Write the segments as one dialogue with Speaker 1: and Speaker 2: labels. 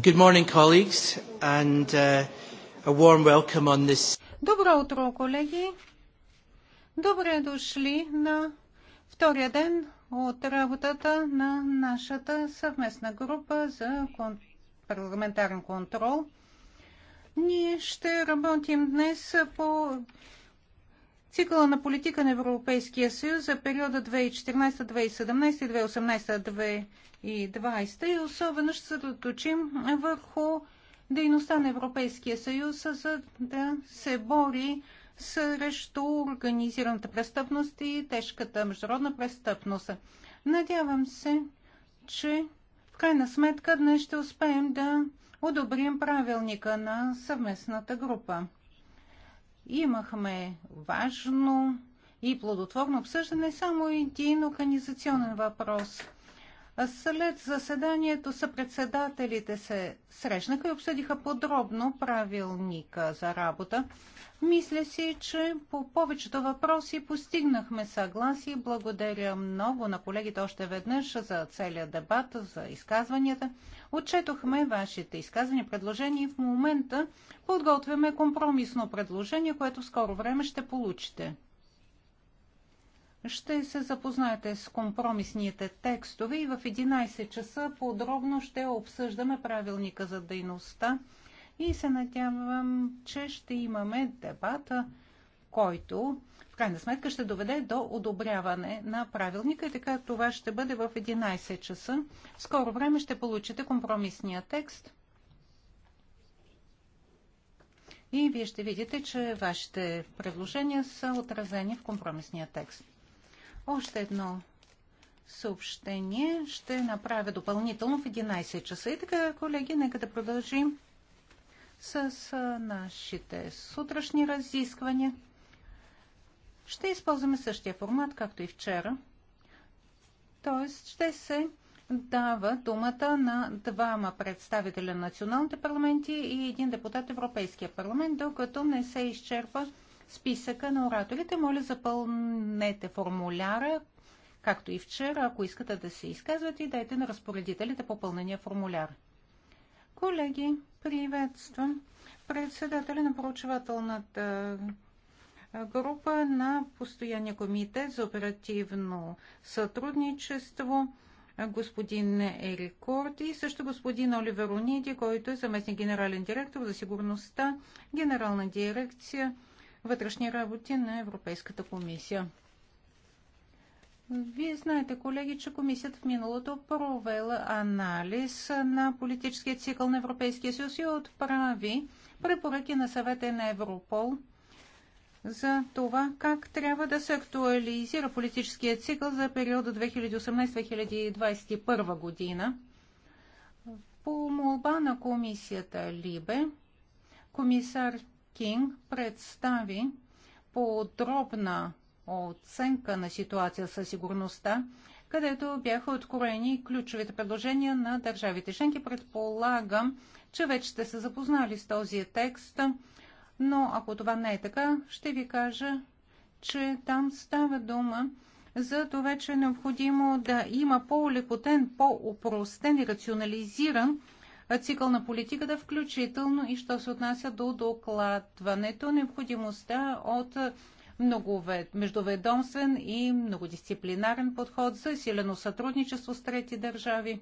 Speaker 1: Good morning, colleagues, and uh, a warm welcome on this.
Speaker 2: Добро утро, колеги! Добре дошли на втория ден от работата на нашата съвместна група за парламентарен контрол. Ние ще работим днес по цикъла на политика на Европейския съюз за периода 2014-2017 и 2018-2020 и особено ще се доточим върху дейността на Европейския съюз, за да се бори срещу организираната престъпност и тежката международна престъпност. Надявам се, че в крайна сметка днес ще успеем да одобрим правилника на съвместната група. Имахме важно и плодотворно обсъждане само един организационен въпрос. След заседанието съпредседателите се срещнаха и обсъдиха подробно правилника за работа. Мисля си, че по повечето въпроси постигнахме съгласие. Благодаря много на колегите още веднъж за целият дебат, за изказванията. Отчетохме вашите изказвания, предложения и в момента подготвяме компромисно предложение, което в скоро време ще получите. Ще се запознаете с компромисните текстове и в 11 часа подробно ще обсъждаме правилника за дейността и се надявам, че ще имаме дебата, който в крайна сметка ще доведе до одобряване на правилника и така това ще бъде в 11 часа. В скоро време ще получите компромисния текст. И вие ще видите, че вашите предложения са отразени в компромисния текст. Още едно съобщение ще направя допълнително в 11 часа. И така, колеги, нека да продължим с нашите сутрешни разисквания. Ще използваме същия формат, както и вчера. Тоест, ще се дава думата на двама представителя на националните парламенти и един депутат Европейския парламент, докато не се изчерпа списъка на ораторите. Моля, запълнете формуляра, както и вчера, ако искате да се изказвате и дайте на разпоредителите попълнения формуляр. Колеги, приветствам председателя на поручвателната група на постоянния комитет за оперативно сътрудничество господин Ерик Корти и също господин Оливер Ониди, който е заместник генерален директор за сигурността, генерална дирекция вътрешни работи на Европейската комисия. Вие знаете, колеги, че комисията в миналото провела анализ на политическия цикъл на Европейския съюз и отправи препоръки на съвета на Европол – за това как трябва да се актуализира политическия цикъл за периода 2018-2021 година. По молба на комисията Либе, комисар Кинг представи подробна оценка на ситуация със сигурността, където бяха откроени ключовите предложения на държавите Шенки Предполагам, че вече сте се запознали с този текст но ако това не е така, ще ви кажа, че там става дума за това, че е необходимо да има по-лекотен, по-упростен и рационализиран цикъл на политиката, включително и що се отнася до докладването, необходимостта от многовед... междуведомствен и многодисциплинарен подход за силено сътрудничество с трети държави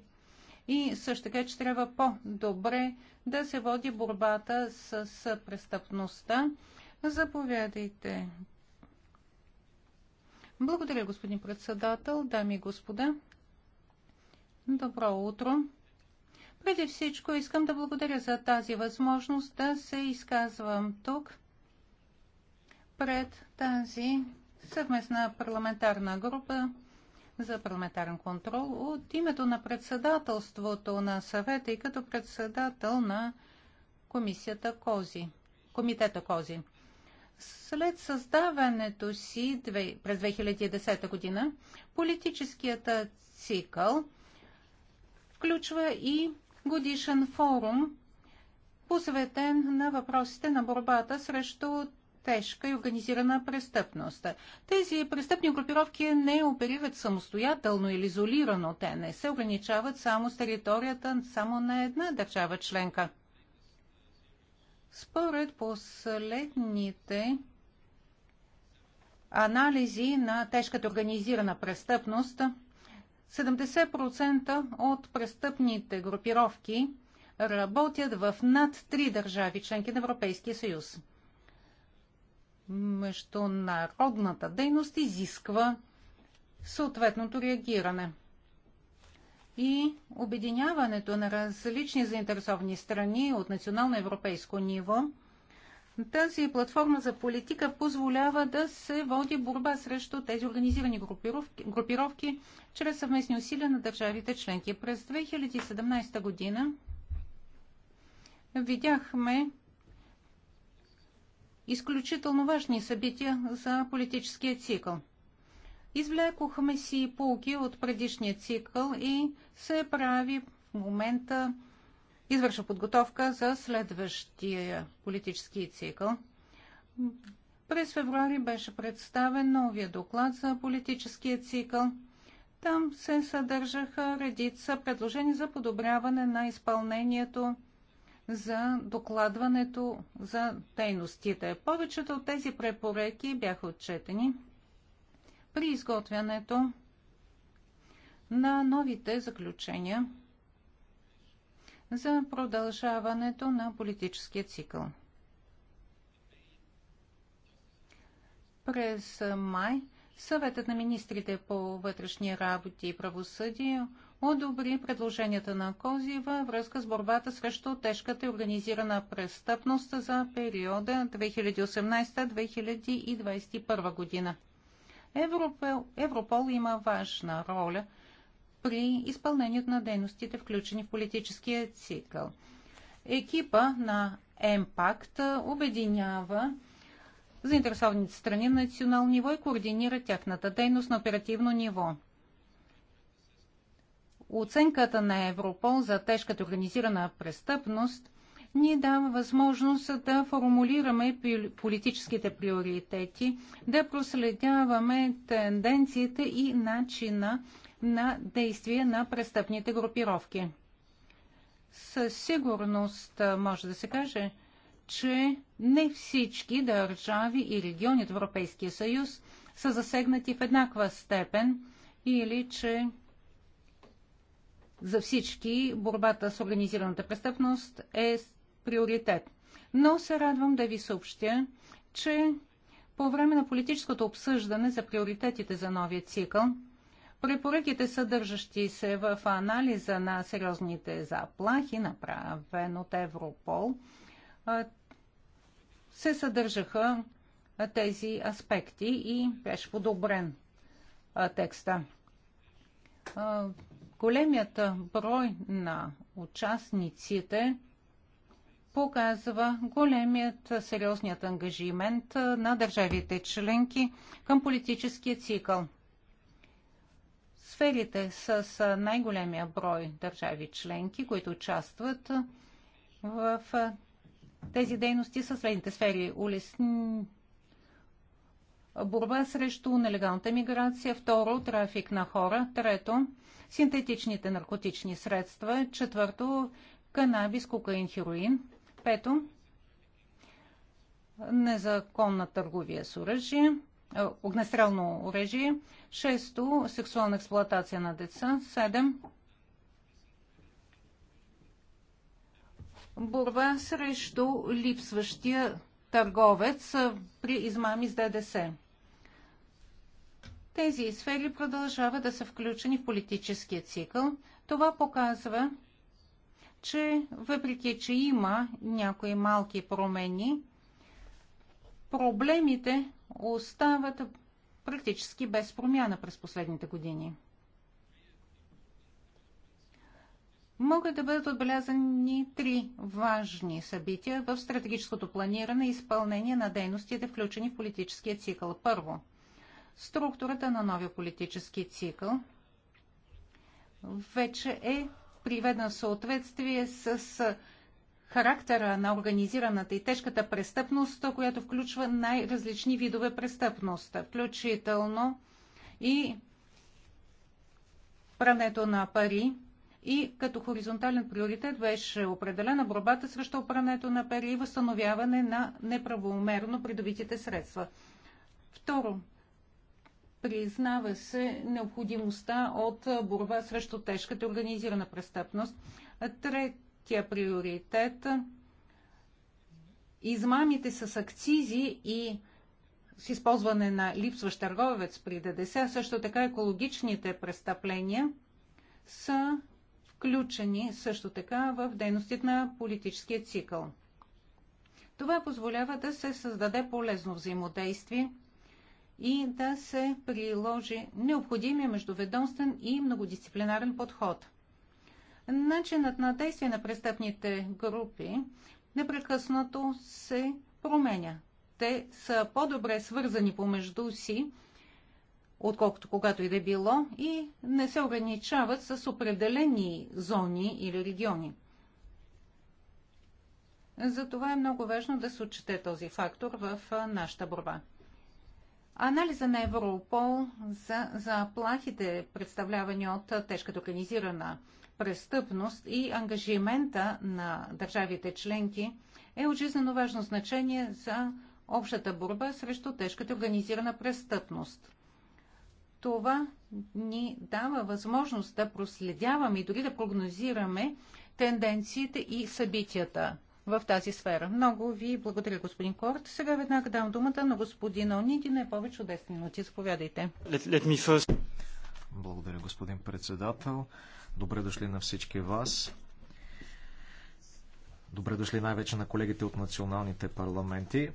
Speaker 2: и също така, че трябва по-добре да се води борбата с, престъпността. Заповядайте. Благодаря, господин председател, дами и господа. Добро утро. Преди всичко искам да благодаря за тази възможност да се изказвам тук пред тази съвместна парламентарна група за парламентарен контрол от името на председателството на съвета и като председател на комисията Кози, комитета Кози. След създаването си през 2010 година, политическият цикъл включва и годишен форум, посветен на въпросите на борбата срещу тежка и организирана престъпност. Тези престъпни групировки не оперират самостоятелно или изолирано. Те не се ограничават само с територията само на една държава членка. Според последните анализи на тежката организирана престъпност, 70% от престъпните групировки работят в над три държави членки на Европейския съюз международната дейност изисква съответното реагиране. И обединяването на различни заинтересовани страни от национално европейско ниво, тази платформа за политика позволява да се води борба срещу тези организирани групировки, групировки чрез съвместни усилия на държавите членки. През 2017 година видяхме изключително важни събития за политическия цикъл. Извлякохме си полки от предишния цикъл и се прави в момента извършва подготовка за следващия политически цикъл. През февруари беше представен новия доклад за политическия цикъл. Там се съдържаха редица предложения за подобряване на изпълнението за докладването за дейностите. Повечето от тези препоръки бяха отчетени при изготвянето на новите заключения за продължаването на политическия цикъл. През май Съветът на министрите по вътрешни работи и правосъдие одобри предложенията на Козиева във връзка с борбата срещу тежката и организирана престъпност за периода 2018-2021 година. Европол, Европол има важна роля при изпълнението на дейностите, включени в политическия цикъл. Екипа на МПАКТ обединява заинтересованите страни на национално ниво и координира тяхната дейност на оперативно ниво. Оценката на Европол за тежката организирана престъпност ни дава възможност да формулираме политическите приоритети, да проследяваме тенденциите и начина на действие на престъпните групировки. Със сигурност може да се каже, че не всички държави и региони от Европейския съюз са засегнати в еднаква степен или че за всички борбата с организираната престъпност е приоритет. Но се радвам да ви съобщя, че по време на политическото обсъждане за приоритетите за новия цикъл, препоръките съдържащи се в анализа на сериозните заплахи, направен от Европол, се съдържаха тези аспекти и беше подобрен текста. Големият брой на участниците показва големият сериозният ангажимент на държавите членки към политическия цикъл. Сферите с най-големия брой държави членки, които участват в тези дейности са следните сфери. Улесни... Борба срещу нелегалната миграция. Второ, трафик на хора. Трето, синтетичните наркотични средства. Четвърто, канабис, кокаин, хероин. Пето, незаконна търговия с оръжие, огнестрелно оръжие. Шесто, сексуална експлоатация на деца. Седем, борба срещу липсващия търговец при измами с ДДС. Тези сфери продължават да са включени в политическия цикъл. Това показва, че въпреки, че има някои малки промени, проблемите остават практически без промяна през последните години. Могат да бъдат отбелязани три важни събития в стратегическото планиране и изпълнение на дейностите, включени в политическия цикъл. Първо – структурата на новия политически цикъл вече е приведена в съответствие с характера на организираната и тежката престъпност, която включва най-различни видове престъпност, включително и прането на пари. И като хоризонтален приоритет беше определена борбата срещу прането на пари и възстановяване на неправомерно придобитите средства. Второ, признава се необходимостта от борба срещу тежката организирана престъпност. Третия приоритет измамите с акцизи и с използване на липсващ търговец при ДДС, а също така екологичните престъпления са включени също така в дейностите на политическия цикъл. Това позволява да се създаде полезно взаимодействие и да се приложи необходимия междуведомствен и многодисциплинарен подход. Начинът на действие на престъпните групи непрекъснато се променя. Те са по-добре свързани помежду си, отколкото когато и да е било, и не се ограничават с определени зони или региони. Затова е много важно да се отчете този фактор в нашата борба. Анализа на Европол за заплахите, представлявани от тежката организирана престъпност и ангажимента на държавите членки е от жизнено важно значение за общата борба срещу тежката организирана престъпност. Това ни дава възможност да проследяваме и дори да прогнозираме тенденциите и събитията в тази сфера. Много ви благодаря, господин Корт. Сега веднага дам думата на господин Онити не повече от 10 минути. Заповядайте. Let, let me
Speaker 3: first... Благодаря, господин председател. Добре дошли на всички вас. Добре дошли най-вече на колегите от националните парламенти. Е,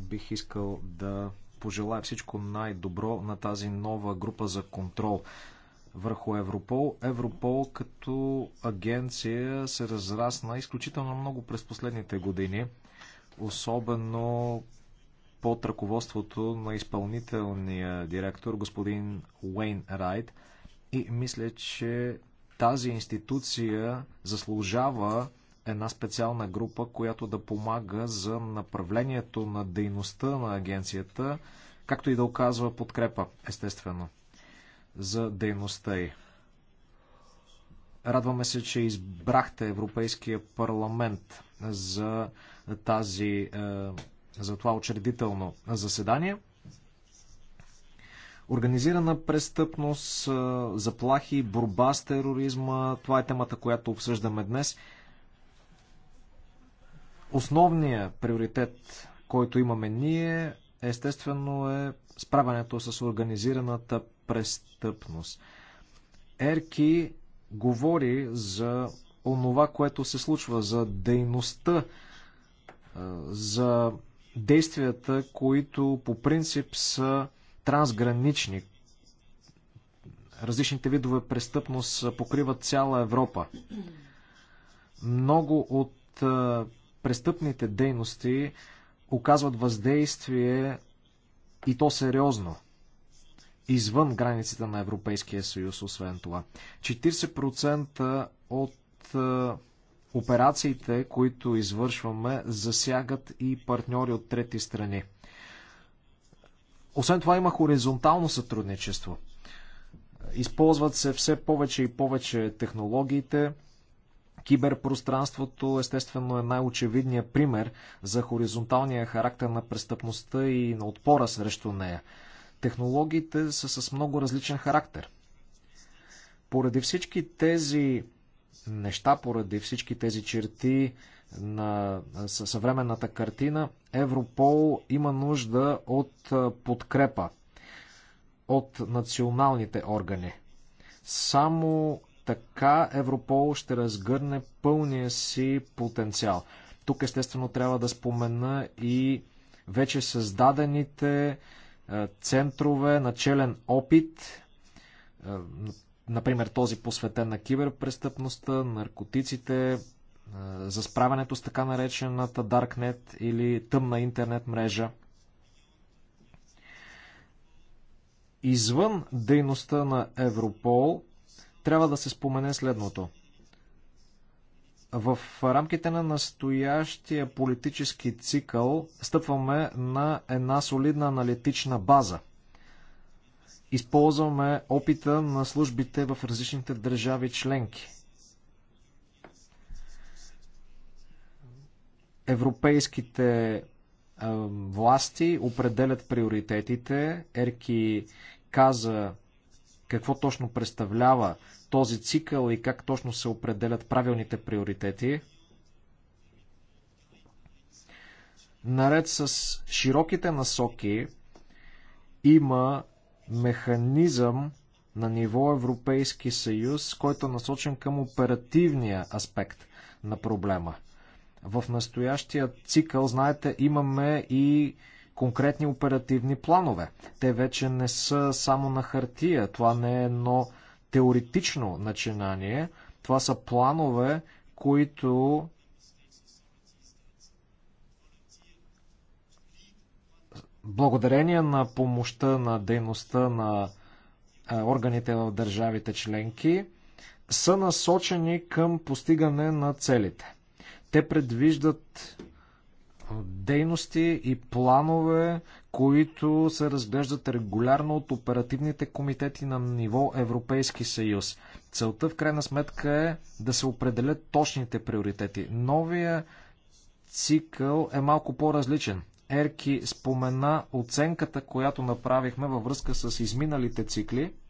Speaker 3: бих искал да пожелая всичко най-добро на тази нова група за контрол върху Европол. Европол като агенция се разрасна изключително много през последните години, особено под ръководството на изпълнителния директор господин Уейн Райт. И мисля, че тази институция заслужава една специална група, която да помага за направлението на дейността на агенцията, както и да оказва подкрепа, естествено за дейността й. Радваме се, че избрахте Европейския парламент за, тази, е, за това учредително заседание. Организирана престъпност, е, заплахи, борба с тероризма, това е темата, която обсъждаме днес. Основният приоритет, който имаме ние, естествено е справянето с организираната престъпност. Ерки говори за онова, което се случва, за дейността, за действията, които по принцип са трансгранични. Различните видове престъпност покриват цяла Европа. Много от престъпните дейности оказват въздействие и то сериозно извън границите на Европейския съюз, освен това. 40% от е, операциите, които извършваме, засягат и партньори от трети страни. Освен това има хоризонтално сътрудничество. Използват се все повече и повече технологиите. Киберпространството естествено е най-очевидният пример за хоризонталния характер на престъпността и на отпора срещу нея. Технологиите са с много различен характер. Поради всички тези неща, поради всички тези черти на съвременната картина, Европол има нужда от подкрепа от националните органи. Само така Европол ще разгърне пълния си потенциал. Тук естествено трябва да спомена и вече създадените центрове, челен опит, например този посветен на киберпрестъпността, наркотиците, за справянето с така наречената Darknet или тъмна интернет мрежа. Извън дейността на Европол трябва да се спомене следното – в рамките на настоящия политически цикъл стъпваме на една солидна аналитична база. Използваме опита на службите в различните държави членки. Европейските власти определят приоритетите. Ерки каза какво точно представлява този цикъл и как точно се определят правилните приоритети. Наред с широките насоки има механизъм на ниво Европейски съюз, който е насочен към оперативния аспект на проблема. В настоящия цикъл, знаете, имаме и конкретни оперативни планове. Те вече не са само на хартия. Това не е едно теоретично начинание. Това са планове, които благодарение на помощта на дейността на органите в държавите членки са насочени към постигане на целите. Те предвиждат дейности и планове, които се разглеждат регулярно от оперативните комитети на ниво Европейски съюз. Целта в крайна сметка е да се определят точните приоритети. Новия цикъл е малко по-различен. Ерки спомена оценката, която направихме във връзка с изминалите цикли –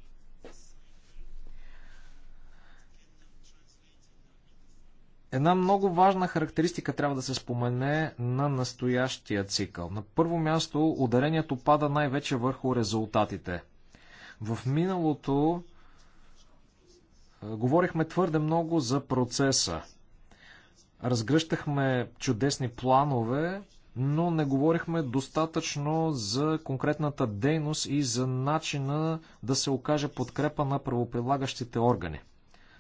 Speaker 3: Една много важна характеристика трябва да се спомене на настоящия цикъл. На първо място ударението пада най-вече върху резултатите. В миналото е, говорихме твърде много за процеса. Разгръщахме чудесни планове, но не говорихме достатъчно за конкретната дейност и за начина да се окаже подкрепа на правоприлагащите органи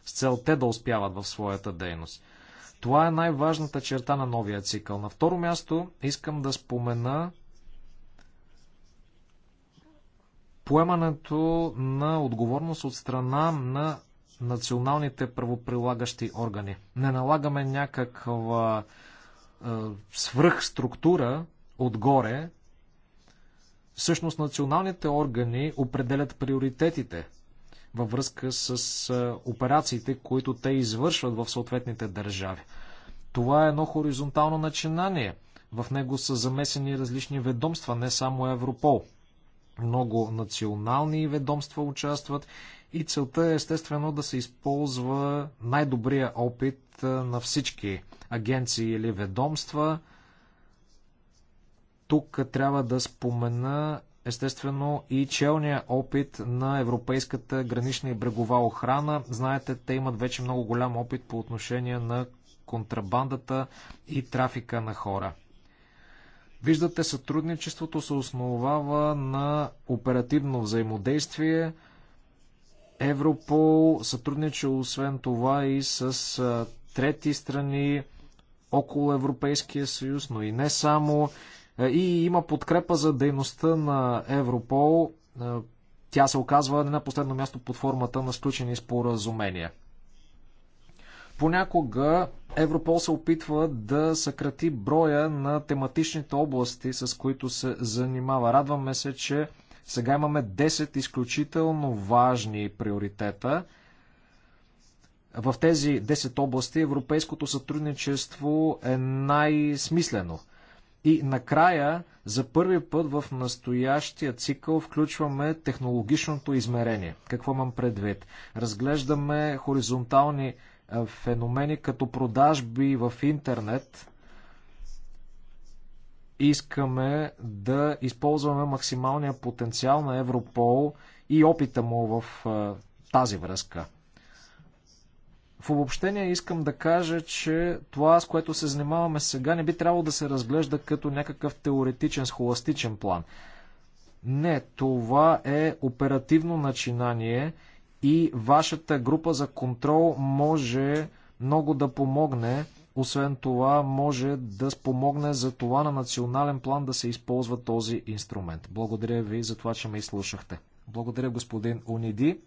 Speaker 3: с цел те да успяват в своята дейност. Това е най-важната черта на новия цикъл. На второ място искам да спомена поемането на отговорност от страна на националните правоприлагащи органи. Не налагаме някаква е, свръхструктура отгоре. Всъщност националните органи определят приоритетите във връзка с операциите, които те извършват в съответните държави. Това е едно хоризонтално начинание. В него са замесени различни ведомства, не само Европол. Много национални ведомства участват и целта е естествено да се използва най-добрия опит на всички агенции или ведомства. Тук трябва да спомена естествено и челния опит на Европейската гранична и брегова охрана. Знаете, те имат вече много голям опит по отношение на контрабандата и трафика на хора. Виждате, сътрудничеството се основава на оперативно взаимодействие. Европол сътрудничи освен това и с трети страни около Европейския съюз, но и не само. Е, и има подкрепа за дейността на Европол. Е, тя се оказва не на последно място под формата на сключени споразумения. Понякога Европол се опитва да съкрати броя на тематичните области, с които се занимава. Радваме се, че сега имаме 10 изключително важни приоритета. В тези 10 области европейското сътрудничество е най-смислено и накрая, за първи път в настоящия цикъл включваме технологичното измерение. Какво имам предвид? Разглеждаме хоризонтални феномени като продажби в интернет. Искаме да използваме максималния потенциал на Европол и опита му в тази връзка. В обобщение искам да кажа, че това, с което се занимаваме сега, не би трябвало да се разглежда като някакъв теоретичен, схоластичен план. Не, това е оперативно начинание и вашата група за контрол може много да помогне. Освен това, може да спомогне за това на национален план да се използва този инструмент. Благодаря ви за това, че ме изслушахте. Благодаря господин Униди.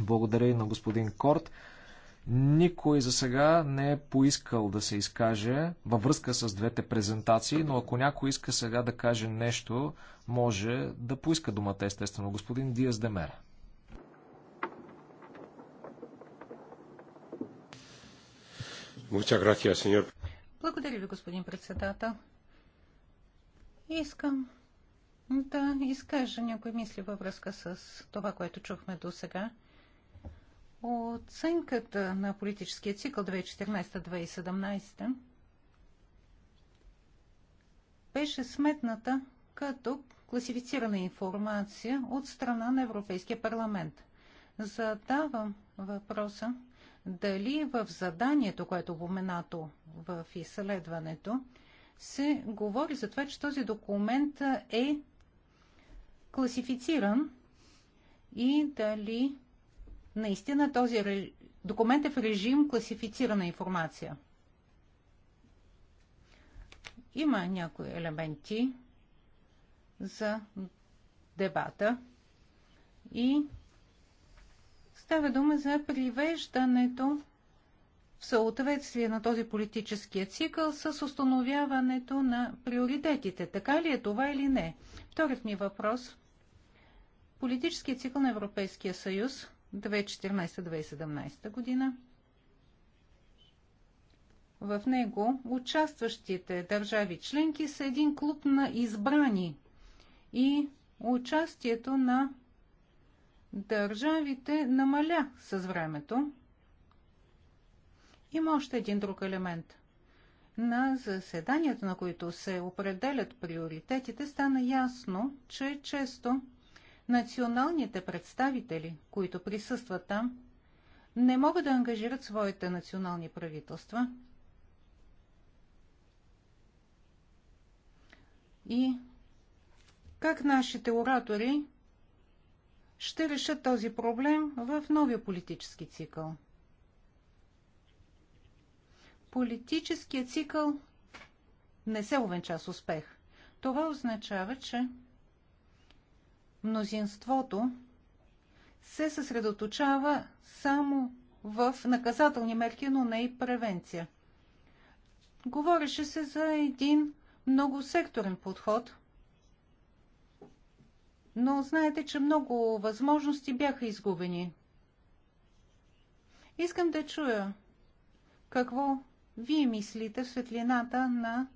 Speaker 3: Благодаря и на господин Корт. Никой за сега не е поискал да се изкаже във връзка с двете презентации, но ако някой иска сега да каже нещо, може да поиска думата, естествено. Господин Диас Демер.
Speaker 2: Благодаря ви, господин председател. Искам да изкажа някои мисли във връзка с това, което чухме до сега оценката на политическия цикъл 2014-2017 беше сметната като класифицирана информация от страна на Европейския парламент. Задавам въпроса дали в заданието, което е упоменато в изследването, се говори за това, че този документ е класифициран и дали Наистина този документ е в режим класифицирана информация. Има някои елементи за дебата и става дума за привеждането в съответствие на този политически цикъл с установяването на приоритетите. Така ли е това или не? Вторият ми въпрос. Политическият цикъл на Европейския съюз 2014-2017 година. В него участващите държави членки са един клуб на избрани и участието на държавите намаля с времето. Има още един друг елемент. На заседанията, на които се определят приоритетите, стана ясно, че често Националните представители, които присъстват там, не могат да ангажират своите национални правителства и как нашите оратори ще решат този проблем в новия политически цикъл. Политическият цикъл не се увенча с успех. Това означава, че мнозинството се съсредоточава само в наказателни мерки, но не и превенция. Говореше се за един много секторен подход, но знаете, че много възможности бяха изгубени. Искам да чуя какво вие мислите в светлината на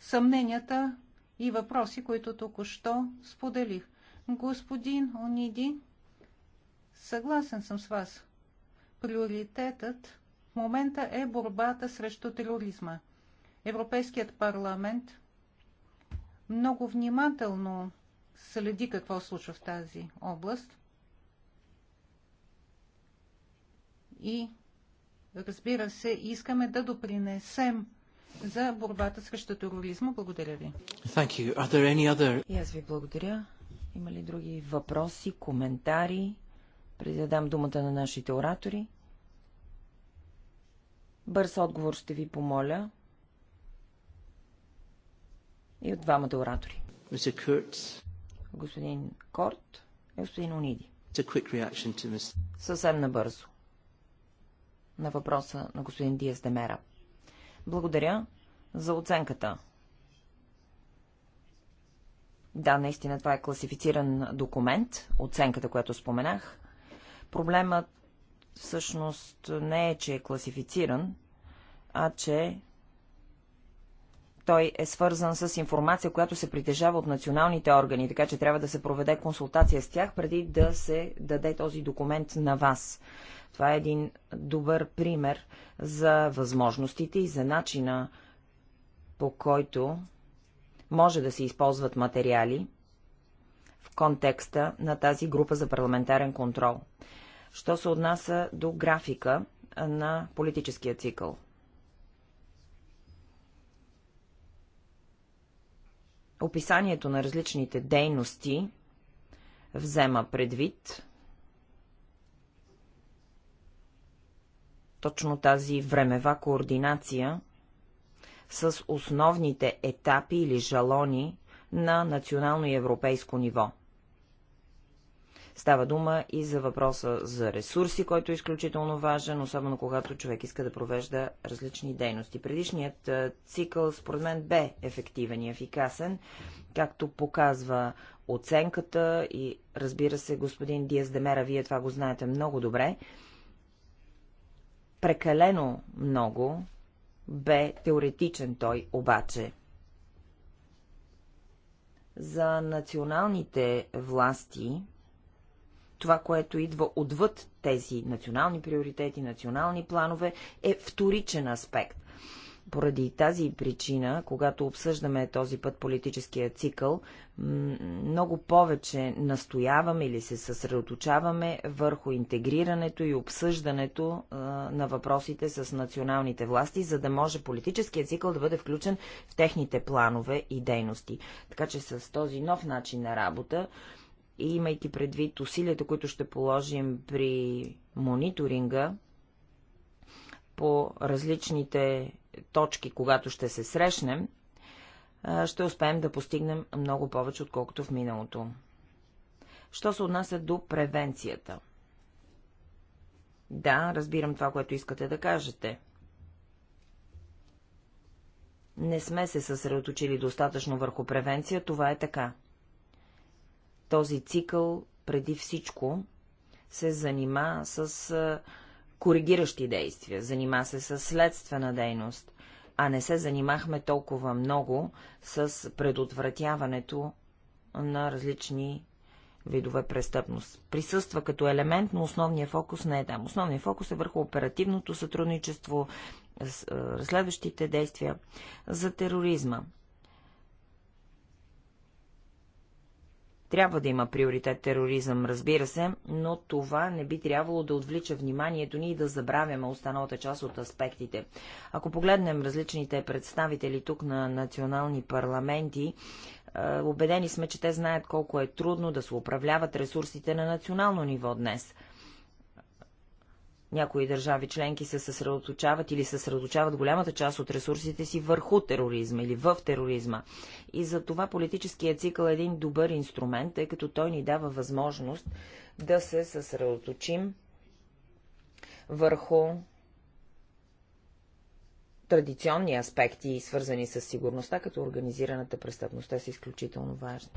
Speaker 2: съмненията и въпроси, които току-що споделих. Господин Ониди, съгласен съм с вас. Приоритетът в момента е борбата срещу тероризма. Европейският парламент много внимателно следи какво случва в тази област и разбира се, искаме да допринесем за борбата срещу
Speaker 4: тероризма. Благодаря ви.
Speaker 1: Other...
Speaker 4: И аз ви благодаря. Има ли други въпроси, коментари, преди да дам думата на нашите оратори? Бърз отговор ще ви помоля. И от двамата оратори. Господин Корт и господин Униди. Съвсем набързо. На въпроса на господин Диас Демера. Благодаря за оценката да, наистина това е класифициран документ, оценката, която споменах. Проблемът всъщност не е, че е класифициран, а че той е свързан с информация, която се притежава от националните органи, така че трябва да се проведе консултация с тях, преди да се даде този документ на вас. Това е един добър пример за възможностите и за начина по който може да се използват материали в контекста на тази група за парламентарен контрол. Що се отнася до графика на политическия цикъл? Описанието на различните дейности взема предвид точно тази времева координация – с основните етапи или жалони на национално и европейско ниво. Става дума и за въпроса за ресурси, който е изключително важен, особено когато човек иска да провежда различни дейности. Предишният цикъл, според мен, бе ефективен и ефикасен, както показва оценката и, разбира се, господин Диас Демера, вие това го знаете много добре. Прекалено много бе теоретичен той обаче. За националните власти това, което идва отвъд тези национални приоритети, национални планове, е вторичен аспект. Поради тази причина, когато обсъждаме този път политическия цикъл, много повече настояваме или се съсредоточаваме върху интегрирането и обсъждането на въпросите с националните власти, за да може политическия цикъл да бъде включен в техните планове и дейности. Така че с този нов начин на работа, и имайки предвид усилията, които ще положим при мониторинга по различните точки, когато ще се срещнем, ще успеем да постигнем много повече, отколкото в миналото. Що се отнася до превенцията? Да, разбирам това, което искате да кажете. Не сме се съсредоточили достатъчно върху превенция, това е така. Този цикъл преди всичко се занима с коригиращи действия, занима се с следствена дейност, а не се занимахме толкова много с предотвратяването на различни видове престъпност. Присъства като елемент, но основният фокус не е там. Основният фокус е върху оперативното сътрудничество, разследващите действия за тероризма. Трябва да има приоритет тероризъм, разбира се, но това не би трябвало да отвлича вниманието ни и да забравяме останалата част от аспектите. Ако погледнем различните представители тук на национални парламенти, е, убедени сме, че те знаят колко е трудно да се управляват ресурсите на национално ниво днес – някои държави членки се съсредоточават или съсредоточават голямата част от ресурсите си върху тероризма или в тероризма. И за това политическият цикъл е един добър инструмент, тъй като той ни дава възможност да се съсредоточим върху традиционни аспекти, свързани с сигурността, като организираната престъпност. Те са изключително важни.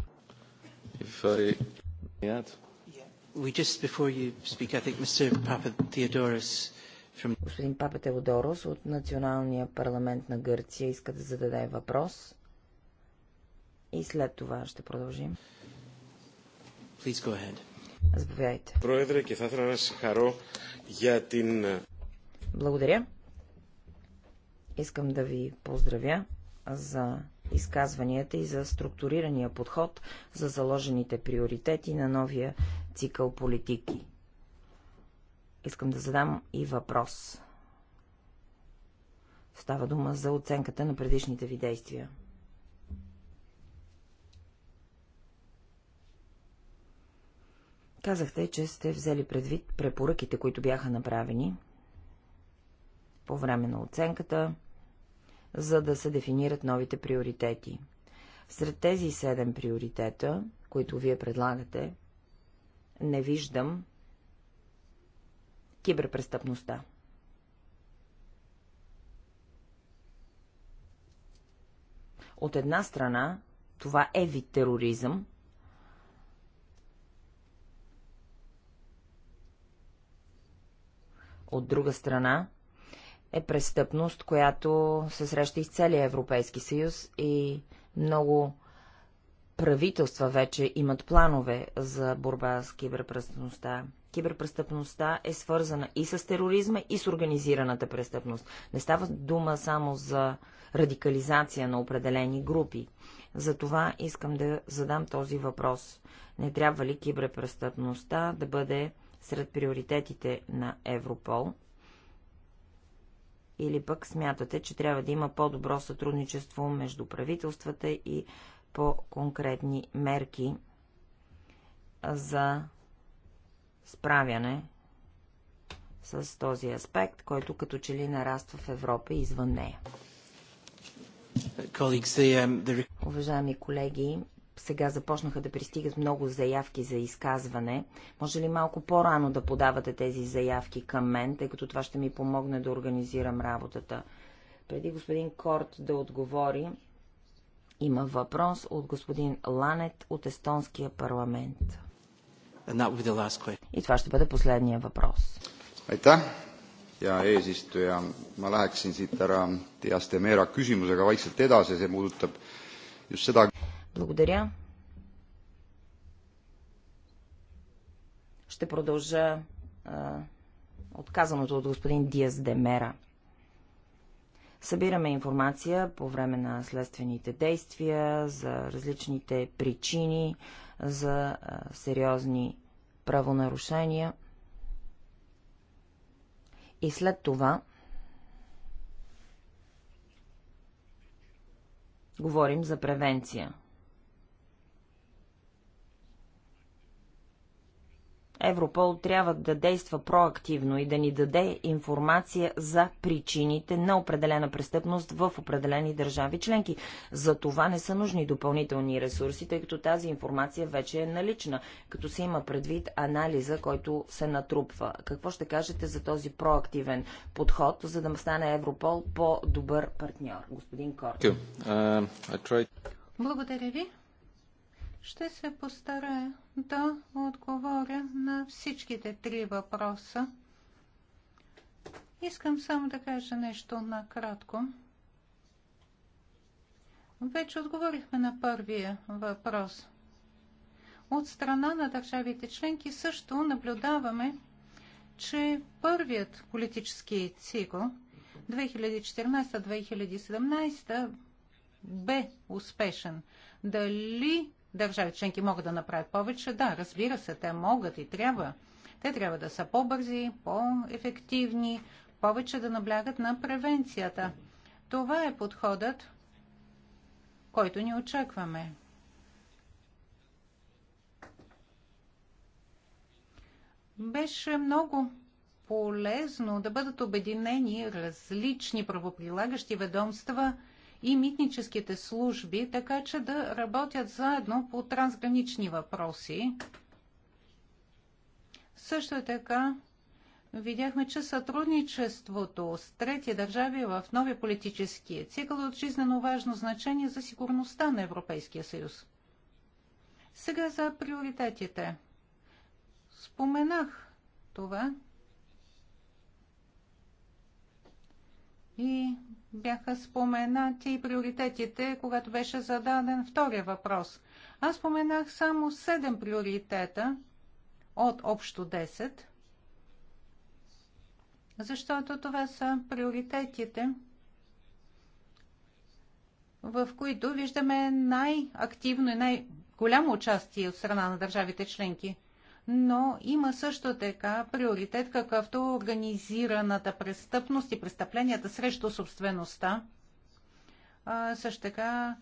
Speaker 1: We just before you speak, I think Mr. Papa Theodoros from...
Speaker 4: Господин Папа Теодорос от Националния парламент на Гърция иска да зададе въпрос. И след това ще продължим. Please go ahead. Заповядайте.
Speaker 5: Проедре, και θα ήθελα να σας χαρώ για την...
Speaker 4: Благодаря. Искам да ви поздравя за изказванията и за структурирания подход за заложените приоритети на новия цикъл политики. Искам да задам и въпрос. Става дума за оценката на предишните ви действия. Казахте, че сте взели предвид препоръките, които бяха направени по време на оценката за да се дефинират новите приоритети. Сред тези седем приоритета, които вие предлагате, не виждам киберпрестъпността. От една страна, това е вид тероризъм, от друга страна, е престъпност, която се среща из целия Европейски съюз и много правителства вече имат планове за борба с киберпрестъпността. Киберпрестъпността е свързана и с тероризма, и с организираната престъпност. Не става дума само за радикализация на определени групи. Затова искам да задам този въпрос. Не трябва ли киберпрестъпността да бъде сред приоритетите на Европол или пък смятате, че трябва да има по-добро сътрудничество между правителствата и по-конкретни мерки за справяне с този аспект, който като че ли нараства в Европа и извън нея.
Speaker 1: Um,
Speaker 4: Уважаеми колеги, сега започнаха да пристигат много заявки за изказване. Може ли малко по-рано да подавате тези заявки към мен, тъй като това ще ми помогне да организирам работата? Преди господин Корт да отговори, има въпрос от господин Ланет от Естонския парламент. И това ще бъде последния въпрос.
Speaker 6: Aitäh, hea eesistuja. Ma läheksin siit ära teaste Meera küsimusega vaikselt edasi, see puudutab just seda
Speaker 4: благодаря. Ще продължа а, отказаното от господин Диас Демера. Събираме информация по време на следствените действия за различните причини за а, сериозни правонарушения. И след това говорим за превенция. Европол трябва да действа проактивно и да ни даде информация за причините на определена престъпност в определени държави членки. За това не са нужни допълнителни ресурси, тъй като тази информация вече е налична, като се има предвид анализа, който се натрупва. Какво ще кажете за този проактивен подход, за да стане Европол по-добър партньор? Господин Корт.
Speaker 3: Uh,
Speaker 2: Благодаря ви. Ще се постарая да отговоря на всичките три въпроса. Искам само да кажа нещо накратко. Вече отговорихме на първия въпрос. От страна на държавите членки също наблюдаваме, че първият политически цикъл 2014-2017 бе успешен. Дали държави членки могат да направят повече? Да, разбира се, те могат и трябва. Те трябва да са по-бързи, по-ефективни, повече да наблягат на превенцията. Това е подходът, който ни очакваме. Беше много полезно да бъдат обединени различни правоприлагащи ведомства – и митническите служби, така че да работят заедно по трансгранични въпроси. Също така видяхме, че сътрудничеството с трети държави в нови политически цикъл е от жизнено важно значение за сигурността на Европейския съюз. Сега за приоритетите. Споменах това. и бяха споменати и приоритетите, когато беше зададен втория въпрос. Аз споменах само 7 приоритета от общо 10, защото това са приоритетите, в които виждаме най-активно и най-голямо участие от страна на държавите членки – но има също така приоритет, какъвто организираната престъпност и престъпленията срещу собствеността. А, също така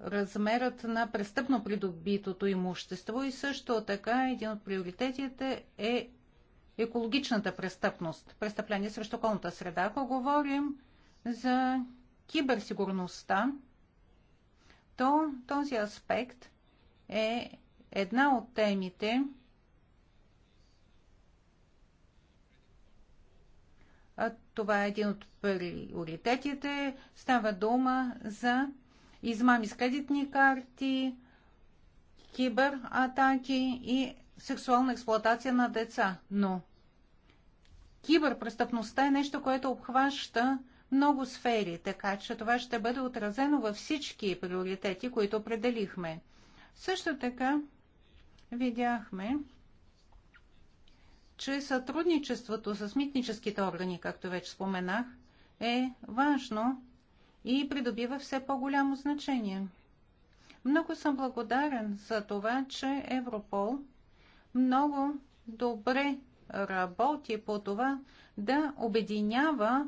Speaker 2: размерът на престъпно придобитото имущество и също така един от приоритетите е екологичната престъпност, престъпление срещу околната среда. Ако говорим за киберсигурността, то този аспект е Една от темите а това е един от приоритетите. Става дума за измами с кредитни карти, кибератаки и сексуална експлоатация на деца. Но киберпрестъпността е нещо, което обхваща много сфери, така че това ще бъде отразено във всички приоритети, които определихме. Също така видяхме, че сътрудничеството с митническите органи, както вече споменах, е важно и придобива все по-голямо значение. Много съм благодарен за това, че Европол много добре работи по това да обединява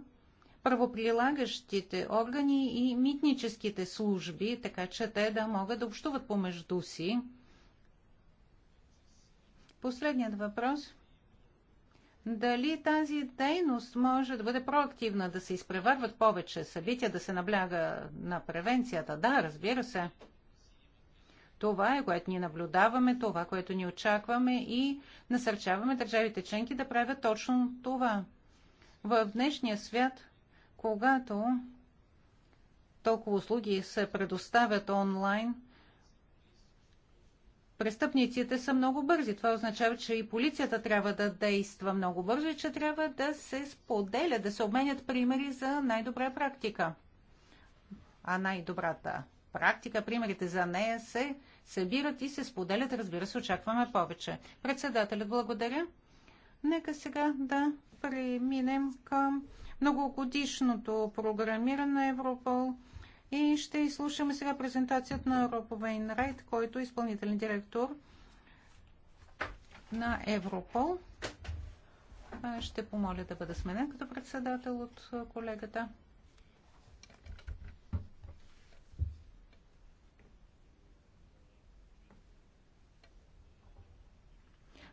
Speaker 2: правоприлагащите органи и митническите служби, така че те да могат да общуват помежду си Последният въпрос. Дали тази дейност може да бъде проактивна, да се изпреварват повече събития, да се набляга на превенцията? Да, разбира се. Това е, което ни наблюдаваме, това, което ни очакваме и насърчаваме държавите членки да правят точно това. В днешния свят, когато толкова услуги се предоставят онлайн, престъпниците са много бързи. Това означава, че и полицията трябва да действа много бързо и че трябва да се споделя, да се обменят примери за най-добра практика. А най-добрата практика, примерите за нея се събират и се споделят. Разбира се, очакваме повече. Председателят, благодаря. Нека сега да преминем към многогодишното програмиране на Европол – и ще изслушаме сега презентацията на Роб Вейнрайт, който е изпълнителен директор на Европол. Ще помоля да бъда сменен като председател от колегата.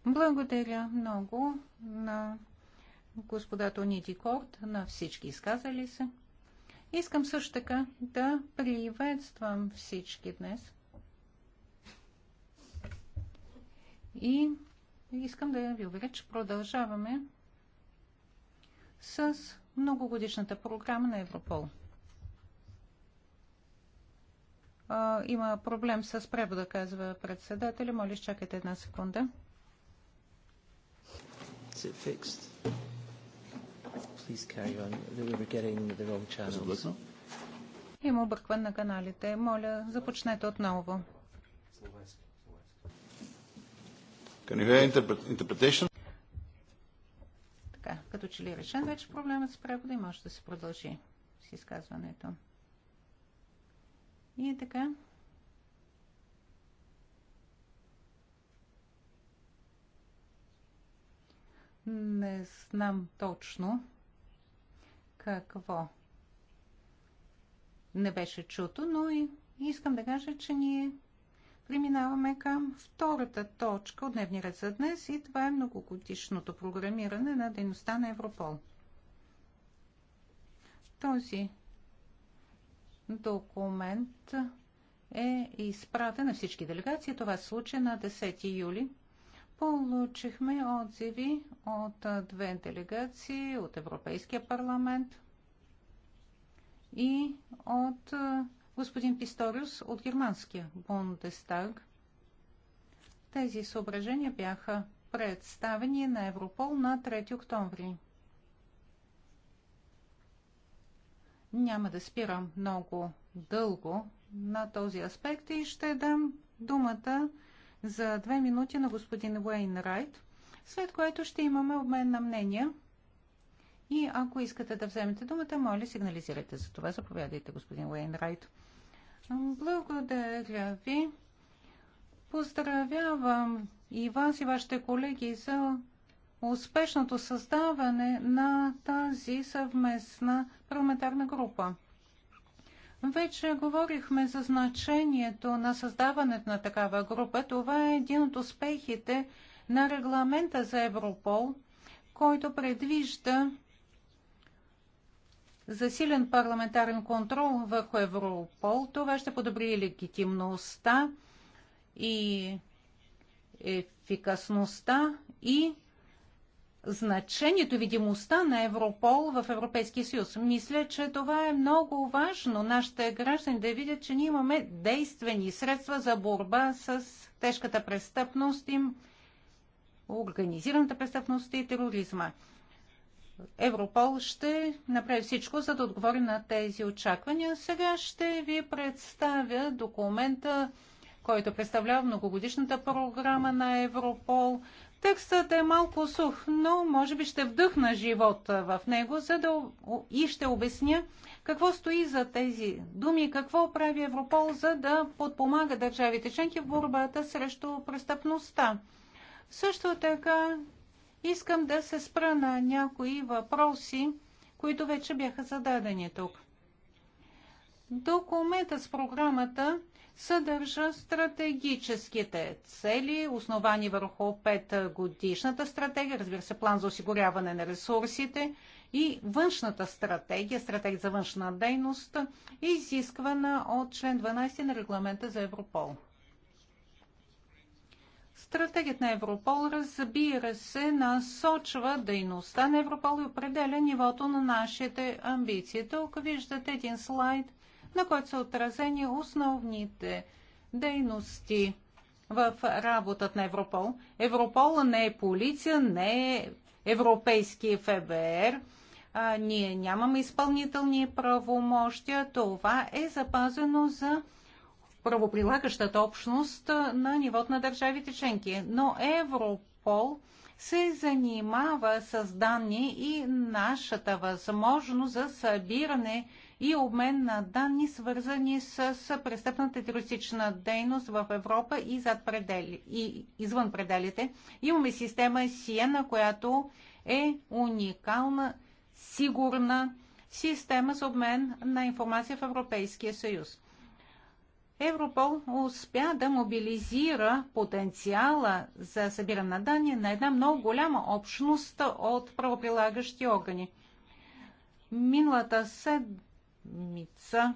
Speaker 2: Благодаря много на господата Нити Корт, на всички изказали се. Искам също така да приветствам всички днес. И искам да ви уверя, че продължаваме с многогодишната програма на Европол. А, има проблем с превода, казва председателя. Моля, чакайте една секунда.
Speaker 1: it fixed? please carry on. We were getting the wrong channels.
Speaker 2: Има объркване на каналите. Моля, започнете отново.
Speaker 6: Can you hear interpretation?
Speaker 2: Така, като че ли е решен вече проблемът с превода и може да се продължи с изказването. И е така. Не знам точно какво не беше чуто, но и искам да кажа, че ние преминаваме към втората точка от дневния ред за днес и това е многогодишното програмиране на дейността на Европол. Този документ е изпратен на всички делегации. Това се случи на 10 юли. Получихме отзиви от две делегации от Европейския парламент и от господин Писториус от германския Бундестаг. Тези съображения бяха представени на Европол на 3 октомври. Няма да спирам много дълго на този аспект и ще дам думата за две минути на господин Уейн Райт, след което ще имаме обмен на мнения. И ако искате да вземете думата, моля, сигнализирайте за това. Заповядайте, господин Уейн Райт. Благодаря ви. Поздравявам и вас и вашите колеги за успешното създаване на тази съвместна парламентарна група. Вече говорихме за значението на създаването на такава група. Това е един от успехите на регламента за Европол, който предвижда засилен парламентарен контрол върху Европол. Това ще подобри легитимността и ефикасността и значението, видимостта на Европол в Европейския съюз. Мисля, че това е много важно. Нашите граждани да видят, че ние имаме действени средства за борба с тежката престъпност, им, организираната престъпност и тероризма. Европол ще направи всичко, за да отговори на тези очаквания. Сега ще ви представя документа, който представлява многогодишната програма на Европол Текстът е малко сух, но може би ще вдъхна живот в него за да, и ще обясня какво стои за тези думи и какво прави Европол, за да подпомага държавите членки в борбата срещу престъпността. Също така искам да се спра на някои въпроси, които вече бяха зададени тук. Документът с програмата съдържа стратегическите цели, основани върху 5-годишната стратегия, разбира се, план за осигуряване на ресурсите и външната стратегия, стратегия за външна дейност, изисквана от член 12 на регламента за Европол. Стратегията на Европол, разбира се, насочва дейността на Европол и определя нивото на нашите амбиции. Тук виждате един слайд на който са отразени основните дейности в работата на Европол. Европол не е полиция, не е европейски ФБР. А, ние нямаме изпълнителни правомощия. Това е запазено за правоприлагащата общност на нивото на държавите членки. Но Европол се занимава с данни и нашата възможност за събиране и обмен на данни, свързани с престъпната терористична дейност в Европа и, зад предели, и извън пределите. Имаме система Сиена, която е уникална, сигурна система за обмен на информация в Европейския съюз. Европол успя да мобилизира потенциала за събиране на данни на една много голяма общност от правоприлагащи органи. Миналата седмица седмица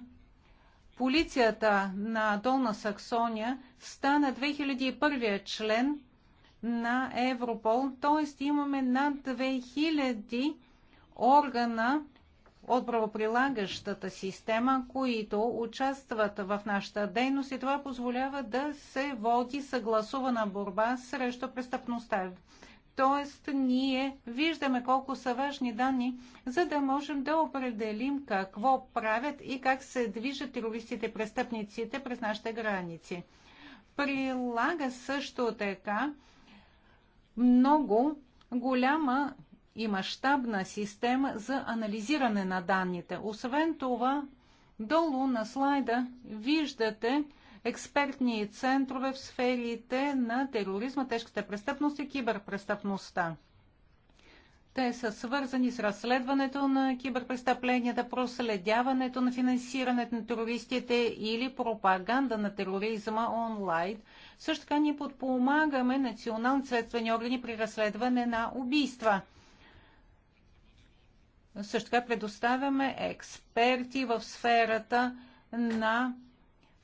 Speaker 2: полицията на Долна Саксония стана 2001 член на Европол, т.е. имаме над 2000 органа от правоприлагащата система, които участват в нашата дейност и това позволява да се води съгласувана борба срещу престъпността. Тоест, ние виждаме колко са важни данни, за да можем да определим какво правят и как се движат терористите, престъпниците през нашите граници. Прилага също така много голяма и мащабна система за анализиране на данните. Освен това, долу на слайда виждате експертни центрове в сферите на тероризма, тежката престъпност и киберпрестъпността. Те са свързани с разследването на киберпрестъпленията, проследяването на финансирането на терористите или пропаганда на тероризма онлайн. Също така ни подпомагаме национални следствени органи при разследване на убийства. Също така предоставяме експерти в сферата на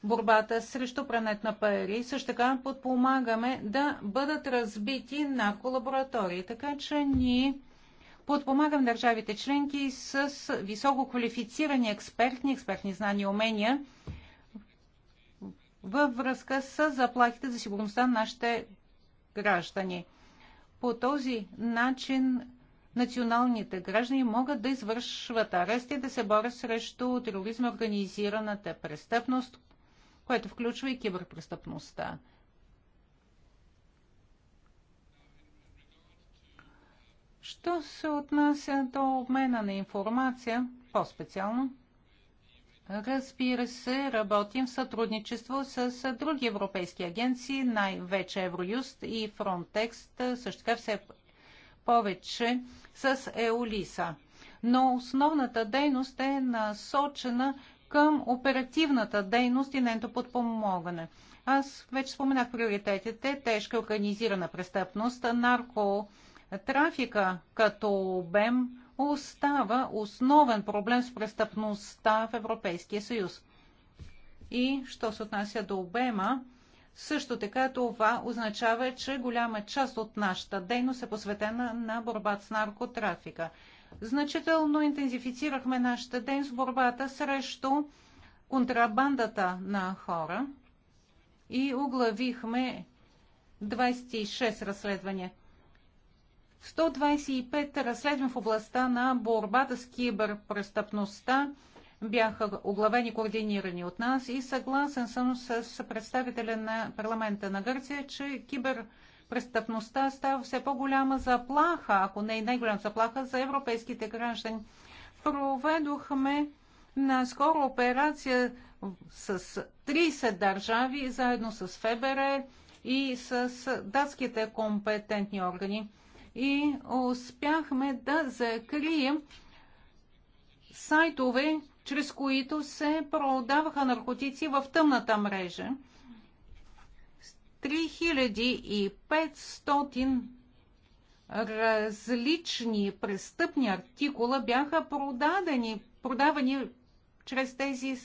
Speaker 2: борбата срещу прането на пари. Също така подпомагаме да бъдат разбити на колаборатории. Така че ние подпомагам държавите членки с високо квалифицирани експертни, експертни знания и умения във връзка с заплахите за сигурността на нашите граждани. По този начин националните граждани могат да извършват арести, да се борят срещу тероризма, организираната престъпност, което включва и киберпрестъпността. Що се отнася до обмена на информация, по-специално, разбира се, работим в сътрудничество с други европейски агенции, най-вече Евроюст и Фронтекст, също така все повече с Еолиса. Но основната дейност е насочена към оперативната дейност и нейното подпомогане. Аз вече споменах приоритетите, тежка организирана престъпност, наркотрафика като обем остава основен проблем с престъпността в Европейския съюз. И, що се отнася до обема, също така това означава, че голяма част от нашата дейност е посветена на борбата с наркотрафика. Значително интензифицирахме нашата ден с борбата срещу контрабандата на хора и оглавихме 26 разследвания. 125 разследвания в областта на борбата с киберпрестъпността бяха оглавени, координирани от нас и съгласен съм с представителя на парламента на Гърция, че кибер престъпността става все по-голяма заплаха, ако не и най-голяма заплаха за европейските граждани. Проведохме наскоро операция с 30 държави, заедно с ФБР и с датските компетентни органи. И успяхме да закрием сайтове, чрез които се продаваха наркотици в тъмната мрежа. 3500 различни престъпни артикула бяха продадени, продавани чрез тези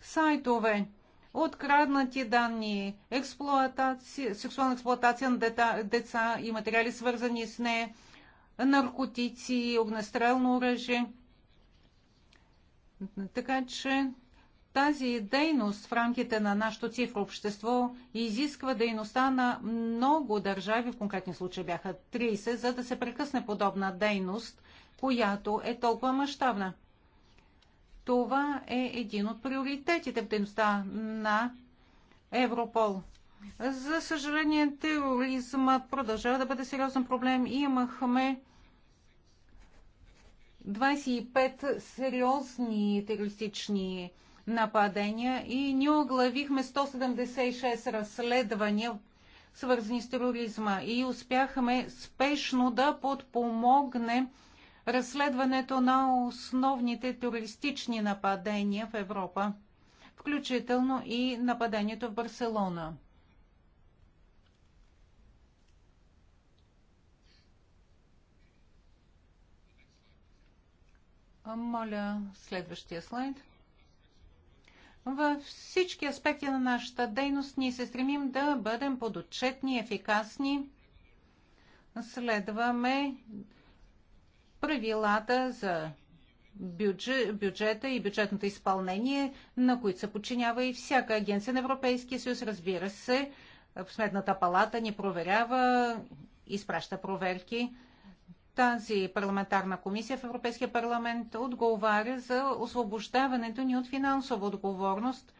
Speaker 2: сайтове. Откраднати данни, експлуатация, сексуална експлуатация на дета, деца и материали свързани с нея, наркотици, огнестрелно оръжие. Така че тази дейност в рамките на нашото цифро общество изисква дейността на много държави, в конкретни случаи бяха 30, за да се прекъсне подобна дейност, която е толкова мащабна. Това е един от приоритетите в дейността на Европол. За съжаление, тероризмът продължава да бъде сериозен проблем и имахме 25 сериозни терористични нападения и ние оглавихме 176 разследвания, свързани с тероризма и успяхме спешно да подпомогне разследването на основните терористични нападения в Европа, включително и нападението в Барселона. Моля, следващия слайд. Във всички аспекти на нашата дейност ние се стремим да бъдем подотчетни, ефикасни. Следваме правилата за бюджета и бюджетното изпълнение, на които се подчинява и всяка агенция на Европейския съюз. Разбира се, в Сметната палата ни проверява, изпраща проверки. Тази парламентарна комисия в Европейския парламент отговаря за освобождаването ни от финансова отговорност,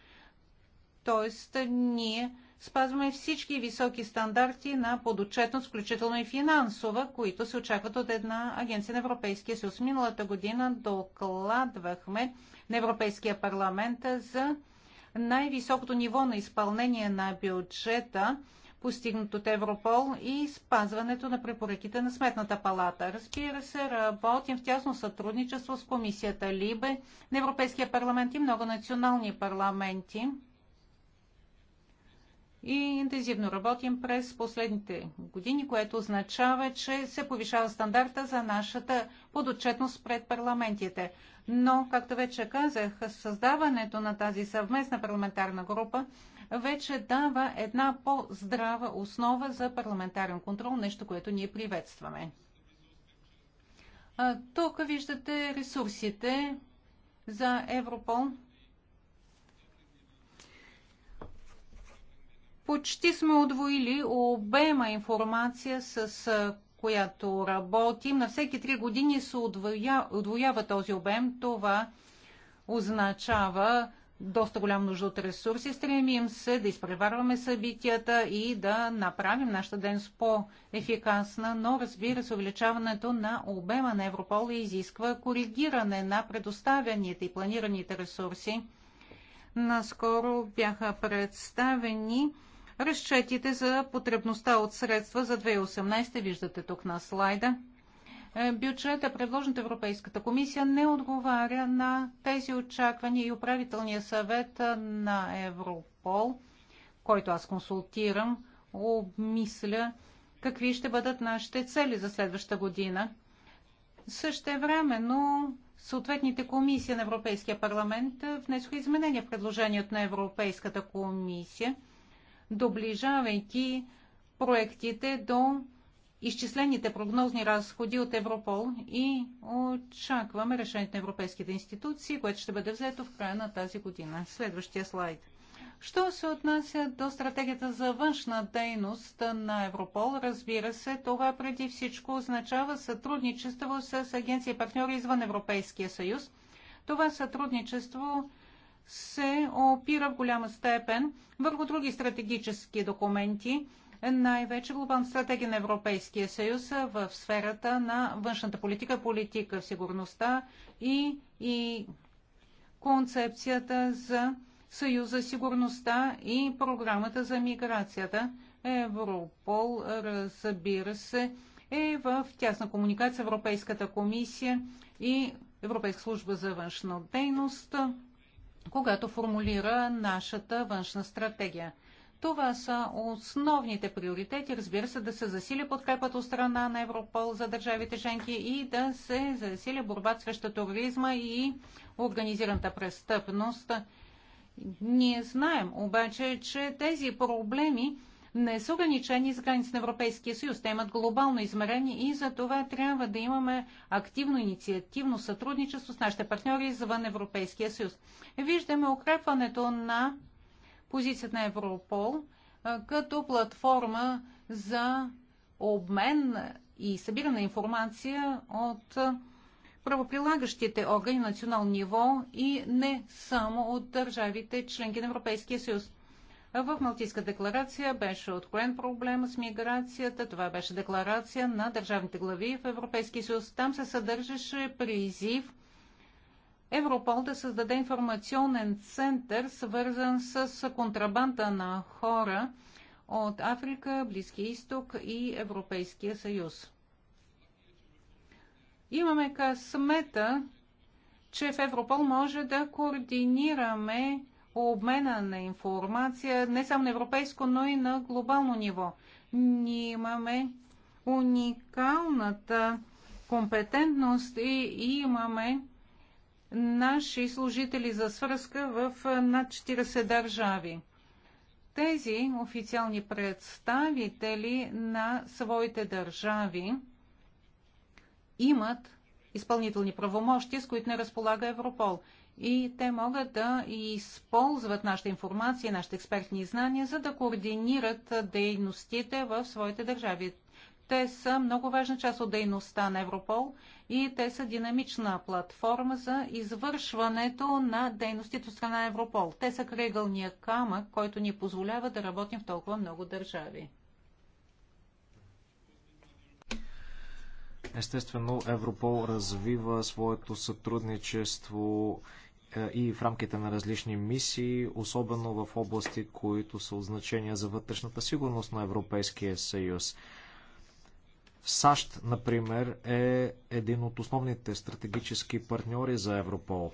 Speaker 2: т.е. ние спазваме всички високи стандарти на подотчетност, включително и финансова, които се очакват от една агенция на Европейския съюз. Миналата година докладвахме на Европейския парламент за най-високото ниво на изпълнение на бюджета постигнат от Европол и спазването на препоръките на Сметната палата. Разбира се, работим в тясно сътрудничество с комисията Либе, на Европейския парламент и много национални парламенти. И интензивно работим през последните години, което означава, че се повишава стандарта за нашата подотчетност пред парламентите. Но, както вече казах, създаването на тази съвместна парламентарна група вече дава една по-здрава основа за парламентарен контрол, нещо, което ние приветстваме. Тук виждате ресурсите за Европол. Почти сме удвоили обема информация, с която работим. На всеки три години се удвоява този обем. Това означава доста голяма нужда от ресурси. Стремим се да изпреварваме събитията и да направим нашата ден с по-ефикасна, но разбира се, увеличаването на обема на Европол изисква коригиране на предоставяните и планираните ресурси. Наскоро бяха представени разчетите за потребността от средства за 2018. Виждате тук на слайда. Е, бюджета, предложен от Европейската комисия, не отговаря на тези очаквания и управителния съвет на Европол, който аз консултирам, обмисля какви ще бъдат нашите цели за следващата година. Също време, но съответните комисии на Европейския парламент внесоха изменения в предложението на Европейската комисия, доближавайки проектите до изчислените прогнозни разходи от Европол и очакваме решението на европейските институции, което ще бъде взето в края на тази година. Следващия слайд. Що се отнася до стратегията за външна дейност на Европол, разбира се, това преди всичко означава сътрудничество с агенции и партньори извън Европейския съюз. Това сътрудничество се опира в голяма степен върху други стратегически документи, най-вече глобална стратегия на Европейския съюз в сферата на външната политика, политика в сигурността и, и концепцията за Съюз за сигурността и програмата за миграцията. Европол, разбира се, е в тясна комуникация Европейската комисия и Европейска служба за външна дейност, когато формулира нашата външна стратегия. Това са основните приоритети. Разбира се, да се засили подкрепата от страна на Европол за държавите членки и да се засили борбата срещу тероризма и организираната престъпност. Ние знаем обаче, че тези проблеми не са ограничени с граници на Европейския съюз. Те имат глобално измерение и за това трябва да имаме активно инициативно сътрудничество с нашите партньори извън Европейския съюз. Виждаме укрепването на позицията на Европол като платформа за обмен и събиране на информация от правоприлагащите органи на национално ниво и не само от държавите членки на Европейския съюз. В Малтийска декларация беше откроен проблема с миграцията. Това беше декларация на държавните глави в Европейския съюз. Там се съдържаше призив Европол да създаде информационен център, свързан с контрабанда на хора от Африка, Близкия изток и Европейския съюз. Имаме късмета, че в Европол може да координираме обмена на информация не само на европейско, но и на глобално ниво. Ние имаме уникалната компетентност и имаме наши служители за свръзка в над 40 държави. Тези официални представители на своите държави имат изпълнителни правомощи, с които не разполага Европол. И те могат да използват нашата информация, нашите експертни знания, за да координират дейностите в своите държави. Те са много важна част от дейността на Европол и те са динамична платформа за извършването на дейностите от страна Европол. Те са кръгълния камък, който ни позволява да работим в толкова много държави.
Speaker 3: Естествено, Европол развива своето сътрудничество е, и в рамките на различни мисии, особено в области, които са от значение за вътрешната сигурност на Европейския съюз. САЩ, например, е един от основните стратегически партньори за Европол.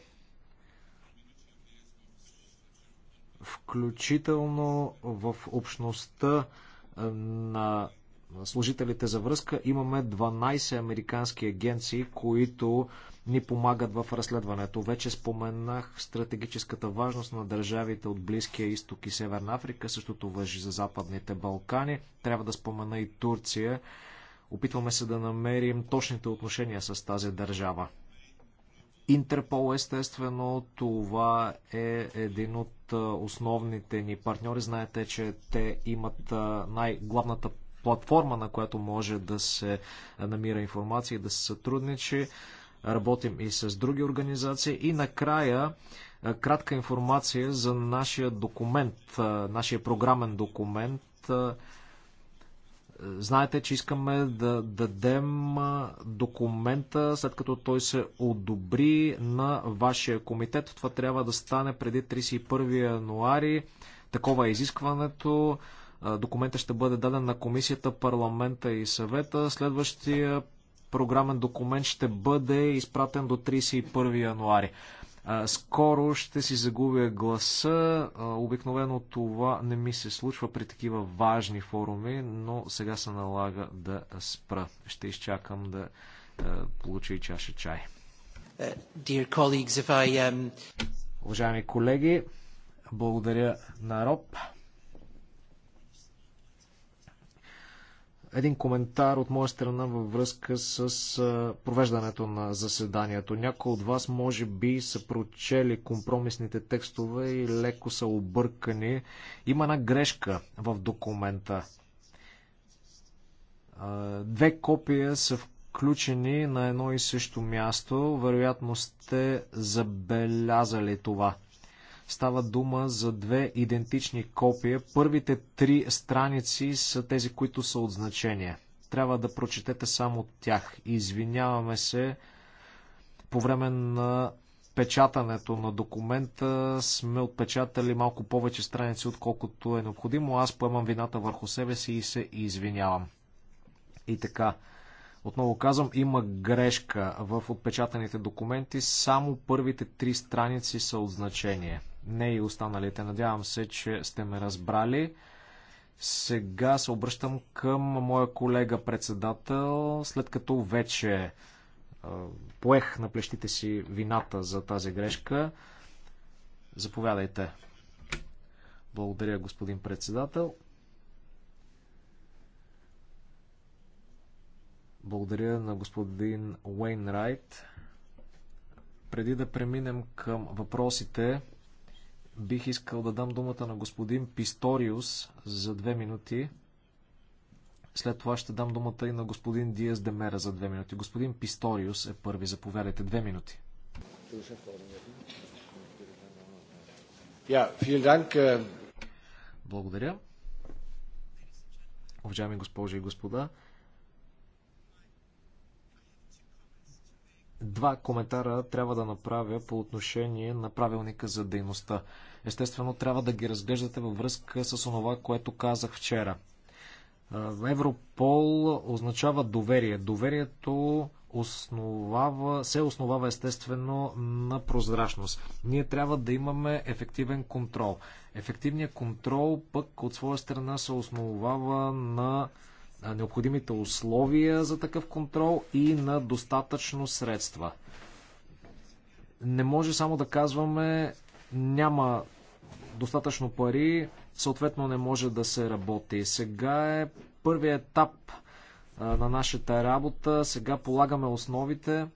Speaker 3: Включително в общността на служителите за връзка имаме 12 американски агенции, които ни помагат в разследването. Вече споменах стратегическата важност на държавите от Близкия изток и Северна Африка, същото въжи за Западните Балкани. Трябва да спомена и Турция Опитваме се да намерим точните отношения с тази държава. Интерпол, естествено, това е един от основните ни партньори. Знаете, че те имат най-главната платформа, на която може да се намира информация и да се сътрудничи. Работим и с други организации. И накрая, кратка информация за нашия документ, нашия програмен документ. Знаете, че искаме да дадем документа, след като той се одобри на вашия комитет. Това трябва да стане преди 31 януари. Такова е изискването. Документът ще бъде даден на комисията, парламента и съвета. Следващия програмен документ ще бъде изпратен до 31 януари скоро ще си загубя гласа. Обикновено това не ми се случва при такива важни форуми, но сега се налага да спра. Ще изчакам да получа и чаша чай. Uh,
Speaker 2: um,
Speaker 3: Уважаеми колеги, благодаря на Роб. един коментар от моя страна във връзка с провеждането на заседанието. Някои от вас може би са прочели компромисните текстове и леко са объркани. Има една грешка в документа. Две копия са включени на едно и също място. Вероятно сте забелязали това. Става дума за две идентични копия. Първите три страници са тези, които са от значение. Трябва да прочетете само тях. Извиняваме се, по време на печатането на документа сме отпечатали малко повече страници, отколкото е необходимо. Аз поемам вината върху себе си и се извинявам. И така, отново казвам, има грешка в отпечатаните документи. Само първите три страници са от значение не и останалите. Надявам се, че сте ме разбрали. Сега се обръщам към моя колега председател, след като вече поех на плещите си вината за тази грешка. Заповядайте. Благодаря, господин председател. Благодаря на господин Уейнрайт. Преди да преминем към въпросите, Бих искал да дам думата на господин Писториус за две минути. След това ще дам думата и на господин Диас Демера за две минути. Господин Писториус е първи. Заповядайте. Две минути. Э, Благодаря. Уважаеми госпожи и господа, два коментара трябва да направя по отношение на правилника за дейността. Естествено, трябва да ги разглеждате във връзка с онова, което казах вчера. Европол означава доверие. Доверието основава, се основава естествено на прозрачност. Ние трябва да имаме ефективен контрол. Ефективният контрол пък от своя страна се основава на необходимите условия за такъв контрол и на достатъчно средства. Не може само да казваме няма достатъчно пари, съответно не може да се работи. Сега е първият етап на нашата работа, сега полагаме основите.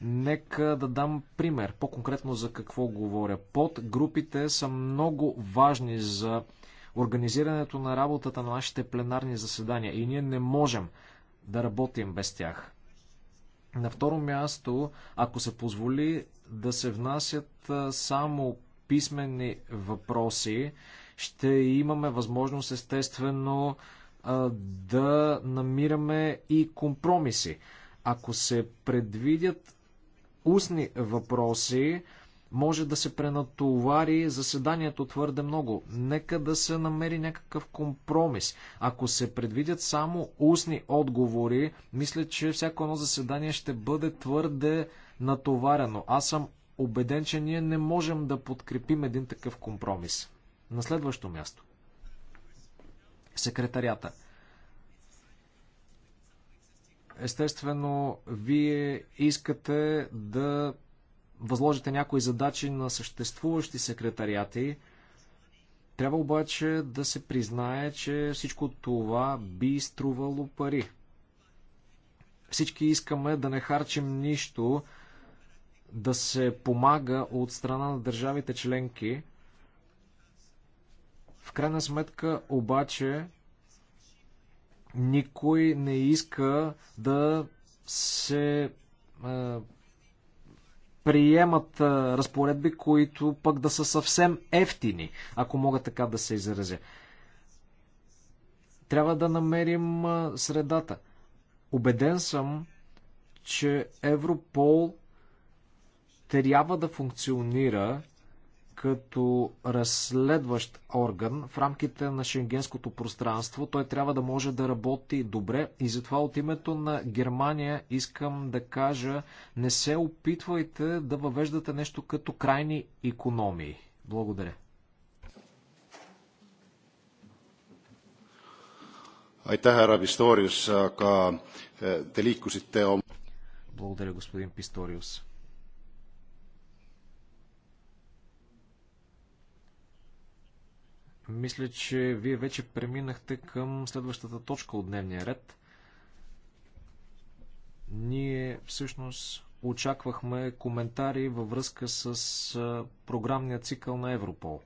Speaker 3: Нека да дам пример, по-конкретно за какво говоря. Подгрупите са много важни за организирането на работата на нашите пленарни заседания и ние не можем да работим без тях. На второ място, ако се позволи да се внасят само писмени въпроси, ще имаме възможност естествено да намираме и компромиси. Ако се предвидят устни въпроси, може да се пренатовари заседанието твърде много. Нека да се намери някакъв компромис. Ако се предвидят само устни отговори, мисля, че всяко едно заседание ще бъде твърде натоварено. Аз съм убеден, че ние не можем да подкрепим един такъв компромис. На следващо място. Секретарията. Естествено, вие искате да възложите някои задачи на съществуващи секретариати. Трябва обаче да се признае, че всичко това би струвало пари. Всички искаме да не харчим нищо, да се помага от страна на държавите членки. В крайна сметка обаче никой не иска да се е, приемат разпоредби, които пък да са съвсем ефтини, ако мога така да се изразя. Трябва да намерим средата. Обеден съм, че Европол трябва да функционира като разследващ орган в рамките на шенгенското пространство. Той трябва да може да работи добре и затова от името на Германия искам да кажа не се опитвайте да въвеждате нещо като крайни економии. Благодаря.
Speaker 6: Aitäh, härra Pistorius, aga eh, te Благодаря,
Speaker 3: господин Писториус. Мисля, че вие вече преминахте към следващата точка от дневния ред. Ние всъщност очаквахме коментари във връзка с програмния цикъл на Европол.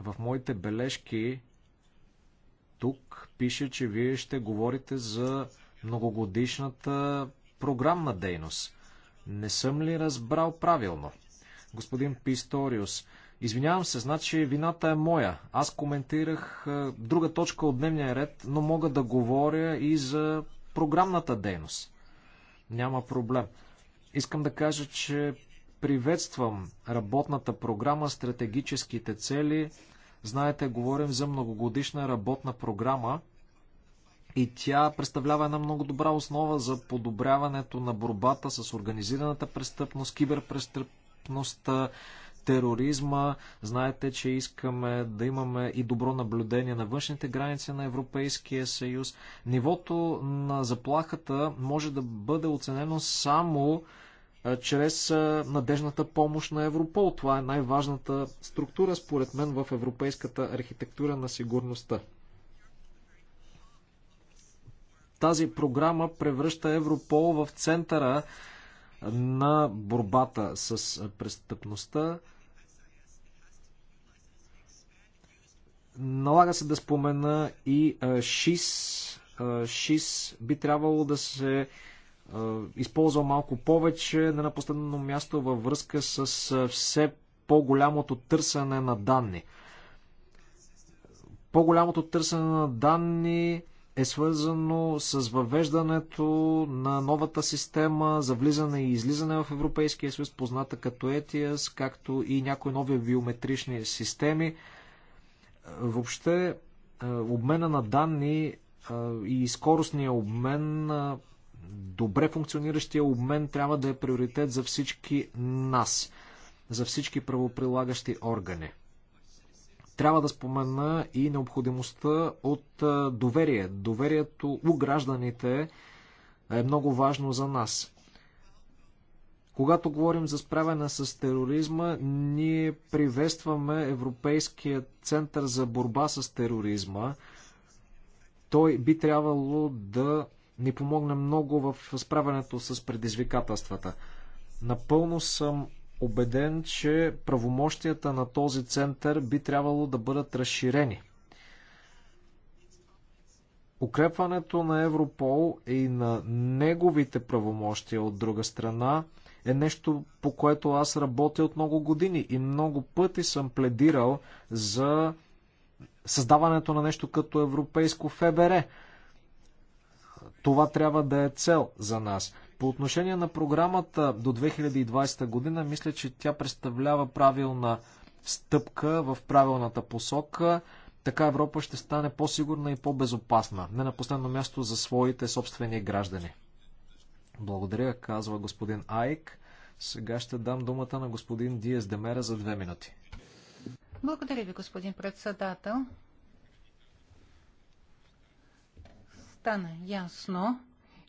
Speaker 3: В моите бележки тук пише, че вие ще говорите за многогодишната програмна дейност. Не съм ли разбрал правилно? Господин Писториус, Извинявам се, значи вината е моя. Аз коментирах е, друга точка от дневния ред, но мога да говоря и за програмната дейност. Няма проблем. Искам да кажа, че приветствам работната програма, стратегическите цели. Знаете, говорим за многогодишна работна програма и тя представлява една много добра основа за подобряването на борбата с организираната престъпност, киберпрестъпността, тероризма. Знаете, че искаме да имаме и добро наблюдение на външните граници на Европейския съюз. Нивото на заплахата може да бъде оценено само чрез надежната помощ на Европол. Това е най-важната структура, според мен, в европейската архитектура на сигурността. Тази програма превръща Европол в центъра на борбата с престъпността. Налага се да спомена и ШИС. ШИС би трябвало да се използва малко повече, на последно място във връзка с все по-голямото търсене на данни. По-голямото търсене на данни е свързано с въвеждането на новата система за влизане и излизане в Европейския съюз, позната като ETIAS, както и някои нови биометрични системи. Въобще, е, обмена на данни е, и скоростния обмен, е, добре функциониращия обмен трябва да е приоритет за всички нас, за всички правоприлагащи органи. Трябва да спомена и необходимостта от доверие. Доверието у гражданите е много важно за нас. Когато говорим за справяне с тероризма, ние приветстваме Европейския център за борба с тероризма. Той би трябвало да ни помогне много в справянето с предизвикателствата. Напълно съм убеден, че правомощията на този център би трябвало да бъдат разширени. Укрепването на Европол и на неговите правомощия от друга страна е нещо, по което аз работя от много години и много пъти съм пледирал за създаването на нещо като европейско ФБР. Това трябва да е цел за нас. По отношение на програмата до 2020 година, мисля, че тя представлява правилна стъпка в правилната посока. Така Европа ще стане по-сигурна и по-безопасна, не на последно място за своите собствени граждани. Благодаря, казва господин Айк. Сега ще дам думата на господин Диес Демера за две минути.
Speaker 2: Благодаря ви, господин председател. Стана ясно,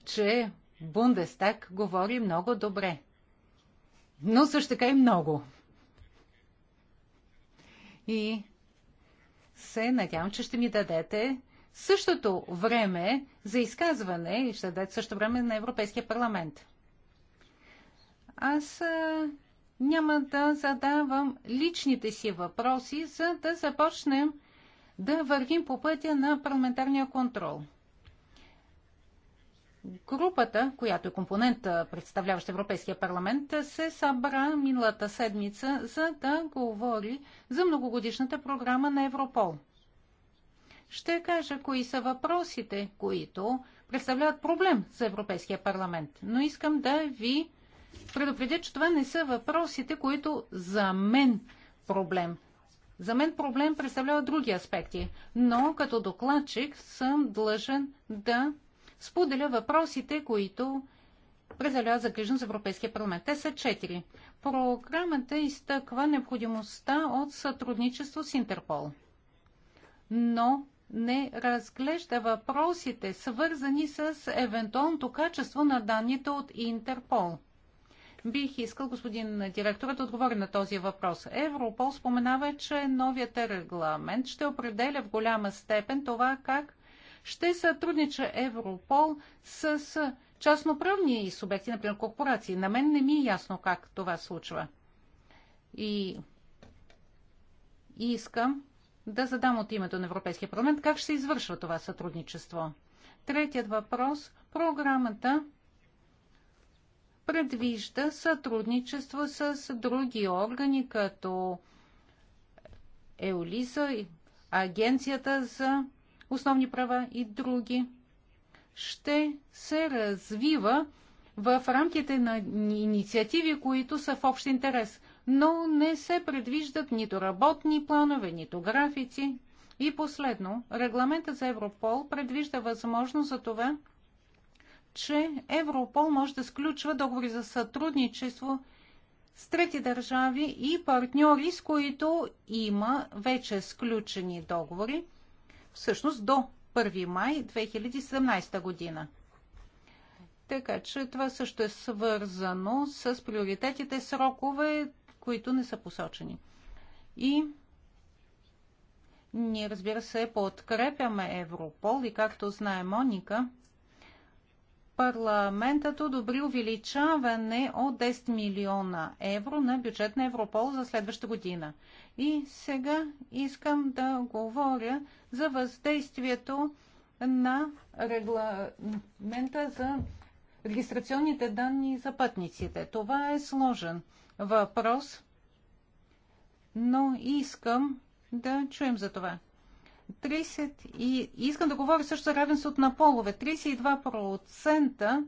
Speaker 2: че Бундестаг говори много добре, но също така и много. И се надявам, че ще ми дадете същото време за изказване и ще дадете същото време на Европейския парламент. Аз няма да задавам личните си въпроси, за да започнем да вървим по пътя на парламентарния контрол – Групата, която е компонента, представляваща Европейския парламент, се събра миналата седмица, за да говори за многогодишната програма на Европол. Ще кажа кои са въпросите, които представляват проблем за Европейския парламент, но искам да ви предупредя, че това не са въпросите, които за мен проблем. За мен проблем представлява други аспекти, но като докладчик съм длъжен да споделя въпросите, които Презалява загрижен за Европейския парламент. Те са четири. Програмата изтъква необходимостта от сътрудничество с Интерпол, но не разглежда въпросите, свързани с евентуалното качество на данните от Интерпол. Бих искал господин директорът да отговори на този въпрос. Европол споменава, че новият регламент ще определя в голяма степен това как ще сътруднича Европол с частноправни субекти, например корпорации. На мен не ми е ясно как това случва. И, и искам да задам от името на Европейския парламент как ще се извършва това сътрудничество. Третият въпрос. Програмата предвижда сътрудничество с други органи, като Еолиза, Агенцията за основни права и други, ще се развива в рамките на инициативи, които са в общ интерес, но не се предвиждат нито работни планове, нито графици. И последно, регламентът за Европол предвижда възможност за това, че Европол може да сключва договори за сътрудничество с трети държави и партньори, с които има вече сключени договори – всъщност до 1 май 2017 година. Така че това също е свързано с приоритетите срокове, които не са посочени. И ние, разбира се, подкрепяме Европол и, както знае Моника, парламентът одобри увеличаване от 10 милиона евро на бюджет на Европол за следваща година. И сега искам да говоря за въздействието на регламента за регистрационните данни за пътниците. Това е сложен въпрос, но искам да чуем за това. 30 и искам да говоря също за равенството на полове. 32%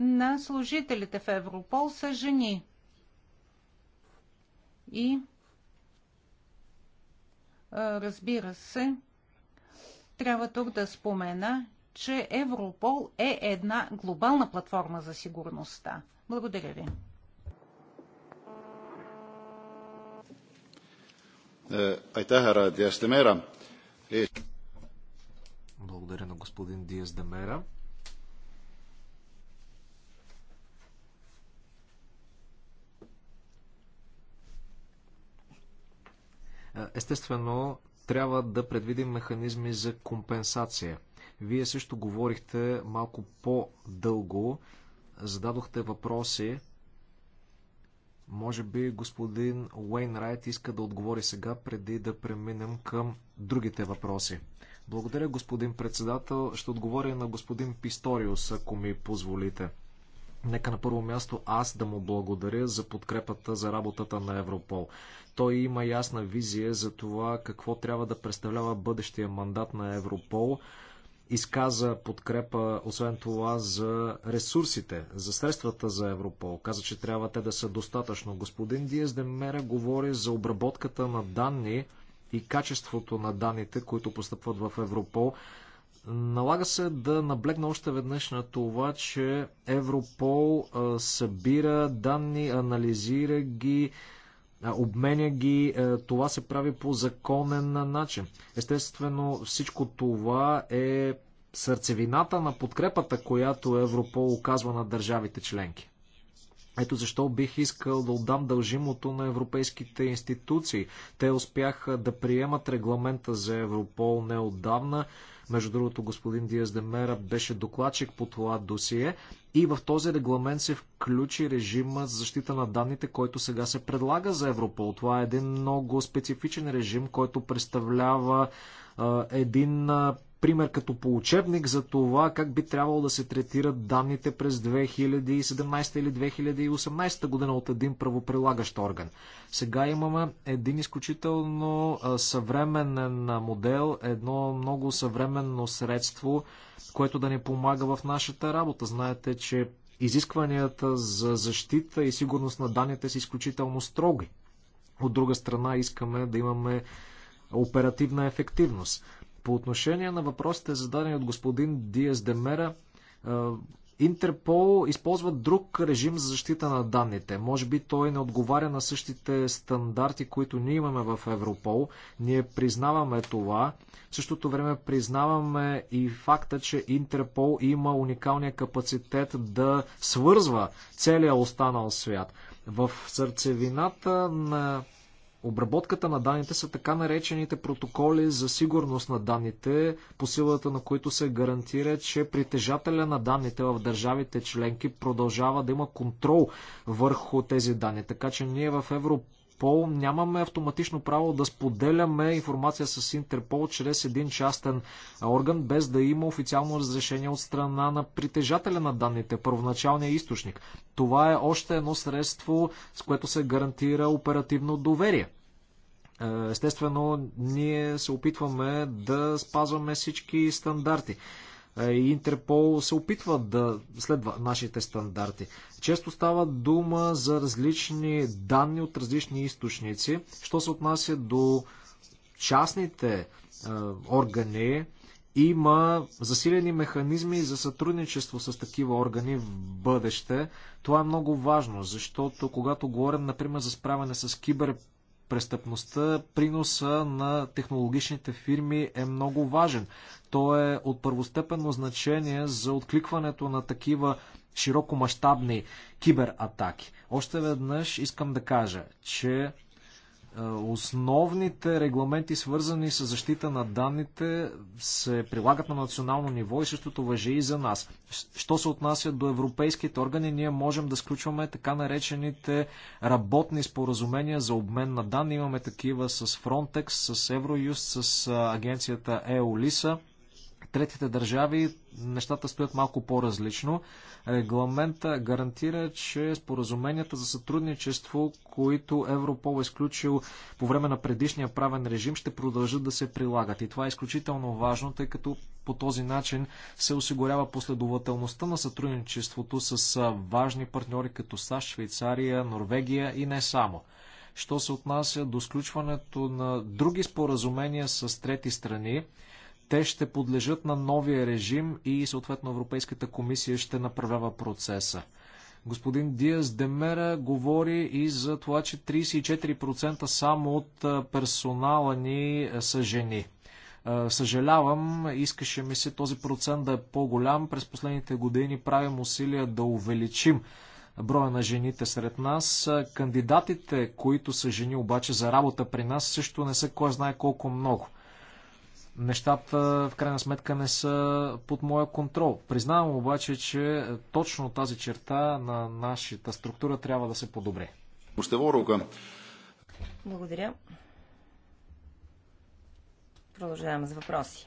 Speaker 2: на служителите в Европол са жени. И разбира се, трябва тук да спомена, че Европол е една глобална платформа за сигурността. Благодаря ви.
Speaker 6: Aitäh, härra Diastemera.
Speaker 3: Благодаря на господин Диас Демера. Е, естествено, трябва да предвидим механизми за компенсация. Вие също говорихте малко по-дълго, зададохте въпроси. Може би господин Уейн Райт иска да отговори сега, преди да преминем към другите въпроси. Благодаря, господин председател. Ще отговоря на господин Писториус, ако ми позволите. Нека на първо място аз да му благодаря за подкрепата за работата на Европол. Той има ясна визия за това какво трябва да представлява бъдещия мандат на Европол изказа подкрепа, освен това, за ресурсите, за средствата за Европол. Каза, че трябва те да са достатъчно. Господин Диез Демера говори за обработката на данни и качеството на данните, които постъпват в Европол. Налага се да наблегна още веднъж на това, че Европол а, събира данни, анализира ги, обменя ги, е, това се прави по законен начин. Естествено, всичко това е сърцевината на подкрепата, която Европол оказва на държавите членки. Ето защо бих искал да отдам дължимото на европейските институции. Те успяха да приемат регламента за Европол неотдавна. Между другото, господин Диас Демера беше докладчик по това досие и в този регламент се включи режима за защита на данните, който сега се предлага за Европол. Това е един много специфичен режим, който представлява е, един пример като получебник за това как би трябвало да се третират данните през 2017 или 2018 година от един правоприлагащ орган. Сега имаме един изключително съвременен модел, едно много съвременно средство, което да ни помага в нашата работа. Знаете, че изискванията за защита и сигурност на данните са изключително строги. От друга страна искаме да имаме оперативна ефективност. По отношение на въпросите, зададени от господин Диас Демера, Интерпол използва друг режим за защита на данните. Може би той не отговаря на същите стандарти, които ние имаме в Европол. Ние признаваме това. В същото време признаваме и факта, че Интерпол има уникалния капацитет да свързва целия останал свят. В сърцевината на Обработката на данните са така наречените протоколи за сигурност на данните, по силата на които се гарантира, че притежателя на данните в държавите членки продължава да има контрол върху тези данни. Така че ние в Европа. Интерпол, нямаме автоматично право да споделяме информация с Интерпол чрез един частен орган, без да има официално разрешение от страна на притежателя на данните, първоначалния източник. Това е още едно средство, с което се гарантира оперативно доверие. Естествено, ние се опитваме да спазваме всички стандарти и е, Интерпол се опитват да следва нашите стандарти. Често става дума за различни данни от различни източници. Що се отнася до частните е, органи, има засилени механизми за сътрудничество с такива органи в бъдеще. Това е много важно, защото когато говорим, например, за справяне с киберпрестъпността, приноса на технологичните фирми е много важен. То е от първостепенно значение за откликването на такива широкомащабни кибератаки. Още веднъж искам да кажа, че е, основните регламенти, свързани с защита на данните, се прилагат на национално ниво и същото въжи и за нас. Що се отнася до европейските органи, ние можем да сключваме така наречените работни споразумения за обмен на данни. Имаме такива с Frontex, с Евроюст, с агенцията EOLISA третите държави нещата стоят малко по-различно. Регламента гарантира, че споразуменията за сътрудничество, които Европол е изключил по време на предишния правен режим, ще продължат да се прилагат. И това е изключително важно, тъй като по този начин се осигурява последователността на сътрудничеството с важни партньори като САЩ, Швейцария, Норвегия и не само що се отнася до сключването на други споразумения с трети страни, те ще подлежат на новия режим и съответно Европейската комисия ще направлява процеса. Господин Диас Демера говори и за това, че 34% само от персонала ни са жени. Съжалявам, искаше ми се този процент да е по-голям. През последните години правим усилия да увеличим броя на жените сред нас. Кандидатите, които са жени обаче за работа при нас, също не са кой знае колко много – Нещата в крайна сметка не са под моя контрол. Признавам обаче, че точно тази черта на нашата структура трябва да се подобре.
Speaker 4: Благодаря. Продължаваме с въпроси.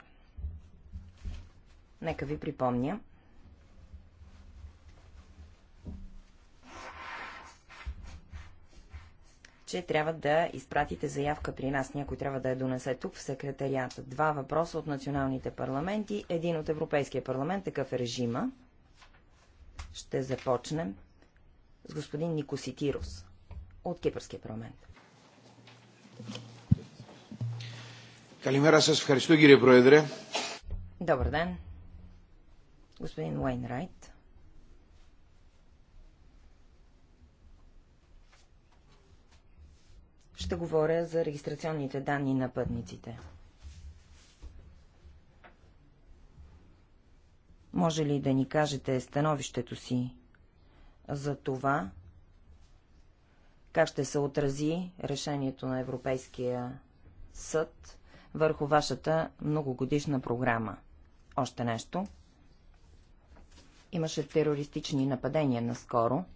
Speaker 4: Нека ви припомня, че трябва да изпратите заявка при нас. Някой трябва да я донесе тук в секретарията. Два въпроса от националните парламенти, един от Европейския парламент. Такъв е режима. Ще започнем с господин Никоситирус от Кипърския парламент.
Speaker 6: Калимера с Харисто, κύριε
Speaker 4: Добър ден. Господин Уейнрайт, ще говоря за регистрационните данни на пътниците. Може ли да ни кажете становището си за това, как ще се отрази решението на Европейския съд върху вашата многогодишна програма? Още нещо. Имаше терористични нападения наскоро –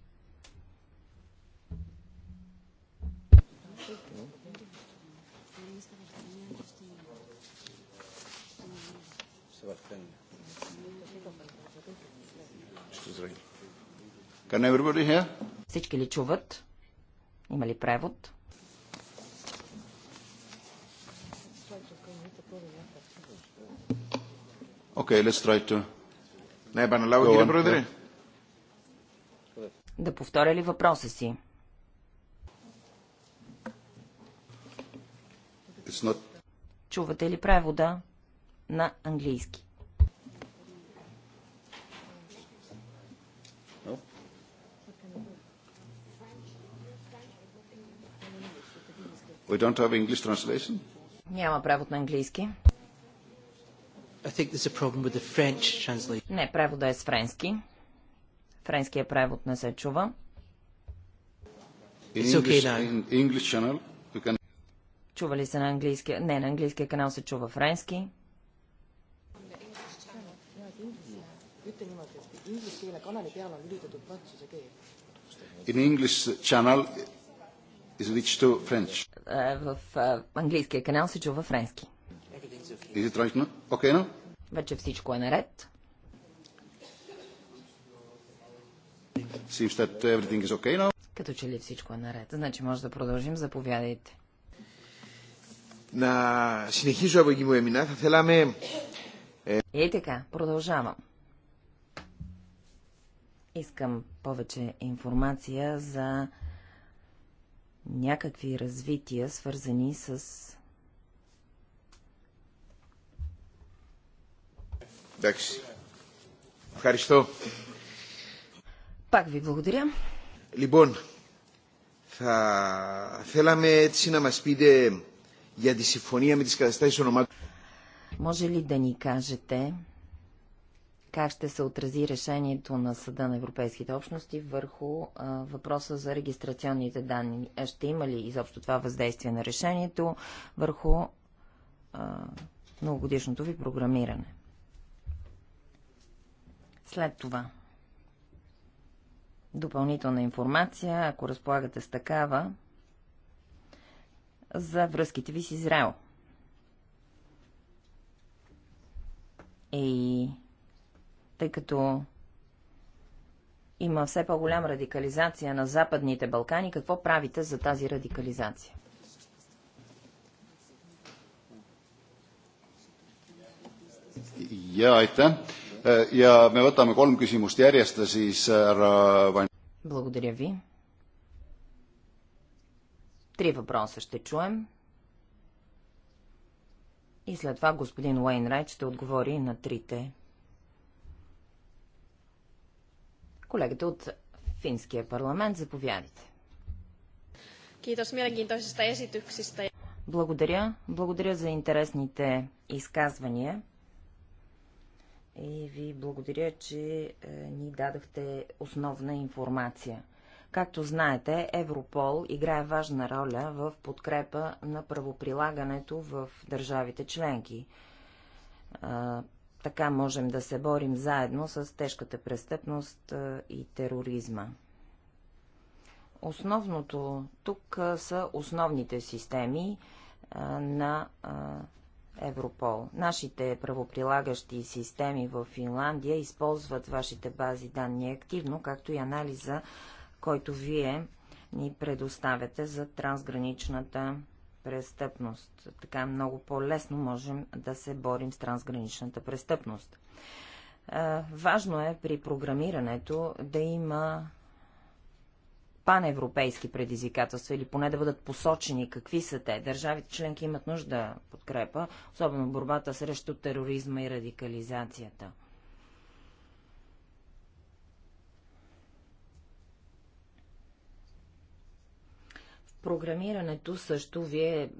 Speaker 4: Can everybody hear? Всички ли чуват? Има ли превод?
Speaker 6: Okay, let's try to... Не, бе, налава ги да проведри.
Speaker 4: Да повторя ли въпроса си? Not... Чувате ли превода на английски?
Speaker 6: We don't have English translation?
Speaker 4: Няма превод на английски. I think there's a problem with the French translation. Не, превода е с френски. Френският превод не се чува. It's okay now.
Speaker 6: English channel.
Speaker 4: You can... Чува ли се на английския? Не, на английския канал се чува френски.
Speaker 6: In English channel е,
Speaker 4: в е, английския канал се чува френски. Вече всичко е наред.
Speaker 6: Okay
Speaker 4: Като че ли всичко е наред. Значи може да продължим. Заповядайте. На И така, продължавам. Искам повече информация за някакви развития, свързани с
Speaker 6: Εντάξει. Ευχαριστώ.
Speaker 4: Пак ви благодаря. Λοιπόν, θα θέλαμε έτσι να μας πείτε για τη συμφωνία με τις καταστάσεις ονομάτων. Може ли да ни кажете как ще се отрази решението на Съда на Европейските общности върху а, въпроса за регистрационните данни. Ще има ли изобщо това въздействие на решението върху а, многогодишното ви програмиране? След това. Допълнителна информация, ако разполагате с такава, за връзките ви с Израел. И тъй като има все по-голяма радикализация на Западните Балкани. Какво правите за тази радикализация?
Speaker 6: ja aitäh ja me võtame kolm küsimust järjest siis Van...
Speaker 4: Благодаря ви. Три въпроса ще чуем. И след това господин Райт ще отговори на трите Колегата от финския парламент, заповядайте. Благодаря. Благодаря за интересните изказвания. И ви благодаря, че е, ни дадахте основна информация. Както знаете, Европол играе важна роля в подкрепа на правоприлагането в държавите членки. Е, така можем да се борим заедно с тежката престъпност и тероризма. Основното тук са основните системи на Европол. Нашите правоприлагащи системи в Финландия използват вашите бази данни активно, както и анализа, който вие ни предоставяте за трансграничната престъпност. Така много по-лесно можем да се борим с трансграничната престъпност. Важно е при програмирането да има паневропейски предизвикателства или поне да бъдат посочени какви са те. Държавите членки имат нужда подкрепа, особено борбата срещу тероризма и радикализацията – Програмирането също вие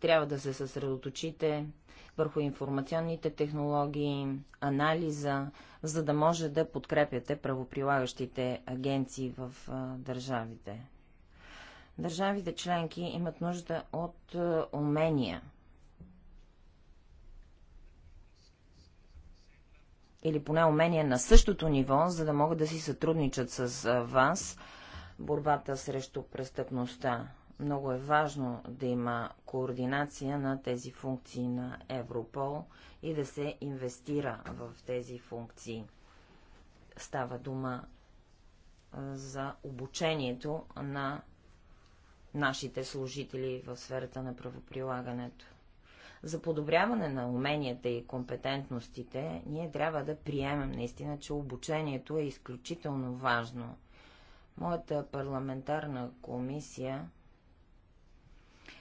Speaker 4: трябва да се съсредоточите върху информационните технологии, анализа, за да може да подкрепяте правоприлагащите агенции в а, държавите. Държавите членки имат нужда от а, умения. Или поне умения на същото ниво, за да могат да си сътрудничат с а, вас – борбата срещу престъпността. Много е важно да има координация на тези функции на Европол и да се инвестира в тези функции. Става дума за обучението на нашите служители в сферата на правоприлагането. За подобряване на уменията и компетентностите, ние трябва да приемем наистина, че обучението е изключително важно. Моята парламентарна комисия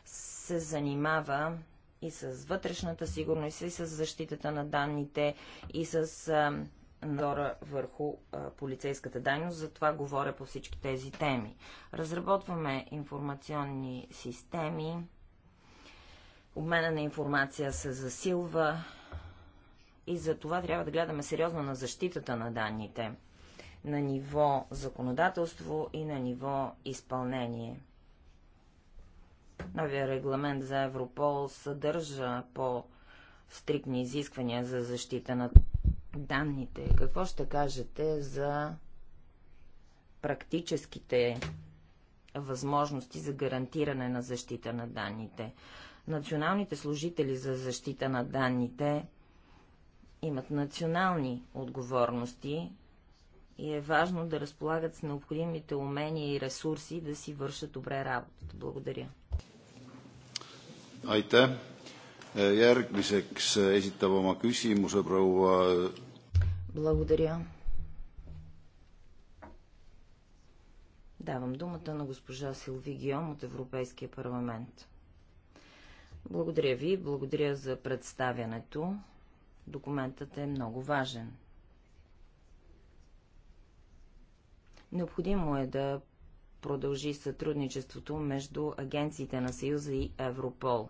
Speaker 4: се занимава и с вътрешната сигурност, и с защитата на данните, и с надзора върху полицейската дайност, затова говоря по всички тези теми. Разработваме информационни системи, обмена на информация се засилва и за това трябва да гледаме сериозно на защитата на данните на ниво законодателство и на ниво изпълнение. Новия регламент за Европол съдържа по-стрикни изисквания за защита на данните. Какво ще кажете за практическите възможности за гарантиране на защита на данните? Националните служители за защита на данните имат национални отговорности и е важно да разполагат с необходимите умения и ресурси да си вършат добре работата. Благодаря.
Speaker 6: Aitäh. Järgmiseks esitab oma küsimuse proua.
Speaker 4: Благодаря. Давам думата на госпожа Силви Гиом от Европейския парламент. Благодаря ви, благодаря за представянето. Документът е много важен. Необходимо е да продължи сътрудничеството между агенциите на Съюза и Европол.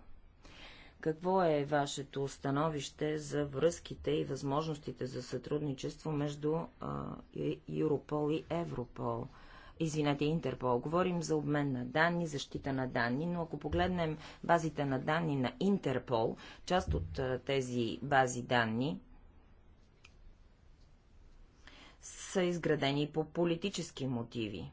Speaker 4: Какво е вашето становище за връзките и възможностите за сътрудничество между а, Европол и Европол? Извинете, Интерпол. Говорим за обмен на данни, защита на данни, но ако погледнем базите на данни на Интерпол, част от а, тези бази данни са изградени по политически мотиви.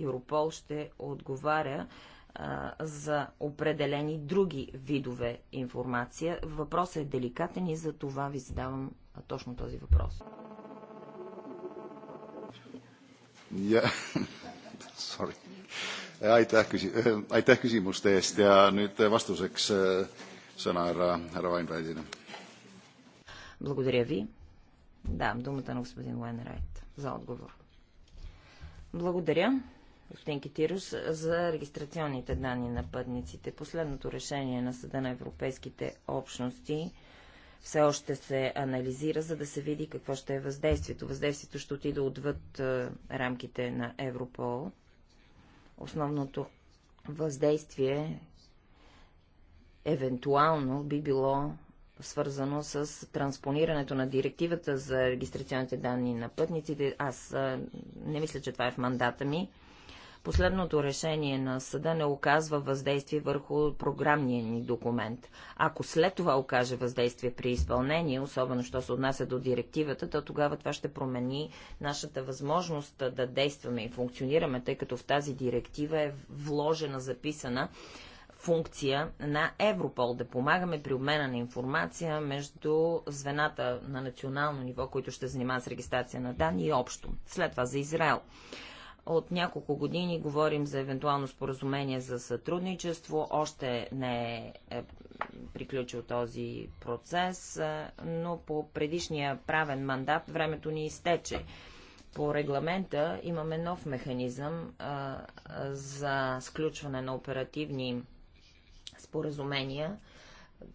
Speaker 4: Европол ще отговаря а, за определени други видове информация. Въпросът е деликатен и за това ви задавам точно този въпрос.
Speaker 6: Yeah. Aitäh, küsimuste eest ja nüüd vastuseks sõna härra, härra
Speaker 4: благодаря ви. Давам думата на господин Уенрайт за отговор. Благодаря, господин Китирус, за регистрационните данни на пътниците. Последното решение на Съда на Европейските общности все още се анализира, за да се види какво ще е въздействието. Въздействието ще отиде отвъд е, рамките на Европол. Основното въздействие евентуално би било свързано с транспонирането на директивата за регистрационните данни на пътниците. Аз не мисля, че това е в мандата ми. Последното решение на съда не оказва въздействие върху програмния ни документ. Ако след това окаже въздействие при изпълнение, особено що се отнася до директивата, то тогава това ще промени нашата възможност да действаме и функционираме, тъй като в тази директива е вложена, записана функция на Европол, да помагаме при обмена на информация между звената на национално ниво, които ще занимават с регистрация на данни и общо. След това за Израел. От няколко години говорим за евентуално споразумение за сътрудничество. Още не е, е приключил този процес, е, но по предишния правен мандат времето ни изтече по регламента имаме нов механизъм а, е, за сключване на оперативни споразумения,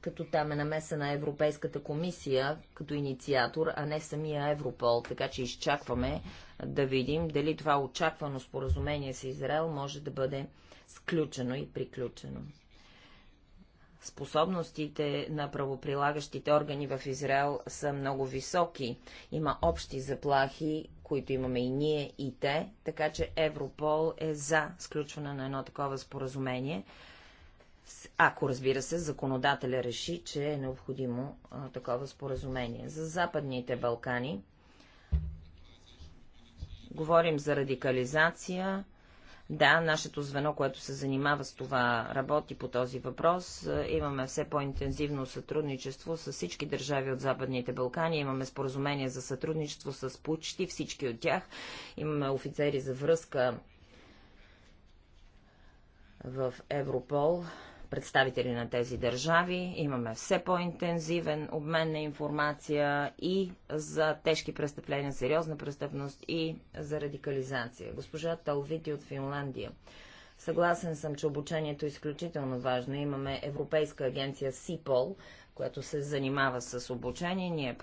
Speaker 4: като там е намесена Европейската комисия като инициатор, а не самия Европол, така че изчакваме да видим дали това очаквано споразумение с Израел може да бъде сключено и приключено. Способностите на правоприлагащите органи в Израел са много високи. Има общи заплахи, които имаме и ние, и те, така че Европол е за сключване на едно такова споразумение ако разбира се, законодателя реши, че е необходимо а, такова споразумение. За Западните Балкани говорим за радикализация. Да, нашето звено, което се занимава с това, работи по този въпрос. Имаме все по-интензивно сътрудничество с всички държави от Западните Балкани. Имаме споразумение за сътрудничество с почти всички от тях. Имаме офицери за връзка в Европол представители на тези държави. Имаме все по-интензивен обмен на информация и за тежки престъпления, сериозна престъпност и за радикализация. Госпожа Талвити от Финландия. Съгласен съм, че обучението е изключително важно. Имаме Европейска агенция СИПОЛ, която се занимава с обучение. Ние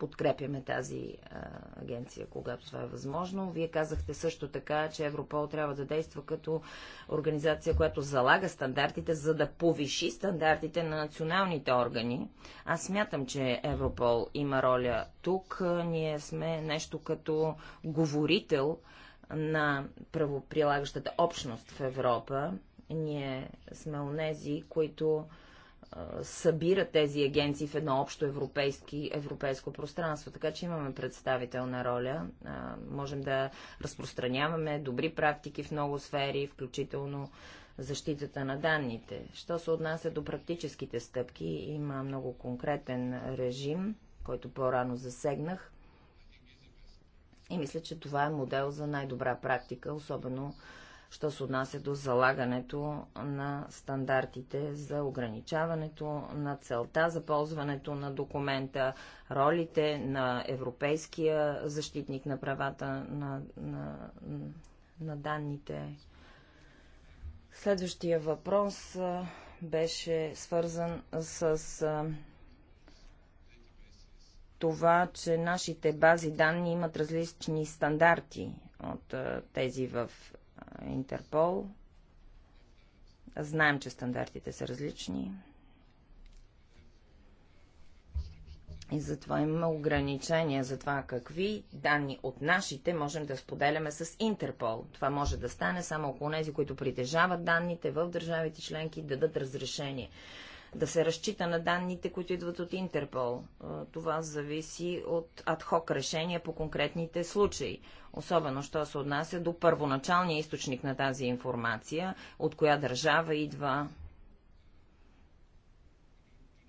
Speaker 4: подкрепяме тази а, агенция, когато това е възможно. Вие казахте също така, че Европол трябва да действа като организация, която залага стандартите, за да повиши стандартите на националните органи. Аз смятам, че Европол има роля тук. Ние сме нещо като говорител на правоприлагащата общност в Европа. Ние сме онези, които събира тези агенции в едно общо европейски, европейско пространство. Така че имаме представителна роля. можем да разпространяваме добри практики в много сфери, включително защитата на данните. Що се отнася до практическите стъпки, има много конкретен режим, който по-рано засегнах. И мисля, че това е модел за най-добра практика, особено що се отнася до залагането на стандартите за ограничаването на целта за ползването на документа, ролите на европейския защитник на правата на, на, на данните. Следващия въпрос беше свързан с това, че нашите бази данни имат различни стандарти от тези в Интерпол. Знаем, че стандартите са различни. И затова имаме ограничения за това какви данни от нашите можем да споделяме с Интерпол. Това може да стане само ако тези, които притежават данните в държавите членки, дадат разрешение да се разчита на данните, които идват от Интерпол. Е, това зависи от адхок решения по конкретните случаи, особено що се отнася до първоначалния източник на тази информация, от коя държава идва.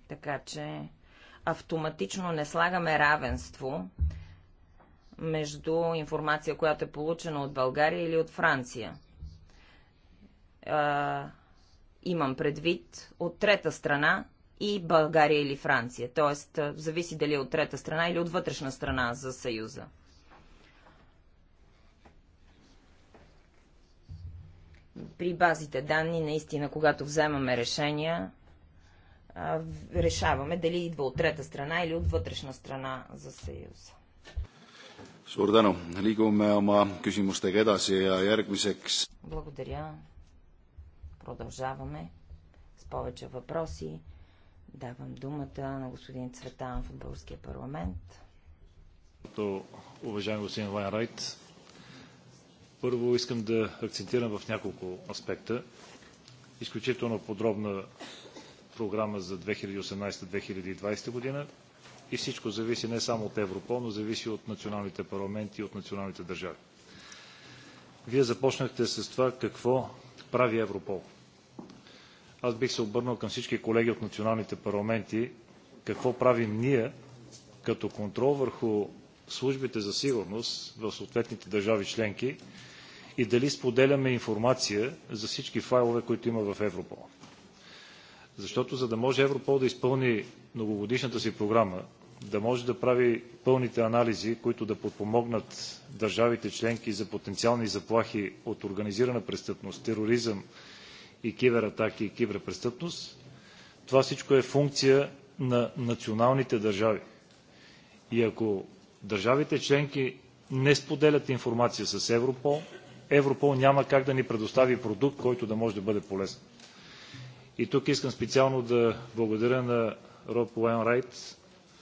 Speaker 4: Така че автоматично не слагаме равенство между информация, която е получена от България или от Франция е, имам предвид от трета страна и България или Франция. Тоест, зависи дали е от трета страна или от вътрешна страна за Съюза. При базите данни, наистина, когато вземаме решения, решаваме дали идва от трета страна или от вътрешна страна за Съюза. Благодаря. Продължаваме с повече въпроси. Давам думата на господин Цветан в Българския парламент.
Speaker 5: Уважаеми господин Райт, първо искам да акцентирам в няколко аспекта. Изключително подробна програма за 2018-2020 година и всичко зависи не само от Европол, но зависи от националните парламенти и от националните държави. Вие започнахте с това какво прави Европол. Аз бих се обърнал към всички колеги от националните парламенти какво правим ние като контрол върху службите за сигурност в съответните държави членки и дали споделяме информация за всички файлове, които има в Европол. Защото за да може Европол да изпълни многогодишната си програма да може да прави пълните анализи, които да подпомогнат държавите членки за потенциални заплахи от организирана престъпност, тероризъм и кибератаки и киберпрестъпност, това всичко е функция на националните държави. И ако държавите членки не споделят информация с Европол, Европол няма как да ни предостави продукт, който да може да бъде полезен. И тук искам специално да благодаря на Роб Райт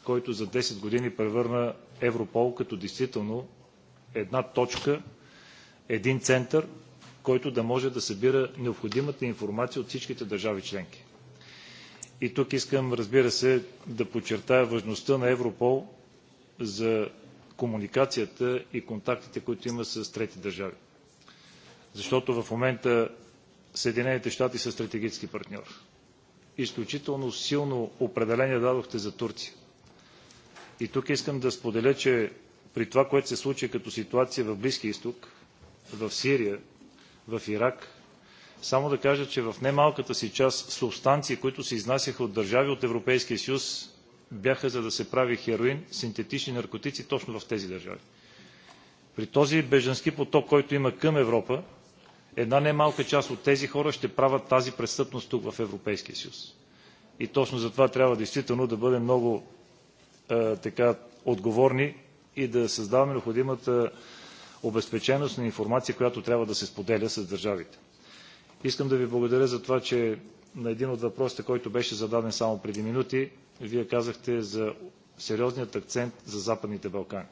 Speaker 5: който за 10 години превърна Европол като действително една точка, един център, който да може да събира необходимата информация от всичките държави членки. И тук искам, разбира се, да подчертая важността на Европол за комуникацията и контактите, които има с трети държави. Защото в момента Съединените щати са стратегически партньор. Изключително силно определение дадохте за Турция. И тук искам да споделя, че при това, което се случи като ситуация в Близкия изток, в Сирия, в Ирак, само да кажа, че в немалката си част субстанции, които се изнасяха от държави от Европейския съюз, бяха за да се прави хероин, синтетични наркотици точно в тези държави. При този беженски поток, който има към Европа, една немалка част от тези хора ще правят тази престъпност тук в Европейския съюз. И точно затова трябва действително да бъдем много така отговорни и да създаваме необходимата обезпеченост на информация, която трябва да се споделя с държавите. Искам да ви благодаря за това, че на един от въпросите, който беше зададен само преди минути, вие казахте за сериозният акцент за Западните Балкани.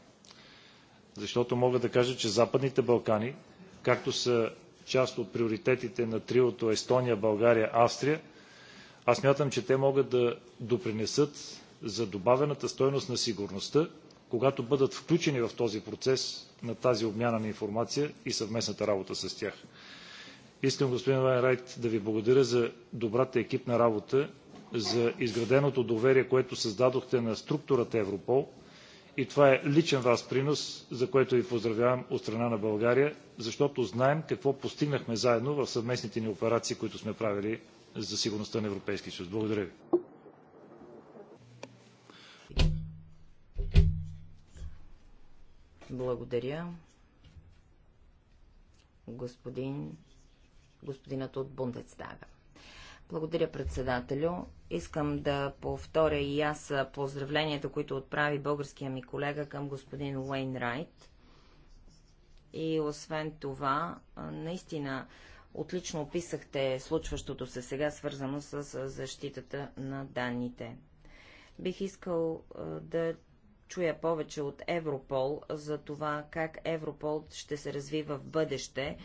Speaker 5: Защото мога да кажа, че Западните Балкани, както са част от приоритетите на триото Естония, България, Австрия, аз мятам, че те могат да допринесат за добавената стойност на сигурността, когато бъдат включени в този процес на тази обмяна на информация и съвместната работа с тях. Искам, господин Вайнрайт, да ви благодаря за добрата екипна работа, за изграденото доверие, което създадохте на структурата Европол. И това е личен вас принос, за което ви поздравявам от страна на България, защото знаем какво постигнахме заедно в съвместните ни операции, които сме правили за сигурността на Европейския съюз. Благодаря ви.
Speaker 4: Благодаря. Господин, господинът от Бундестага. Благодаря, председателю. Искам да повторя и аз поздравленията, които отправи българския ми колега към господин Уейн Райт. И освен това, наистина, отлично описахте случващото се сега, свързано с защитата на данните. Бих искал да чуя повече от Европол за това как Европол ще се развива в бъдеще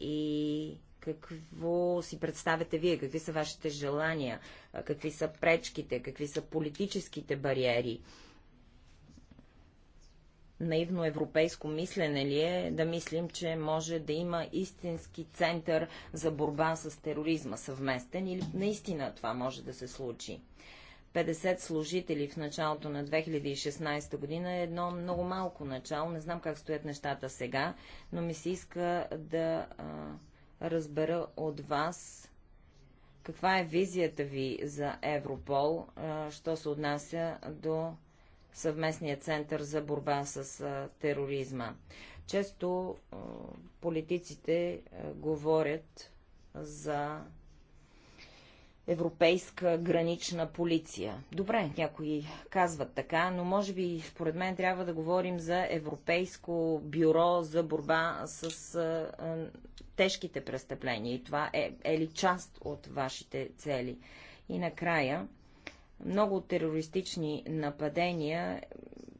Speaker 4: и какво си представяте вие, какви са вашите желания, какви са пречките, какви са политическите бариери. Наивно европейско мислене ли е да мислим, че може да има истински център за борба с тероризма съвместен или наистина това може да се случи? 50 служители в началото на 2016 година е едно много малко начало. Не знам как стоят нещата сега, но ми се иска да а, разбера от вас каква е визията ви за Европол, а, що се отнася до съвместния център за борба с а, тероризма. Често а, политиците а, говорят за европейска гранична полиция. Добре, някои казват така, но може би според мен трябва да говорим за Европейско бюро за борба с а, а, тежките престъпления. И това е, е ли част от вашите цели? И накрая, много терористични нападения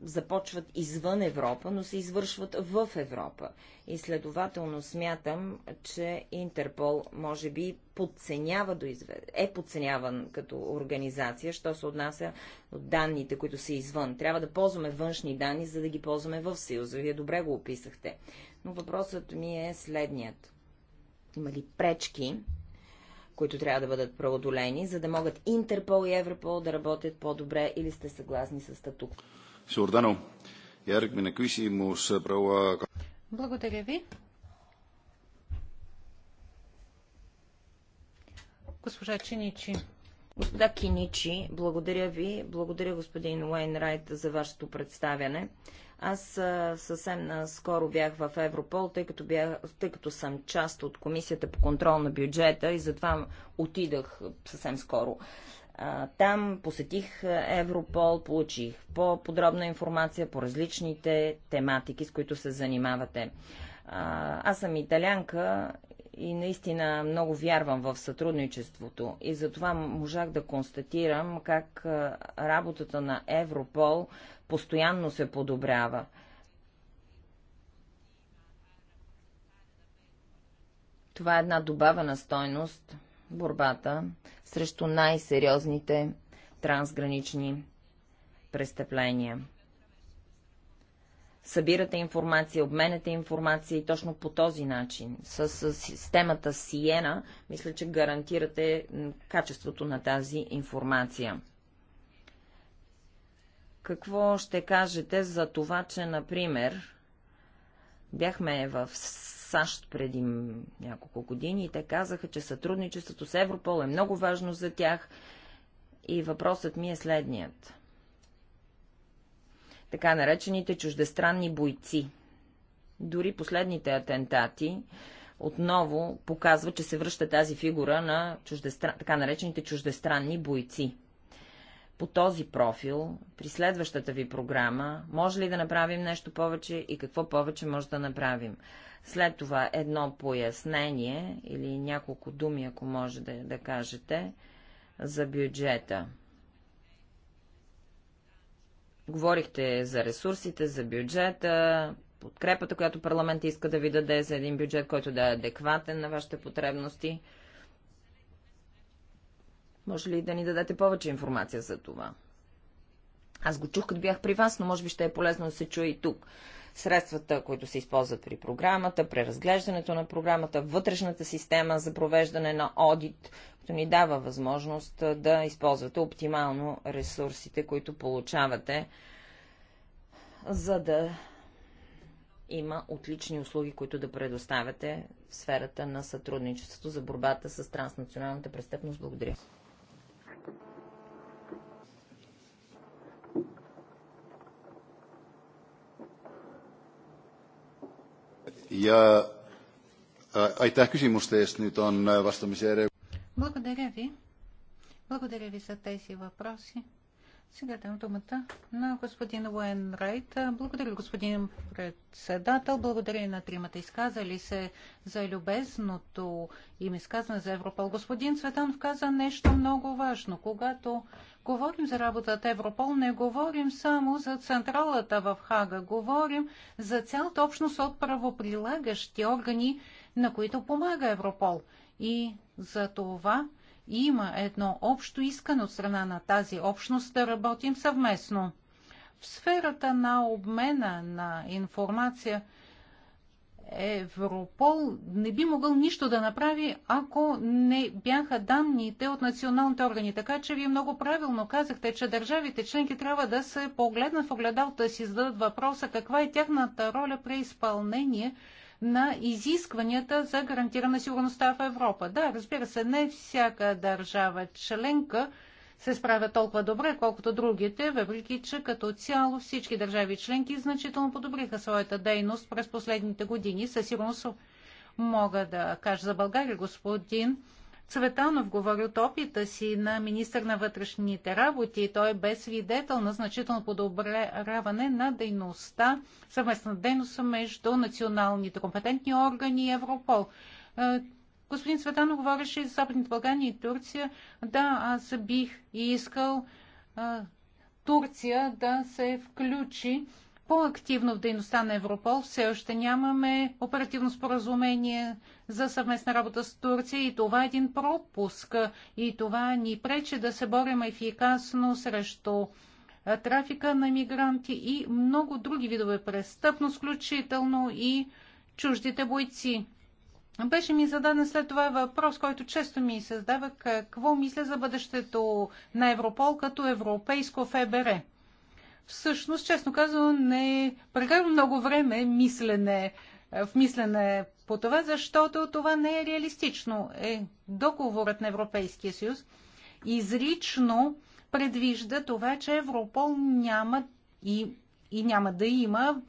Speaker 4: започват извън Европа, но се извършват в Европа. И следователно смятам, че Интерпол може би подценява до извед... е подценяван като организация, що се отнася от данните, които са извън. Трябва да ползваме външни данни, за да ги ползваме в Съюза. Вие добре го описахте. Но въпросът ми е следният. Има ли пречки които трябва да бъдат преодолени, за да могат Интерпол и Европол да работят по-добре или сте съгласни с статук?
Speaker 6: Сурдано. Järgmine küsimus proua
Speaker 4: Благодаря ви. Госпожа Чиничи. Господа Киничи, благодаря ви. Благодаря господин Уейнрайт за вашето представяне. Аз съвсем наскоро бях в Европол, тъй като, бях, тъй като съм част от Комисията по контрол на бюджета и затова отидах съвсем скоро. Там посетих Европол, получих по-подробна информация по различните тематики, с които се занимавате. Аз съм италянка и наистина много вярвам в сътрудничеството и затова можах да констатирам как работата на Европол постоянно се подобрява. Това е една добавена стойност борбата срещу най-сериозните трансгранични престъпления. Събирате информация, обменяте информация и точно по този начин, с, с системата Сиена, мисля, че гарантирате качеството на тази информация. Какво ще кажете за това, че, например, бяхме в САЩ преди няколко години и те казаха, че сътрудничеството с Европол е много важно за тях и въпросът ми е следният. Така наречените чуждестранни бойци. Дори последните атентати отново показва, че се връща тази фигура на чуждестран... така наречените чуждестранни бойци по този профил, при следващата ви програма, може ли да направим нещо повече и какво повече може да направим. След това едно пояснение или няколко думи, ако може да, да кажете, за бюджета. Говорихте за ресурсите, за бюджета, подкрепата, която парламент иска да ви даде за един бюджет, който да е адекватен на вашите потребности. Може ли да ни дадете повече информация за това? Аз го чух, като бях при вас, но може би ще е полезно да се чуе и тук. Средствата, които се използват при програмата, преразглеждането на програмата, вътрешната система за провеждане на одит, като ни дава възможност да използвате оптимално ресурсите, които получавате, за да има отлични услуги, които да предоставяте в сферата на сътрудничеството за борбата с транснационалната престъпност. Благодаря.
Speaker 6: Ja aitäh küsimuste eest, nüüd on vastamise järje.
Speaker 2: Благодаря ви. Благодаря ви за тези въпроси. Сега дам думата на господин Уен Райт. Благодаря, господин председател. Благодаря и на тримата изказали се за любезното им изказване за Европол. Господин Цветанов каза нещо много важно. Когато говорим за работата Европол, не говорим само за централата в Хага, говорим за цялата общност от правоприлагащи органи, на които помага Европол. И за това има едно общо искане от страна на тази общност да работим съвместно. В сферата на обмена на информация – Европол не би могъл нищо да направи, ако не бяха данните от националните органи. Така че вие много правилно казахте, че държавите членки трябва да се погледнат в огледалта да си зададат въпроса каква е тяхната роля при изпълнение на изискванията за гарантирана сигурността в Европа. Да, разбира се, не всяка държава членка се справят толкова добре, колкото другите, въпреки че като цяло всички държави членки значително подобриха своята дейност през последните години. Със сигурност мога да кажа за България, господин Цветанов говори от опита си на министър на вътрешните работи. Той е бе свидетел на значително подобряване на дейността, съвместна дейност между националните компетентни органи и Европол. Е, Господин Цветано говореше за Западните Балкани и Турция. Да, аз бих искал а, Турция да се включи по-активно в дейността на Европол. Все още нямаме оперативно споразумение за съвместна работа с Турция и това е един пропуск и това ни пречи да се борим ефикасно срещу трафика на мигранти и много други видове престъпност, включително и чуждите бойци. Беше ми зададен след това въпрос, който често ми създава какво мисля за бъдещето на Европол като европейско ФБР. Всъщност, честно казвам, не прекарвам много време мислене, е, в мислене по това, защото това не е реалистично. Е, договорът на Европейския съюз изрично предвижда това, че Европол няма и, и няма да има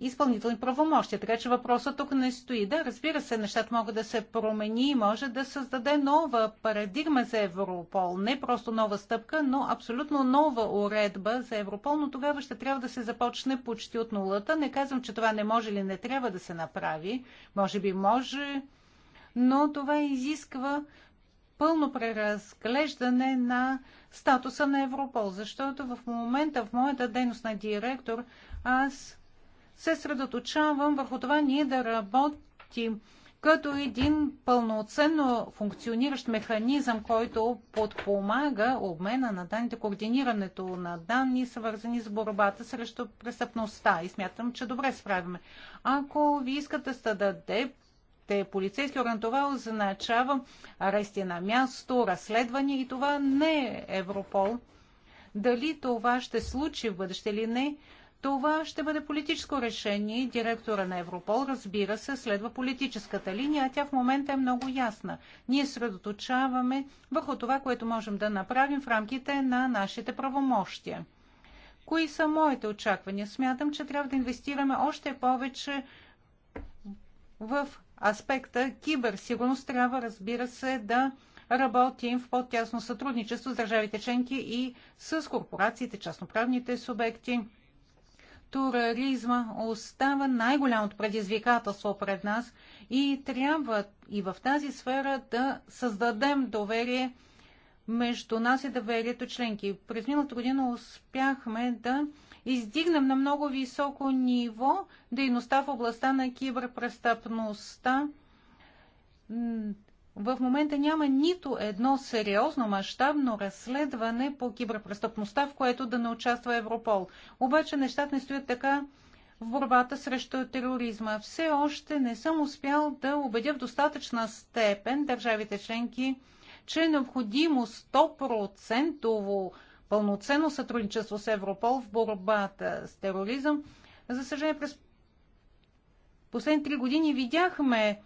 Speaker 2: изпълнителни правомощия. Така че въпросът тук не стои. Да, разбира се, нещата могат да се промени и може да създаде нова парадигма за Европол. Не просто нова стъпка, но абсолютно нова уредба за Европол, но тогава ще трябва да се започне почти от нулата. Не казвам, че това не може или не трябва да се направи. Може би може, но това изисква пълно преразглеждане на статуса на Европол, защото в момента в моята дейност на директор аз се средоточавам върху това ние да работим като един пълноценно функциониращ механизъм, който подпомага обмена на данните, координирането на данни, свързани с борбата срещу престъпността. И смятам, че добре справяме. Ако ви искате да даде полицейски орган, това означава арести на място, разследване и това не е Европол. Дали това ще случи в бъдеще или не, това ще бъде политическо решение. Директора на Европол, разбира се, следва политическата линия, а тя в момента е много ясна. Ние средоточаваме върху това, което можем да направим в рамките на нашите правомощия. Кои са моите очаквания? Смятам, че трябва да инвестираме още повече в аспекта киберсигурност. Трябва, разбира се, да работим в по-тясно сътрудничество с държавите членки и с корпорациите, частноправните субекти тероризма остава най-голямото предизвикателство пред нас и трябва и в тази сфера да създадем доверие между нас и доверието членки. През миналата година успяхме да издигнем на много високо ниво дейността в областта на киберпрестъпността в момента няма нито едно сериозно мащабно разследване по киберпрестъпността, в което да не участва Европол. Обаче нещата не стоят така в борбата срещу тероризма. Все още не съм успял да убедя в достатъчна степен държавите членки, че е необходимо 100% пълноценно сътрудничество с Европол в борбата с тероризъм. За съжаление, през последните три години видяхме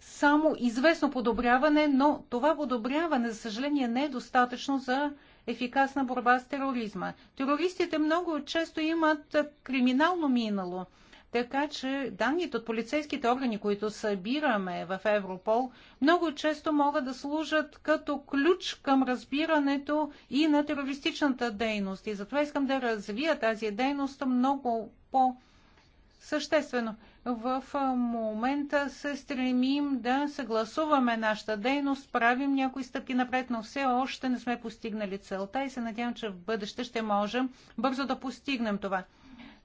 Speaker 2: само известно подобряване, но това подобряване, за съжаление, не е достатъчно за ефикасна борба с тероризма. Терористите много често имат криминално минало. Така че данните от полицейските органи, които събираме в Европол, много често могат да служат като ключ към разбирането и на терористичната дейност. И затова искам да развия тази дейност много по-съществено в момента се стремим да съгласуваме нашата дейност, правим някои стъпки напред, но все още не сме постигнали целта и се надявам, че в бъдеще ще можем бързо да постигнем това.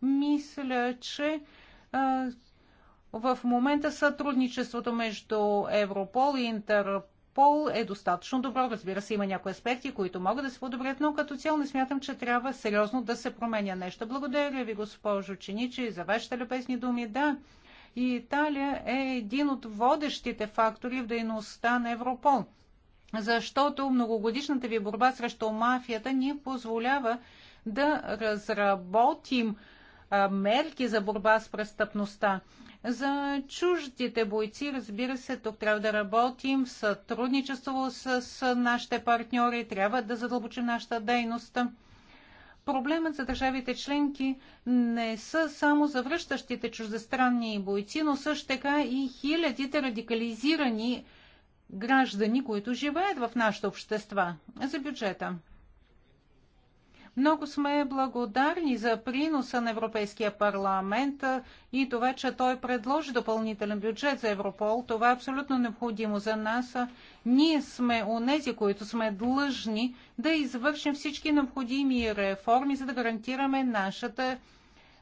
Speaker 2: Мисля, че в момента сътрудничеството между Европол и Интерпол пол е достатъчно добро. Разбира се, има някои аспекти, които могат да се подобрят, но като цяло не смятам, че трябва сериозно да се променя нещо. Благодаря ви, госпожо Чиничи, за вашите любезни думи. Да, и Италия е един от водещите фактори в дейността на Европол. Защото многогодишната ви борба срещу мафията ни позволява да разработим мерки за борба с престъпността. За чуждите бойци, разбира се, тук трябва да работим в сътрудничество с, нашите партньори, трябва да задълбочим нашата дейност. Проблемът за държавите членки не са само завръщащите чуждестранни бойци, но също така и хилядите радикализирани граждани, които живеят в нашите общества. За бюджета. Много сме благодарни за приноса на Европейския парламент и това, че той предложи допълнителен бюджет за Европол. Това е абсолютно необходимо за нас. Ние сме нези, които сме длъжни да извършим всички необходими реформи, за да гарантираме нашата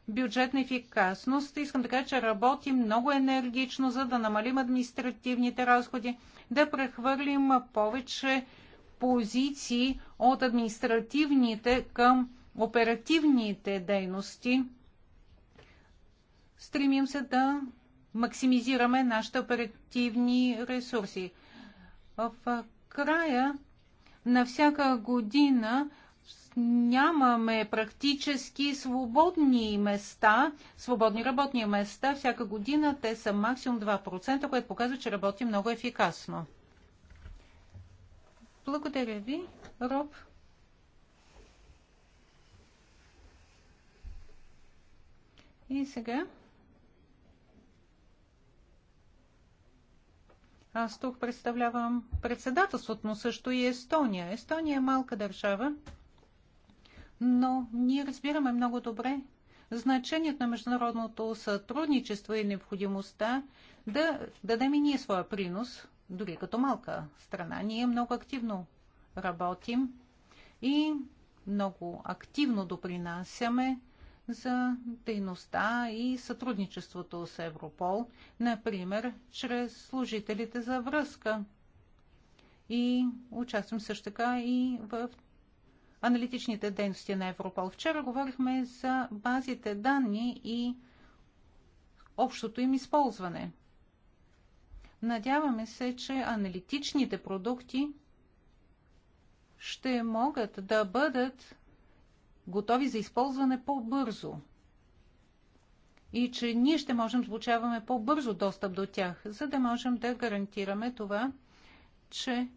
Speaker 2: бюджетна ефикасност. Искам да кажа, че работим много енергично, за да намалим административните разходи, да прехвърлим повече позиции от административните към оперативните дейности. Стремим се да максимизираме нашите оперативни ресурси. В края на всяка година нямаме практически свободни места, свободни работни места. Всяка година те са максимум 2%, което показва, че работи много ефикасно. Благодаря ви, Роб. И сега. Аз тук представлявам председателството, но също и Естония. Естония е малка държава, но ние разбираме много добре значението на международното сътрудничество и необходимостта да дадем и ние своя принос – дори като малка страна. Ние много активно работим и много активно допринасяме за дейността и сътрудничеството с Европол, например, чрез служителите за връзка. И участвам също така и в аналитичните дейности на Европол. Вчера говорихме за базите данни и общото им използване. Надяваме се, че аналитичните продукти ще могат да бъдат готови за използване по-бързо и че ние ще можем да звучаваме по-бързо достъп до тях, за да можем да гарантираме това, че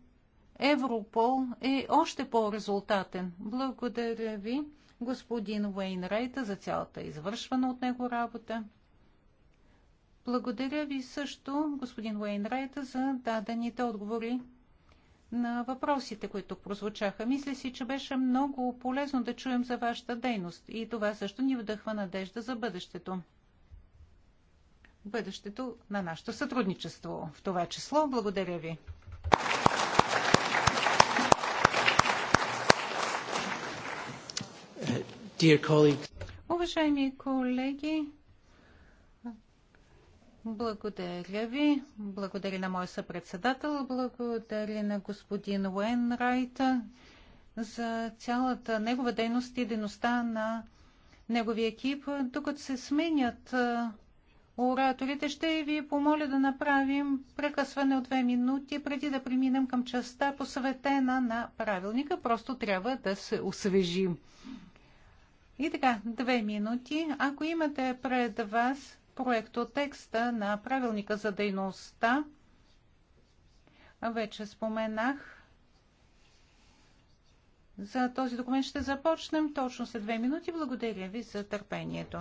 Speaker 2: Европол е още по-резултатен. Благодаря ви, господин Уейнрайта, за цялата извършвана от него работа. Благодаря ви също, господин Уейнрайт, за дадените отговори на въпросите, които прозвучаха. Мисля си, че беше много полезно да чуем за вашата дейност и това също ни вдъхва надежда за бъдещето. Бъдещето на нашето сътрудничество. В това число, благодаря ви. Уважаеми колеги, благодаря ви. Благодаря на моя съпредседател. Благодаря на господин Уен за цялата негова дейност и дейността на неговия екип. Докато се сменят ораторите, ще ви помоля да направим прекъсване от две минути, преди да преминем към частта посветена на правилника. Просто трябва да се освежим. И така, две минути. Ако имате пред вас проектотекста на правилника за дейността. Вече споменах за този документ. Ще започнем точно след две минути. Благодаря ви за търпението.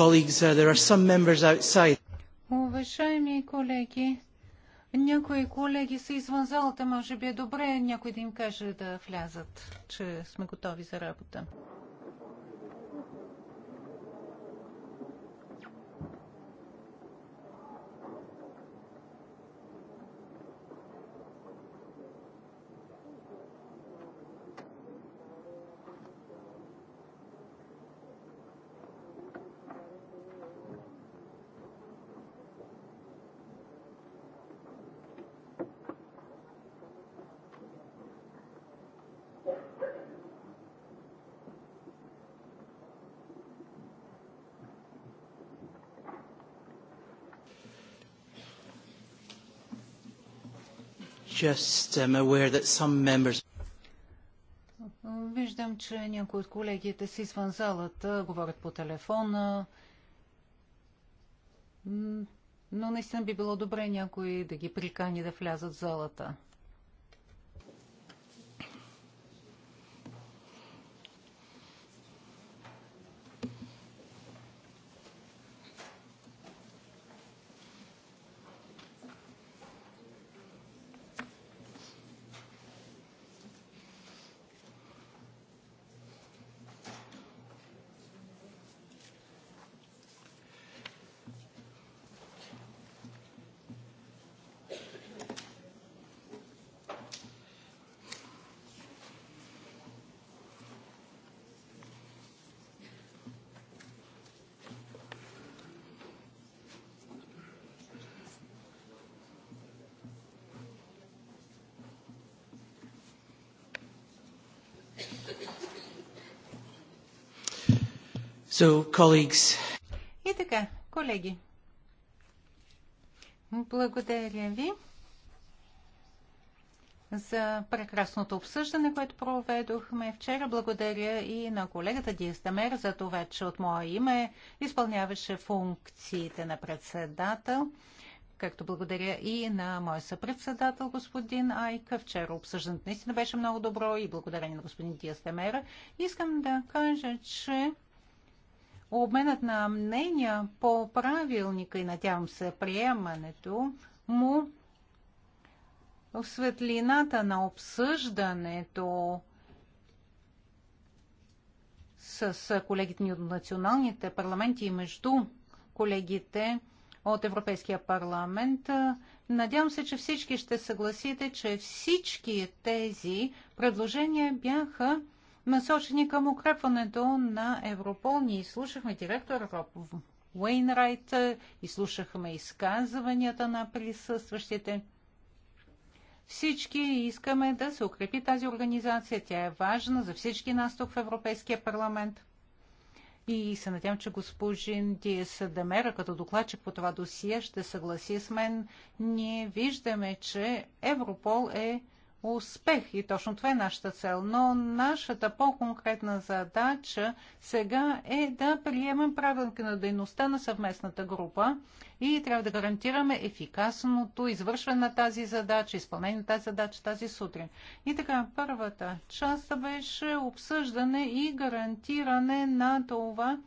Speaker 1: colleagues, uh, there are some members outside.
Speaker 2: Уважаеми колеги, някои колеги са извън залата, може би е добре някой да им каже да влязат, че сме готови за работа.
Speaker 1: just am um, aware that some members...
Speaker 2: Виждам, че някои от колегите си извън залата говорят по телефона, но наистина би било добре някой да ги прикани да влязат в залата.
Speaker 1: So, colleagues.
Speaker 2: И така, колеги. Благодаря ви за прекрасното обсъждане, което проведохме вчера. Благодаря и на колегата Диестамер за това, че от мое име изпълняваше функциите на председател. Както благодаря и на моя съпредседател, господин Айка. Вчера обсъждането наистина беше много добро и благодарение на господин Диастемера. Искам да кажа, че Обменът на мнения по правилника и надявам се приемането му в светлината на обсъждането с колегите ни от националните парламенти и между колегите от Европейския парламент. Надявам се, че всички ще съгласите, че всички тези предложения бяха насочени към укрепването на Европол. Ние слушахме директор Роб Уейнрайт, изслушахме изказванията на присъстващите. Всички искаме да се укрепи тази организация. Тя е важна за всички нас тук в Европейския парламент. И се надявам, че господин Диес Демера, като докладчик по това досие, ще съгласи с мен. Ние виждаме, че Европол е успех и точно това е нашата цел. Но нашата по-конкретна задача сега е да приемем правилника на дейността на съвместната група и трябва да гарантираме ефикасното извършване на тази задача, изпълнение на тази задача тази сутрин. И така, първата част беше обсъждане и гарантиране на това,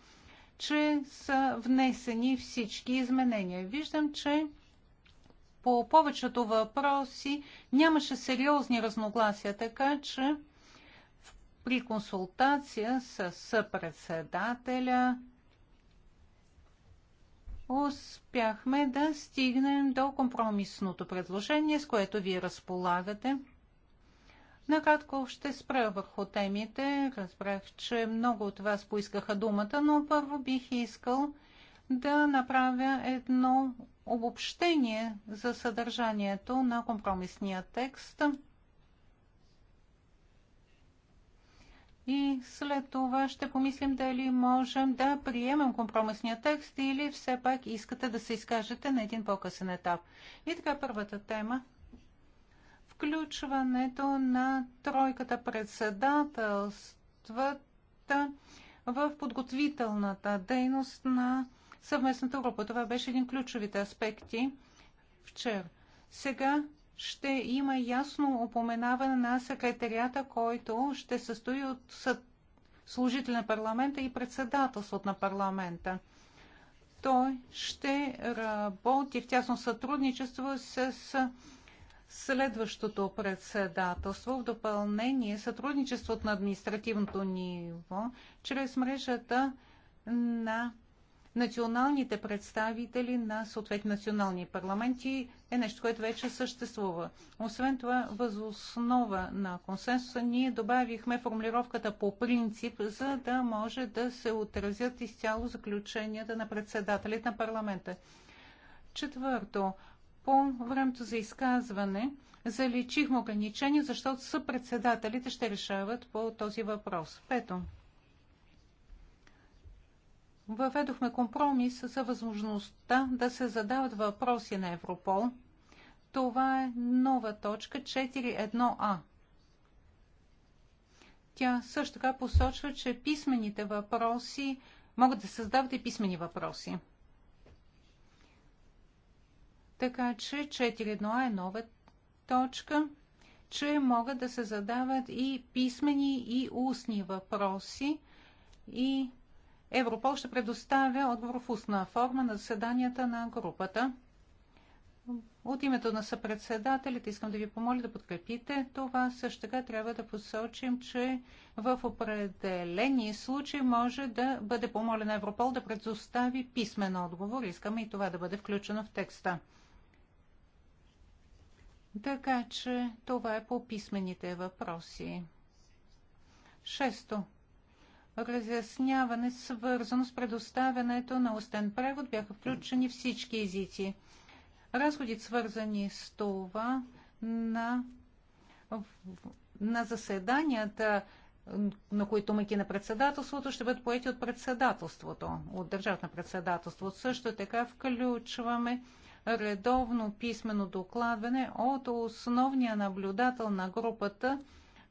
Speaker 2: че са внесени всички изменения. Виждам, че по повечето въпроси нямаше сериозни разногласия, така че при консултация с съпредседателя успяхме да стигнем до компромисното предложение, с което вие разполагате. Накратко ще спра върху темите. Разбрах, че много от вас поискаха думата, но първо бих искал да направя едно обобщение за съдържанието на компромисния текст. И след това ще помислим дали можем да приемем компромисния текст или все пак искате да се изкажете на един по-късен етап. И така първата тема. Включването на тройката председателствата в подготвителната дейност на съвместната група. Това беше един ключовите аспекти вчера. Сега ще има ясно упоменаване на секретарията, който ще състои от служители на парламента и председателството на парламента. Той ще работи в тясно сътрудничество с следващото председателство в допълнение сътрудничеството на административното ниво чрез мрежата на националните представители на съответни национални парламенти е нещо, което вече съществува. Освен това, възоснова на консенсуса ние добавихме формулировката по принцип, за да може да се отразят изцяло заключенията на председателите на парламента. Четвърто, по времето за изказване заличихме ограничения, защото съпредседателите ще решават по този въпрос. Пето, въведохме компромис за възможността да се задават въпроси на Европол. Това е нова точка 4.1а. Тя също така посочва, че писмените въпроси могат да създават и писмени въпроси. Така че 4.1а е нова точка, че могат да се задават и писмени и устни въпроси и Европол ще предоставя отговор в устна форма на заседанията на групата. От името на съпредседателите искам да ви помоля да подкрепите това. Също така трябва да посочим, че в определени случаи може да бъде помолен Европол да предостави писмен отговор. Искаме и това да бъде включено в текста. Така че това е по писмените въпроси. Шесто разясняване, свързано с предоставянето на устен превод, бяха включени всички езици. Разходи, свързани с това, на, на заседанията, на които мъки на председателството, ще бъдат поети от председателството, от държавно председателство. Също така включваме редовно писмено докладване от основния наблюдател на групата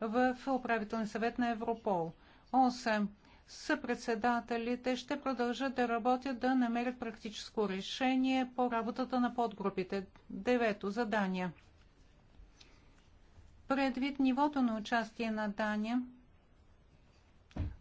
Speaker 2: в управителния съвет на Европол – 8 съпредседателите ще продължат да работят да намерят практическо решение по работата на подгрупите. Девето Задания. Предвид нивото на участие на Дания,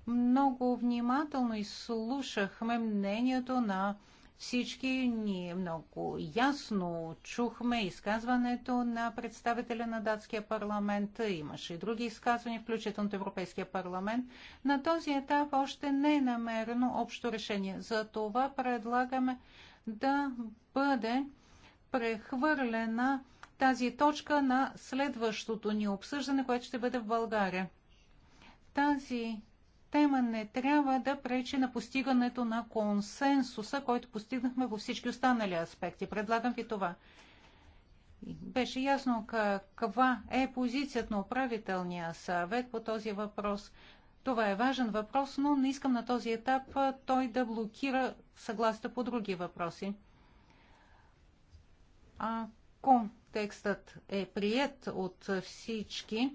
Speaker 2: много внимателно изслушахме мнението на всички ние много ясно чухме изказването на представителя на датския парламент. Имаше и други изказвания, включително от Европейския парламент. На този етап още не е намерено общо решение. За това предлагаме да бъде прехвърлена тази точка на следващото ни обсъждане, което ще бъде в България. Тази тема не трябва да пречи на постигането на консенсуса, който постигнахме във всички останали аспекти. Предлагам ви това. Беше ясно каква е позицията на управителния съвет по този въпрос. Това е важен въпрос, но не искам на този етап той да блокира съгласието по други въпроси. Ако текстът е прият от всички,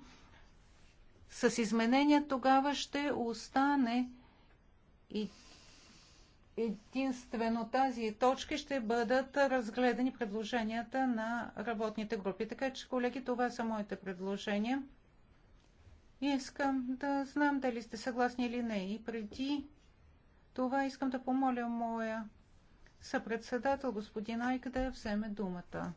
Speaker 2: с изменения тогава ще остане и единствено тази точки ще бъдат разгледани предложенията на работните групи. Така че, колеги, това са моите предложения. Искам да знам дали сте съгласни или не. И преди това искам да помоля моя съпредседател, господин Айк, да вземе думата.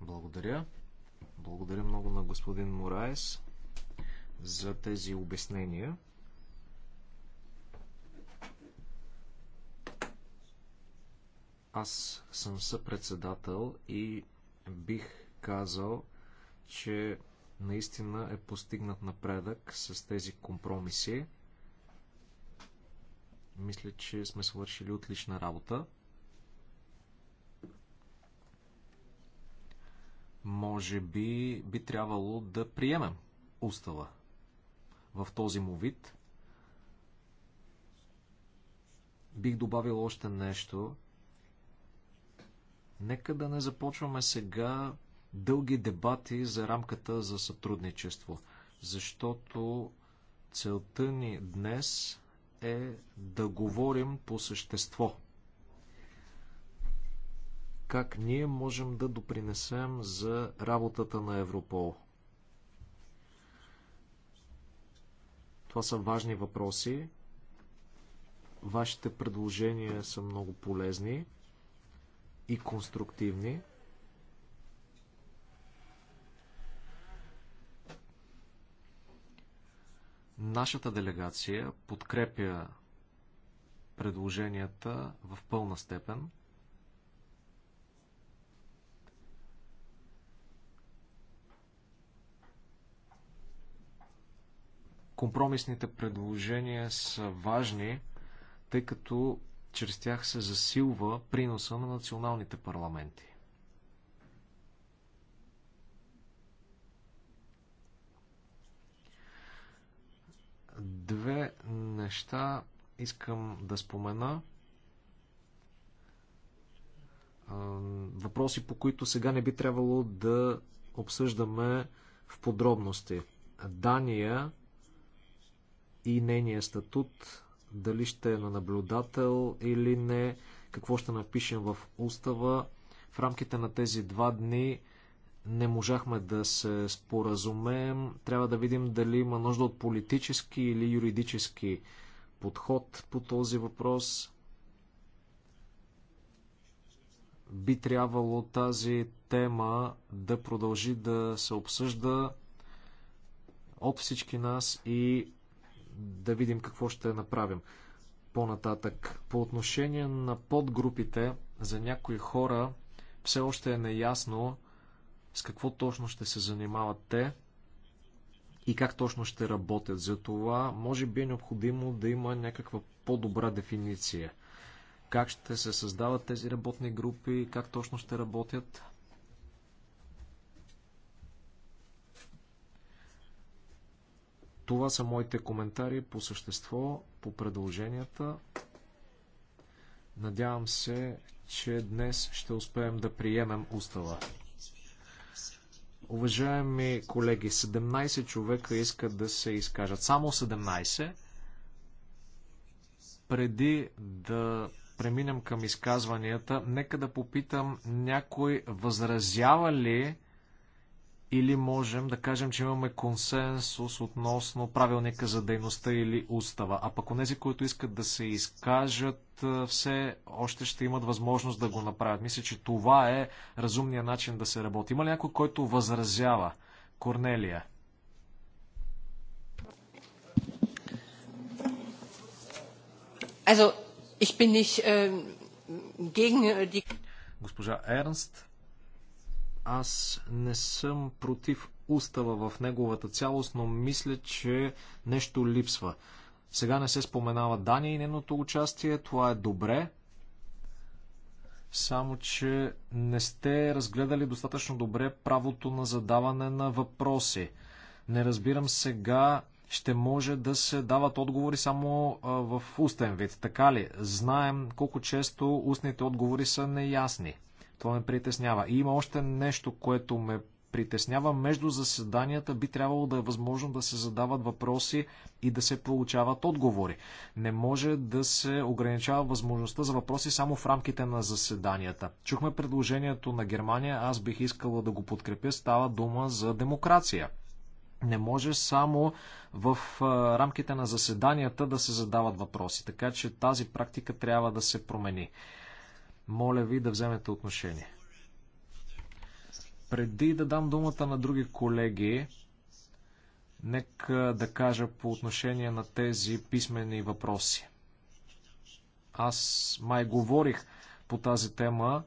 Speaker 6: Благодаря.
Speaker 3: Благодаря много на господин Мораес за тези обяснения. Аз съм съпредседател и бих казал, че наистина е постигнат напредък с тези компромиси. Мисля, че сме свършили отлична работа. Може би би трябвало да приемем устава в този му вид. Бих добавил още нещо. Нека да не започваме сега дълги дебати за рамката за сътрудничество, защото целта ни днес е да говорим по същество как ние можем да допринесем за работата на Европол. Това са важни въпроси. Вашите предложения са много полезни и конструктивни. Нашата делегация подкрепя предложенията в пълна степен. Компромисните предложения са важни, тъй като чрез тях се засилва приноса на националните парламенти. Две неща искам да спомена. Въпроси, по които сега не би трябвало да обсъждаме в подробности. Дания и нейния статут, дали ще е на наблюдател или не, какво ще напишем в устава. В рамките на тези два дни не можахме да се споразумеем. Трябва да видим дали има нужда от политически или юридически подход по този въпрос. Би трябвало тази тема да продължи да се обсъжда от всички нас и да видим какво ще направим по-нататък. По отношение на подгрупите, за някои хора все още е неясно с какво точно ще се занимават те и как точно ще работят. Затова може би е необходимо да има някаква по-добра дефиниция. Как ще се създават тези работни групи, как точно ще работят. Това са моите коментари по същество, по предложенията. Надявам се, че днес ще успеем да приемем устава. Уважаеми колеги, 17 човека искат да се изкажат. Само 17. Преди да преминем към изказванията, нека да попитам някой възразява ли или можем да кажем, че имаме консенсус относно правилника за дейността или устава. А пък онези, които искат да се изкажат, все още ще имат възможност да го направят. Мисля, че това е разумния начин да се работи. Има ли някой, който възразява? Корнелия.
Speaker 2: Also, ich bin nicht, äh, gegen die...
Speaker 3: Госпожа Ернст, аз не съм против устава в неговата цялост, но мисля, че нещо липсва. Сега не се споменава Дания и неното участие, това е добре, само че не сте разгледали достатъчно добре правото на задаване на въпроси. Не разбирам сега, ще може да се дават отговори само в устен вид, така ли? Знаем колко често устните отговори са неясни. Това ме притеснява. И има още нещо, което ме притеснява. Между заседанията би трябвало да е възможно да се задават въпроси и да се получават отговори. Не може да се ограничава възможността за въпроси само в рамките на заседанията. Чухме предложението на Германия, аз бих искала да го подкрепя. Става дума за демокрация. Не може само в рамките на заседанията да се задават въпроси, така че тази практика трябва да се промени. Моля ви да вземете отношение. Преди да дам думата на други колеги, нека да кажа по отношение на тези писмени въпроси. Аз май говорих по тази тема,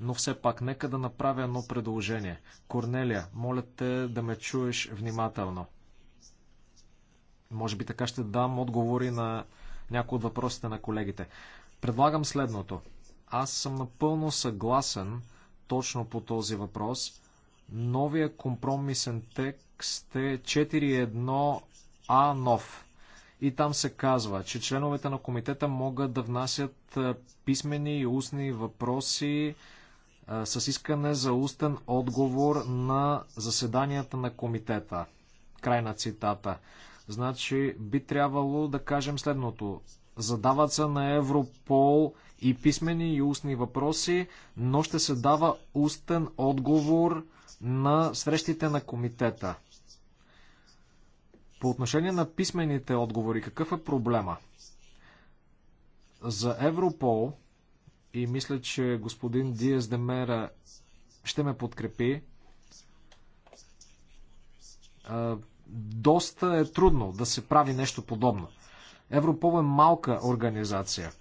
Speaker 3: но все пак нека да направя едно предложение. Корнелия, моля те да ме чуеш внимателно. Може би така ще дам отговори на някои от въпросите на колегите. Предлагам следното. Аз съм напълно съгласен точно по този въпрос. Новия компромисен текст е 4.1а нов. И там се казва, че членовете на комитета могат да внасят писмени и устни въпроси а, с искане за устен отговор на заседанията на комитета. Край на цитата. Значи би трябвало да кажем следното. Задават се на Европол и писмени и устни въпроси, но ще се дава устен отговор на срещите на комитета. По отношение на писмените отговори, какъв е проблема? За Европол, и мисля, че господин Диес Демера ще ме подкрепи, доста е трудно да се прави нещо подобно. Европол е малка организация.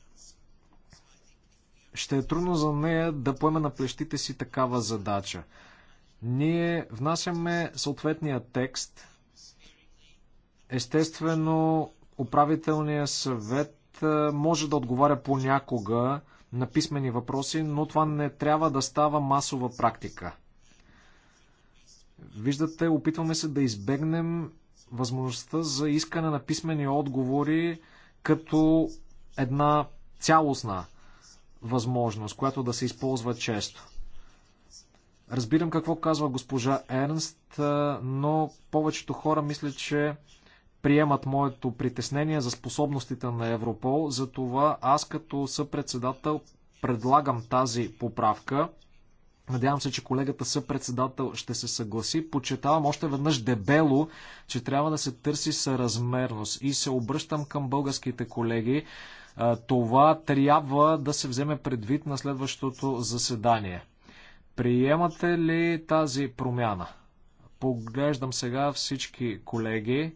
Speaker 3: Ще е трудно за нея да поеме на плещите си такава задача. Ние внасяме съответния текст. Естествено, управителният съвет може да отговаря понякога на писмени въпроси, но това не трябва да става масова практика. Виждате, опитваме се да избегнем възможността за искане на писмени отговори като една цялостна възможност, която да се използва често. Разбирам какво казва госпожа Ернст, но повечето хора мисля, че приемат моето притеснение за способностите на Европол. Затова аз като съпредседател предлагам тази поправка. Надявам се, че колегата съпредседател ще се съгласи. Почетавам още веднъж дебело, че трябва да се търси съразмерност. И се обръщам към българските колеги. Това трябва да се вземе предвид на следващото заседание. Приемате ли тази промяна? Поглеждам сега всички колеги.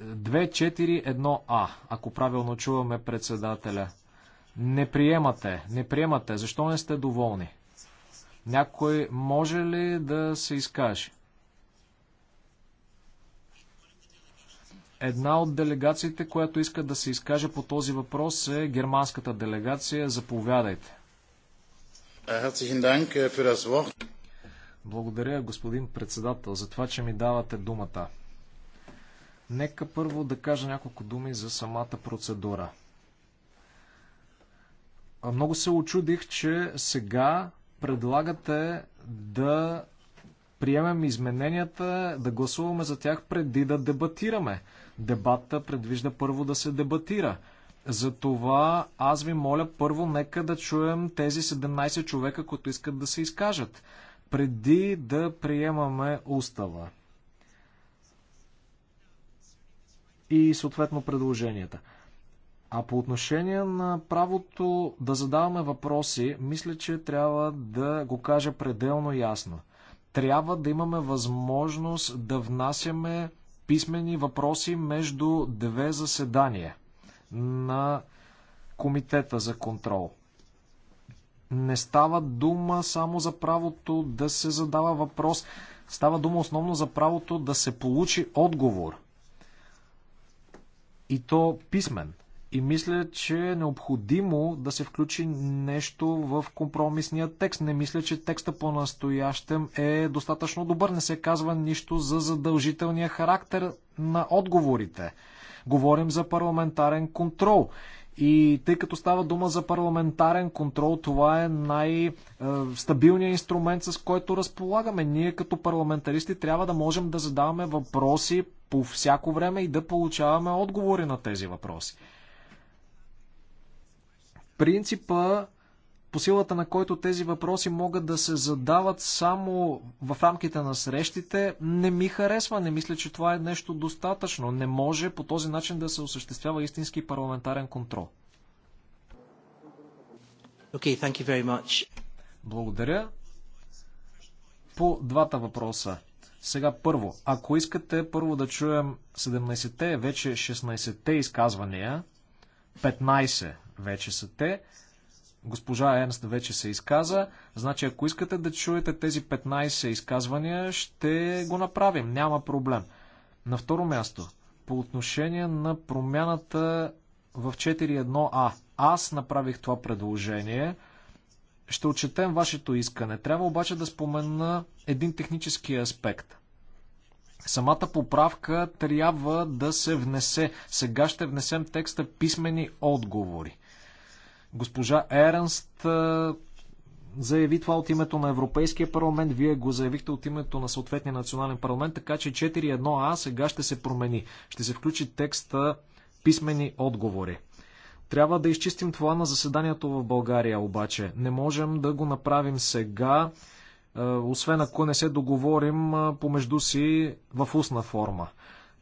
Speaker 3: 241А, ако правилно чуваме председателя. Не приемате, не приемате. Защо не сте доволни? Някой може ли да се изкаже? Една от делегациите, която иска да се изкаже по този въпрос е германската делегация. Заповядайте.
Speaker 6: Äh,
Speaker 3: Благодаря, господин председател, за това, че ми давате думата. Нека първо да кажа няколко думи за самата процедура. Много се очудих, че сега предлагате да приемем измененията, да гласуваме за тях преди да дебатираме. Дебата предвижда първо да се дебатира. Затова аз ви моля първо нека да чуем тези 17 човека, които искат да се изкажат, преди да приемаме устава и съответно предложенията. А по отношение на правото да задаваме въпроси, мисля, че трябва да го кажа пределно ясно. Трябва да имаме възможност да внасяме писмени въпроси между две заседания на Комитета за контрол. Не става дума само за правото да се задава въпрос, става дума основно за правото да се получи отговор. И то писмен. И мисля, че е необходимо да се включи нещо в компромисния текст. Не мисля, че текста по-настоящем е достатъчно добър. Не се казва нищо за задължителния характер на отговорите. Говорим за парламентарен контрол. И тъй като става дума за парламентарен контрол, това е най-стабилният инструмент, с който разполагаме. Ние като парламентаристи трябва да можем да задаваме въпроси по всяко време и да получаваме отговори на тези въпроси принципа, по силата на който тези въпроси могат да се задават само в рамките на срещите, не ми харесва. Не мисля, че това е нещо достатъчно. Не може по този начин да се осъществява истински парламентарен контрол. Okay, thank you very much. Благодаря. По двата въпроса. Сега първо, ако искате първо да чуем 17-те, вече 16-те изказвания, 15 вече са те. Госпожа Ернст вече се изказа. Значи, ако искате да чуете тези 15 изказвания, ще го направим. Няма проблем. На второ място, по отношение на промяната в 4.1а. Аз направих това предложение. Ще отчетем вашето искане. Трябва обаче да спомена един технически аспект. Самата поправка трябва да се внесе. Сега ще внесем текста писмени отговори. Госпожа Ернст заяви това от името на Европейския парламент, вие го заявихте от името на съответния национален парламент, така че 4.1а сега ще се промени. Ще се включи текста писмени отговори. Трябва да изчистим това на заседанието в България обаче. Не можем да го направим сега, освен ако не се договорим помежду си в устна форма.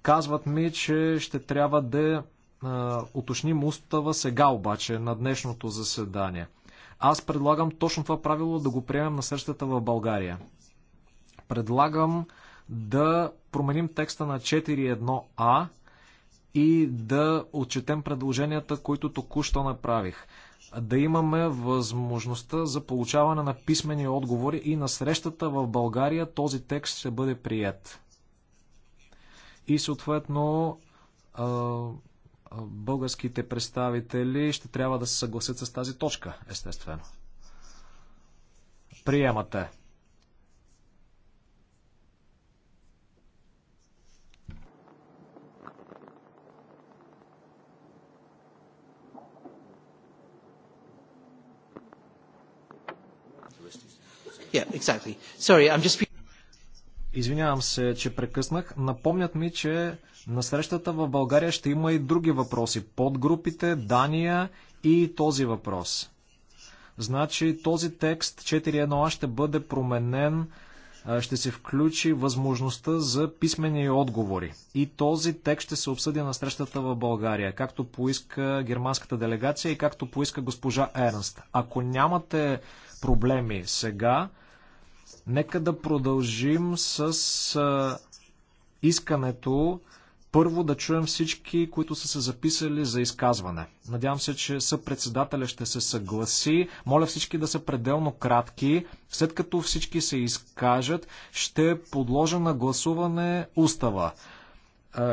Speaker 3: Казват ми, че ще трябва да уточним устава сега обаче, на днешното заседание. Аз предлагам точно това правило да го приемем на срещата в България. Предлагам да променим текста на 4.1а и да отчетем предложенията, които току-що направих. Да имаме възможността за получаване на писмени отговори и на срещата в България този текст ще бъде прият. И съответно българските представители ще трябва да се съгласят с тази точка, естествено. Приемате.
Speaker 1: Yeah, exactly. Sorry, I'm just...
Speaker 3: Извинявам се, че прекъснах. Напомнят ми, че на срещата в България ще има и други въпроси. Подгрупите, Дания и този въпрос. Значи този текст 4.1а ще бъде променен, ще се включи възможността за писмени отговори. И този текст ще се обсъди на срещата в България, както поиска германската делегация и както поиска госпожа Ернст. Ако нямате проблеми сега, Нека да продължим с искането първо да чуем всички, които са се записали за изказване. Надявам се, че съпредседателя ще се съгласи. Моля всички да са пределно кратки. След като всички се изкажат, ще подложа на гласуване устава.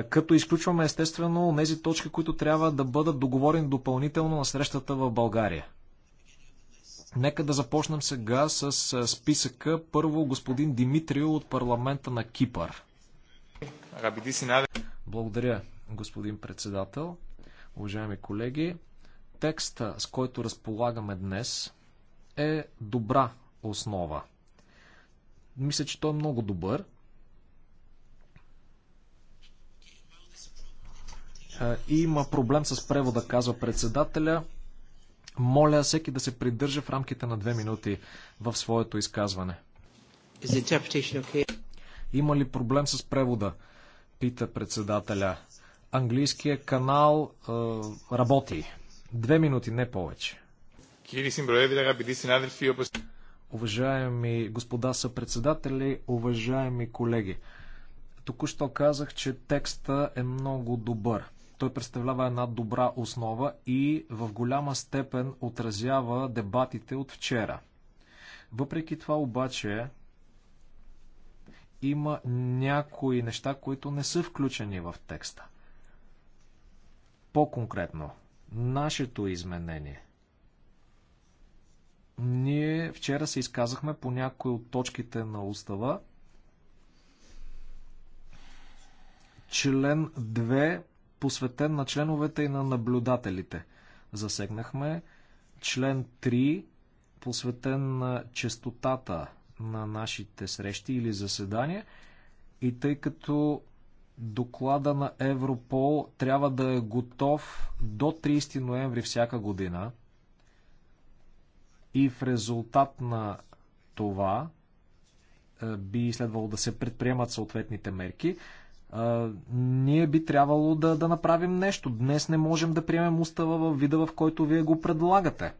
Speaker 3: Като изключваме естествено тези точки, които трябва да бъдат договорени допълнително на срещата в България. Нека да започнем сега с списъка. Първо господин Димитрио от парламента на Кипър. Благодаря, господин председател. Уважаеми колеги, текста, с който разполагаме днес, е добра основа. Мисля, че той е много добър. Има проблем с превода, казва председателя. Моля всеки да се придържа в рамките на две минути в своето изказване. Има ли проблем с превода? Пита председателя. Английския канал е, работи. Две минути, не повече. Уважаеми господа съпредседатели, уважаеми колеги, току-що казах, че текста е много добър. Той представлява една добра основа и в голяма степен отразява дебатите от вчера. Въпреки това обаче има някои неща, които не са включени в текста. По-конкретно, нашето изменение. Ние вчера се изказахме по някои от точките на устава. Член 2 посветен на членовете и на наблюдателите. Засегнахме член 3, посветен на честотата на нашите срещи или заседания. И тъй като доклада на Европол трябва да е готов до 30 ноември всяка година, и в резултат на това е, би следвало да се предприемат съответните мерки а, ние би трябвало да, да направим нещо. Днес не можем да приемем устава в вида, в който вие го предлагате. Е,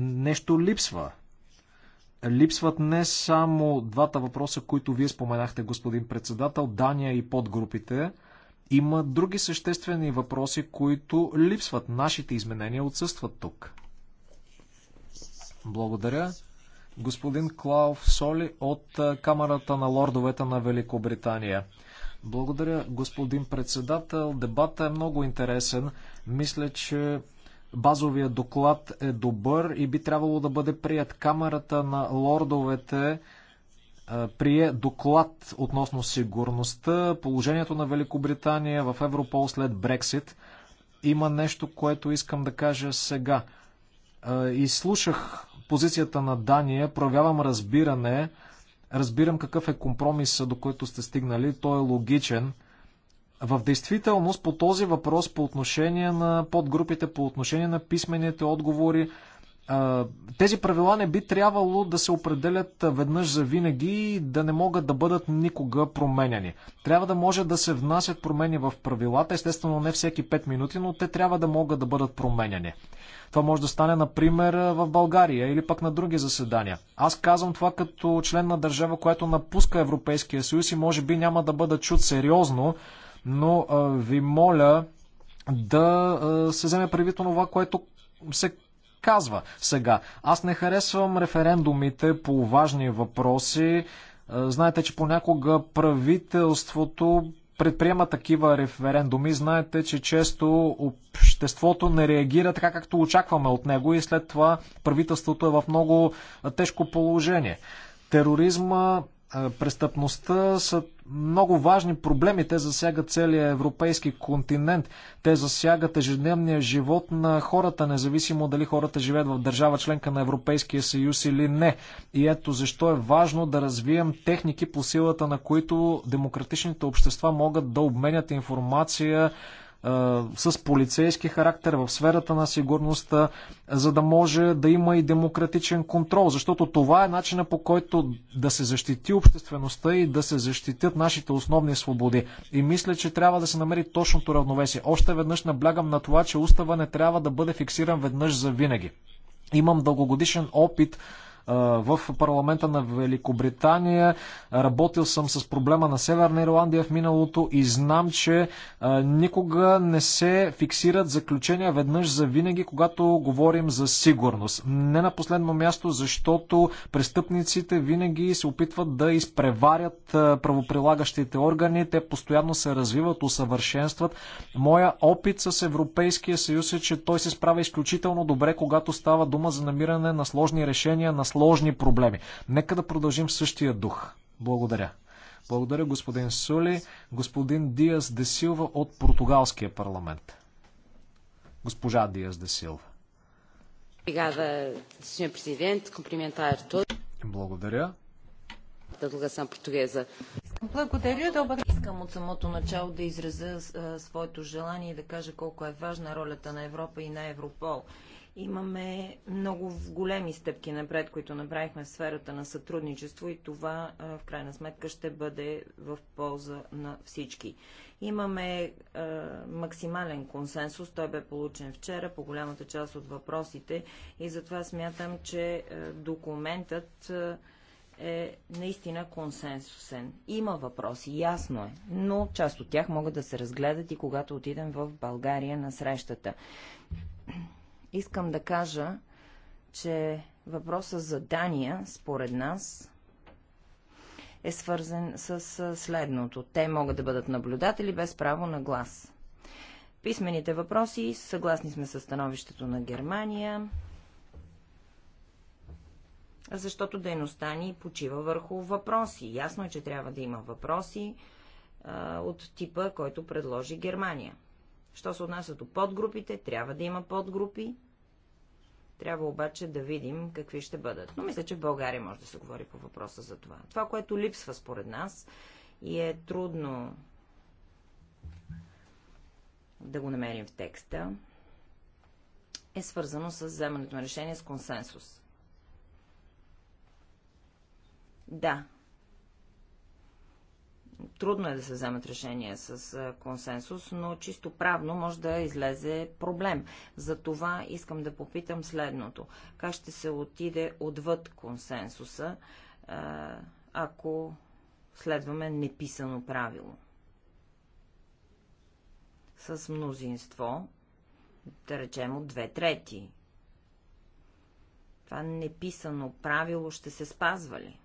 Speaker 3: нещо липсва. Липсват не само двата въпроса, които вие споменахте, господин председател, Дания и подгрупите. Има други съществени въпроси, които липсват. Нашите изменения отсъстват тук. Благодаря. Господин Клауф Соли от е, Камерата на лордовете на Великобритания. Благодаря, господин председател. Дебата е много интересен. Мисля, че базовия доклад е добър и би трябвало да бъде прият. Камерата на лордовете е, прие доклад относно сигурността, положението на Великобритания в Европол след Брексит. Има нещо, което искам да кажа сега. Е, изслушах позицията на Дания, проявявам разбиране Разбирам какъв е компромис, до който сте стигнали. Той е логичен. В действителност по този въпрос, по отношение на подгрупите, по отношение на писмените отговори, тези правила не би трябвало да се определят веднъж за винаги и да не могат да бъдат никога променяни. Трябва да може да се внасят промени в правилата, естествено не всеки 5 минути, но те трябва да могат да бъдат променяни. Това може да стане, например, в България или пък на други заседания. Аз казвам това като член на държава, която напуска Европейския съюз и може би няма да бъда чут сериозно, но а, ви моля да а, се вземе предвид това, което се казва сега. Аз не харесвам референдумите по важни въпроси. Знаете, че понякога правителството предприема такива референдуми. Знаете, че често обществото не реагира така, както очакваме от него и след това правителството е в много тежко положение. Тероризма е, престъпността са много важни проблеми. Те засягат целия европейски континент. Те засягат ежедневния живот на хората, независимо дали хората живеят в държава членка на Европейския съюз или не. И ето защо е важно да развием техники по силата на които демократичните общества могат да обменят информация с полицейски характер в сферата на сигурността, за да може да има и демократичен контрол, защото това е начина по който да се защити обществеността и да се защитят нашите основни свободи. И мисля, че трябва да се намери точното равновесие. Още веднъж наблягам на това, че устава не трябва да бъде фиксиран веднъж за винаги. Имам дългогодишен опит в парламента на Великобритания. Работил съм с проблема на Северна Ирландия в миналото и знам, че никога не се фиксират заключения веднъж за винаги, когато говорим за сигурност. Не на последно място, защото престъпниците винаги се опитват да изпреварят правоприлагащите органи. Те постоянно се развиват, усъвършенстват. Моя опит с Европейския съюз е, че той се справя изключително добре, когато става дума за намиране на сложни решения на сложни сложни проблеми. Нека да продължим в същия дух. Благодаря. Благодаря господин Сули, господин Диас Десилва от португалския парламент. Госпожа Диас Десилва.
Speaker 4: Obrigada, Sr. Presidente. Cumprimentar todos. Благодаря. португеза. Благодаря. Добър. Искам от самото начало да изразя своето желание и да кажа колко е важна ролята на Европа и на Европол. Имаме много големи стъпки напред, които направихме в сферата на сътрудничество и това в крайна сметка ще бъде в полза на всички. Имаме максимален консенсус, той бе получен вчера по голямата част от въпросите и затова смятам, че документът е наистина консенсусен. Има въпроси, ясно е, но част от тях могат да се разгледат и когато отидем в България на срещата. Искам да кажа, че въпроса за Дания, според нас, е свързан с следното. Те могат да бъдат наблюдатели без право на глас. Писмените въпроси, съгласни сме с становището на Германия, защото дейността ни почива върху въпроси. Ясно е, че трябва да има въпроси а, от типа, който предложи Германия. Що се отнася до подгрупите, трябва да има подгрупи. Трябва обаче да видим какви ще бъдат. Но мисля, че в България може да се говори по въпроса за това. Това, което липсва според нас и е трудно да го намерим в текста, е свързано с вземането на решение с консенсус. Да, трудно е да се вземат решения с консенсус, но чисто правно може да излезе проблем. За това искам да попитам следното. Как ще се отиде отвъд консенсуса, ако следваме неписано правило? С мнозинство, да речем от две трети. Това неписано правило ще се спазва ли?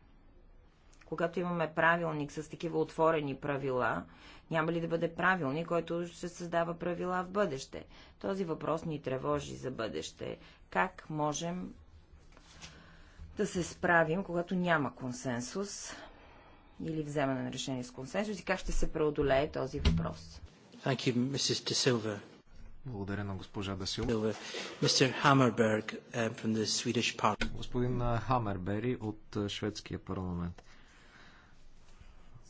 Speaker 4: когато имаме правилник с такива отворени правила, няма ли да бъде правилник, който ще създава правила в бъдеще? Този въпрос ни тревожи за бъдеще. Как можем да се справим, когато няма консенсус или вземане на решение с консенсус и как ще се преодолее този въпрос?
Speaker 1: Thank you, Mrs. De Silva. Благодаря на госпожа Дасил. Е,
Speaker 3: Господин Хамербери от е, шведския парламент.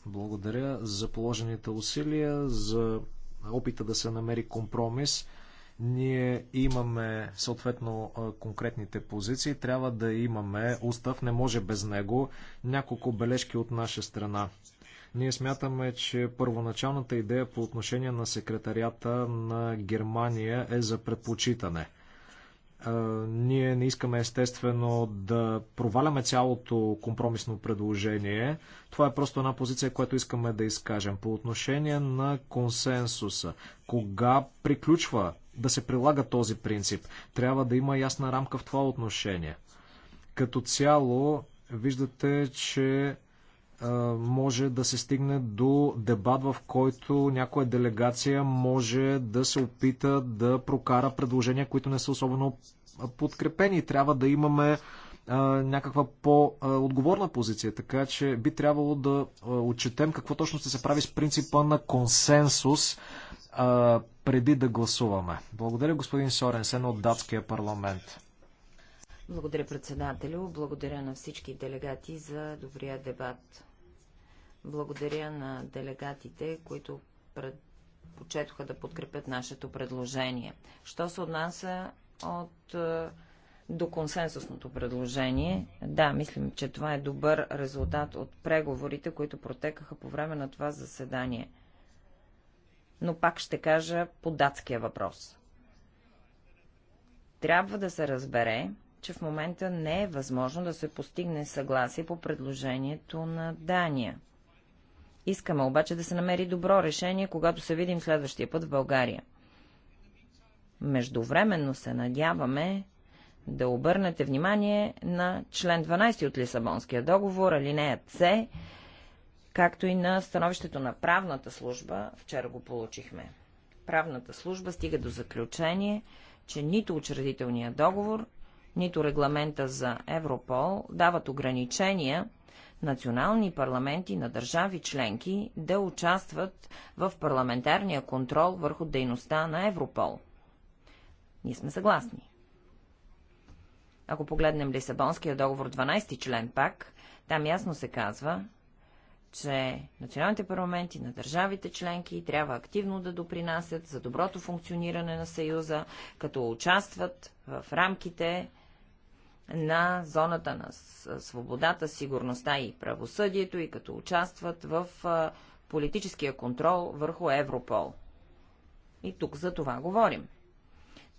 Speaker 3: Благодаря за положените усилия, за опита да се намери компромис. Ние имаме съответно конкретните позиции, трябва да имаме устав, не може без него. Няколко бележки от наша страна. Ние смятаме, че първоначалната идея по отношение на секретарията на Германия е за предпочитане – ние не искаме естествено да проваляме цялото компромисно предложение. Това е просто една позиция, която искаме да изкажем. По отношение на консенсуса, кога приключва да се прилага този принцип, трябва да има ясна рамка в това отношение. Като цяло, виждате, че може да се стигне до дебат, в който някоя делегация може да се опита да прокара предложения, които не са особено подкрепени. Трябва да имаме някаква по-отговорна позиция. Така че би трябвало да отчетем какво точно ще се прави с принципа на консенсус преди да гласуваме. Благодаря господин Соренсен от датския парламент.
Speaker 4: Благодаря председателю, благодаря на всички делегати за добрия дебат. Благодаря на делегатите, които предпочетоха да подкрепят нашето предложение. Що се отнася от е, до консенсусното предложение. Да, мислим, че това е добър резултат от преговорите, които протекаха по време на това заседание. Но пак ще кажа по датския въпрос. Трябва да се разбере, че в момента не е възможно да се постигне съгласие по предложението на Дания. Искаме обаче да се намери добро решение, когато се видим следващия път в България. Междувременно се надяваме да обърнете внимание на член 12 от Лисабонския договор, алинея С, както и на становището на правната служба, вчера го получихме. Правната служба стига до заключение, че нито учредителният договор, нито регламента за Европол дават ограничения национални парламенти на държави членки да участват в парламентарния контрол върху дейността на Европол – ние сме съгласни. Ако погледнем Лисабонския договор 12 член пак, там ясно се казва, че националните парламенти на държавите членки трябва активно да допринасят за доброто функциониране на Съюза, като участват в рамките на зоната на свободата, сигурността и правосъдието и като участват в политическия контрол върху Европол. И тук за това говорим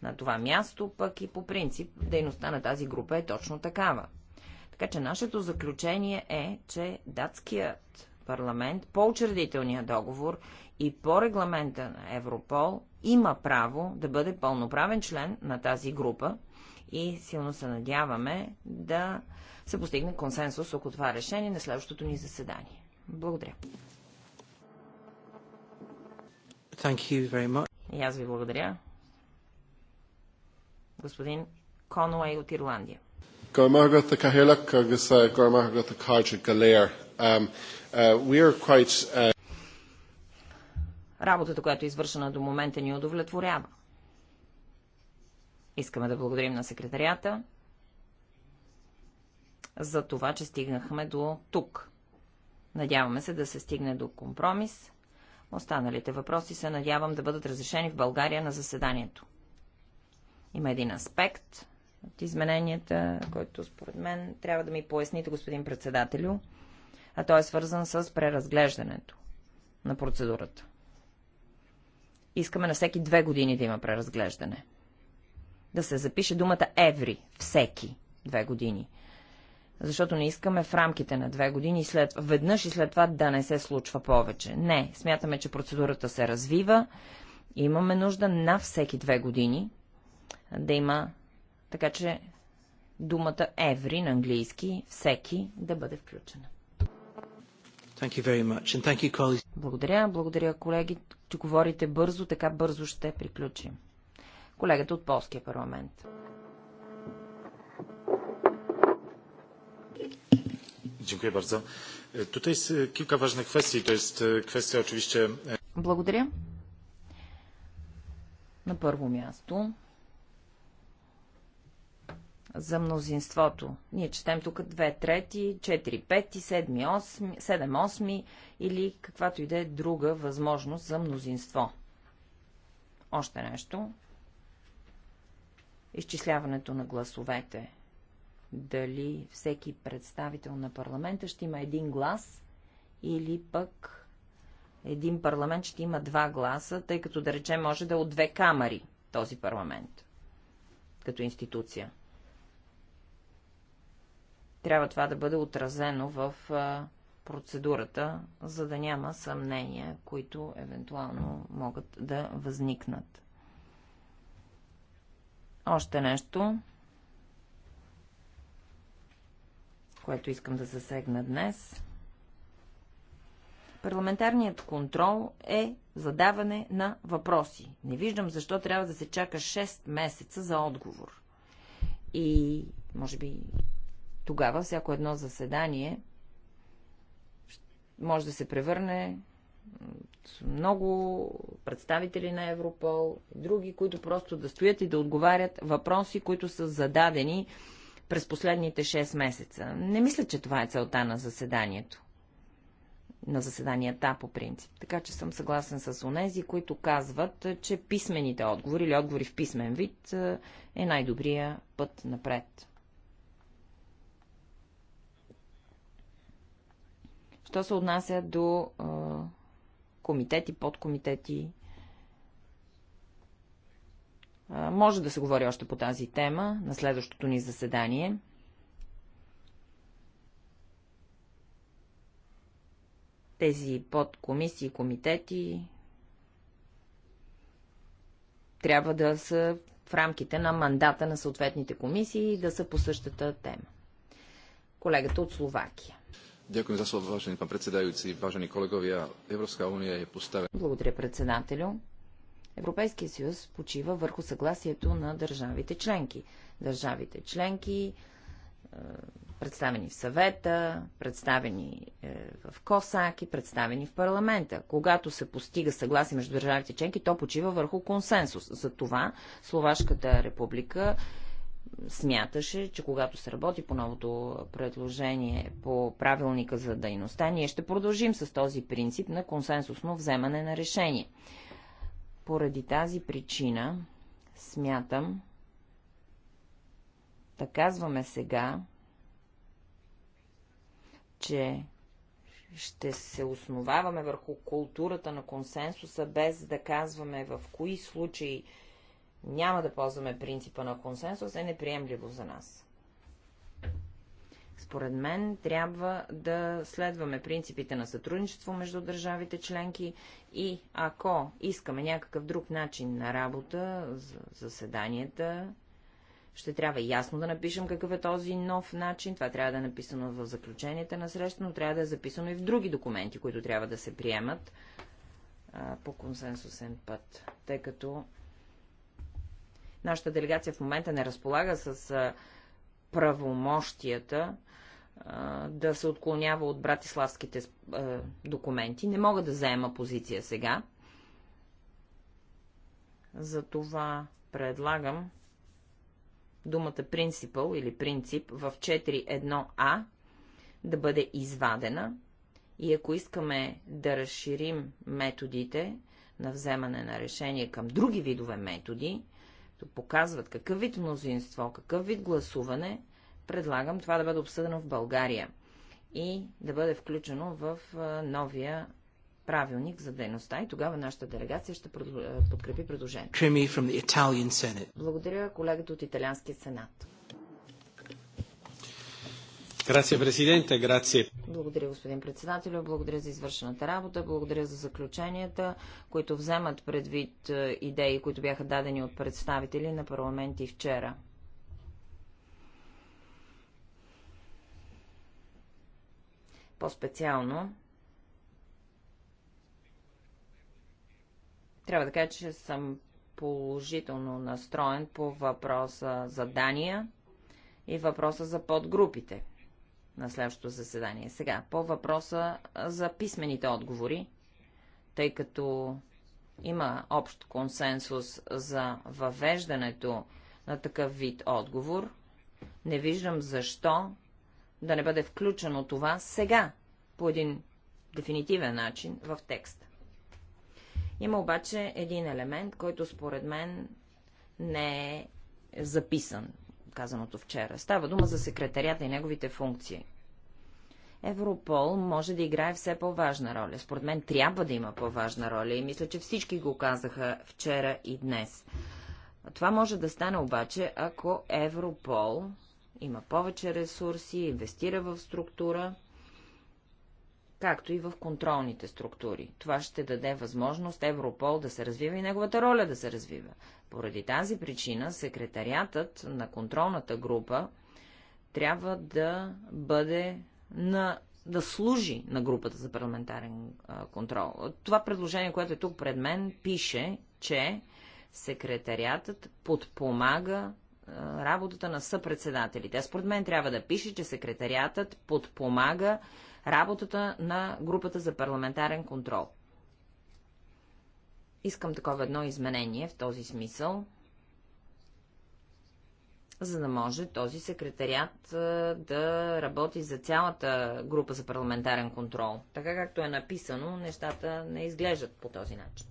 Speaker 4: на това място, пък и по принцип дейността на тази група е точно такава. Така че нашето заключение е, че датският парламент по учредителния договор и по регламента на Европол има право да бъде пълноправен член на тази група и силно се надяваме да се постигне консенсус около това е решение на следващото ни заседание. Благодаря. Thank you very much. И аз ви благодаря господин Конуей от Ирландия.
Speaker 6: Uh, um, uh, uh,
Speaker 4: Работата, която е извършена до момента, ни удовлетворява. Искаме да благодарим на секретарията за това, че стигнахме до тук. Надяваме се да се стигне до компромис. Останалите въпроси се надявам да бъдат разрешени в България на заседанието. Има един аспект от измененията, който според мен трябва да ми поясните, господин председателю, а той е свързан с преразглеждането на процедурата. Искаме на всеки две години да има преразглеждане. Да се запише думата еври, всеки две години. Защото не искаме в рамките на две години след, веднъж и след това да не се случва повече. Не, смятаме, че процедурата се развива. Имаме нужда на всеки две години да има, така че думата every на английски, всеки да бъде включена. You, благодаря, благодаря колеги, че говорите бързо, така бързо ще приключим. Колегата от Полския парламент.
Speaker 5: Е, е, e, e,
Speaker 4: благодаря. На първо място за мнозинството. Ние четем тук 2 трети, 4 пети, 7 осми, 7 или каквато и да е друга възможност за мнозинство. Още нещо. Изчисляването на гласовете. Дали всеки представител на парламента ще има един глас или пък един парламент ще има два гласа, тъй като да речем може да е от две камери този парламент като институция трябва това да бъде отразено в процедурата, за да няма съмнения, които евентуално могат да възникнат. Още нещо, което искам да засегна днес. Парламентарният контрол е задаване на въпроси. Не виждам защо трябва да се чака 6 месеца за отговор. И, може би, тогава всяко едно заседание може да се превърне много представители на Европол, други, които просто да стоят и да отговарят въпроси, които са зададени през последните 6 месеца. Не мисля, че това е целта на заседанието. На заседанията по принцип. Така че съм съгласен с онези, които казват, че писмените отговори или отговори в писмен вид е най-добрия път напред. Що се отнася до а, комитети, подкомитети, а, може да се говори още по тази тема на следващото ни заседание. Тези подкомисии, комитети трябва да са в рамките на мандата на съответните комисии и да са по същата тема. Колегата от Словакия.
Speaker 6: Дякую за слово, важен пан председající, важени
Speaker 4: колеговия. Европейска уния е поставена. Благодаря, председателю. Европейския съюз почива върху съгласието на държавите членки. Държавите членки, е, представени в съвета, представени е, в КОСАК и представени в парламента. Когато се постига съгласие между държавите членки, то почива върху консенсус. За това Словашката република смяташе, че когато се работи по новото предложение по правилника за дейността, ние ще продължим с този принцип на консенсусно вземане на решение. Поради тази причина смятам да казваме сега, че ще се основаваме върху културата на консенсуса, без да казваме в кои случаи няма да ползваме принципа на консенсус, е неприемливо за нас. Според мен трябва да следваме принципите на сътрудничество между държавите членки и ако искаме някакъв друг начин на работа, за заседанията, ще трябва ясно да напишем какъв е този нов начин. Това трябва да е написано в заключенията на среща, но трябва да е записано и в други документи, които трябва да се приемат а, по консенсусен път, тъй като Нашата делегация в момента не разполага с правомощията да се отклонява от братиславските документи. Не мога да заема позиция сега. Затова предлагам думата принципъл или принцип в 4.1а да бъде извадена и ако искаме да разширим методите на вземане на решение към други видове методи, които показват какъв вид мнозинство, какъв вид гласуване, предлагам това да бъде обсъдено в България и да бъде включено в новия правилник за дейността и тогава нашата делегация ще подкрепи предложението. Благодаря колегата от Италианския сенат.
Speaker 1: Грация, президенте, грация.
Speaker 4: Благодаря, господин председател, благодаря за извършената работа, благодаря за заключенията, които вземат предвид е, идеи, които бяха дадени от представители на парламенти вчера. По-специално, трябва да кажа, че съм положително настроен по въпроса за Дания и въпроса за подгрупите на следващото заседание. Сега, по въпроса за писмените отговори, тъй като има общ консенсус за въвеждането на такъв вид отговор, не виждам защо да не бъде включено това сега, по един дефинитивен начин, в текста. Има обаче един елемент, който според мен не е записан казаното вчера. Става дума за секретарята и неговите функции. Европол може да играе все по-важна роля. Според мен трябва да има по-важна роля и мисля, че всички го казаха вчера и днес. Това може да стане обаче, ако Европол има повече ресурси, инвестира в структура, както и в контролните структури. Това ще даде възможност Европол да се развива и неговата роля да се развива. Поради тази причина секретариатът на контролната група трябва да бъде на да служи на групата за парламентарен а, контрол. Това предложение, което е тук пред мен, пише, че секретариатът подпомага а, работата на съпредседателите. А според мен трябва да пише, че секретариатът подпомага работата на групата за парламентарен контрол. Искам такова едно изменение в този смисъл, за да може този секретарят да работи за цялата група за парламентарен контрол. Така както е написано, нещата не изглеждат по този начин.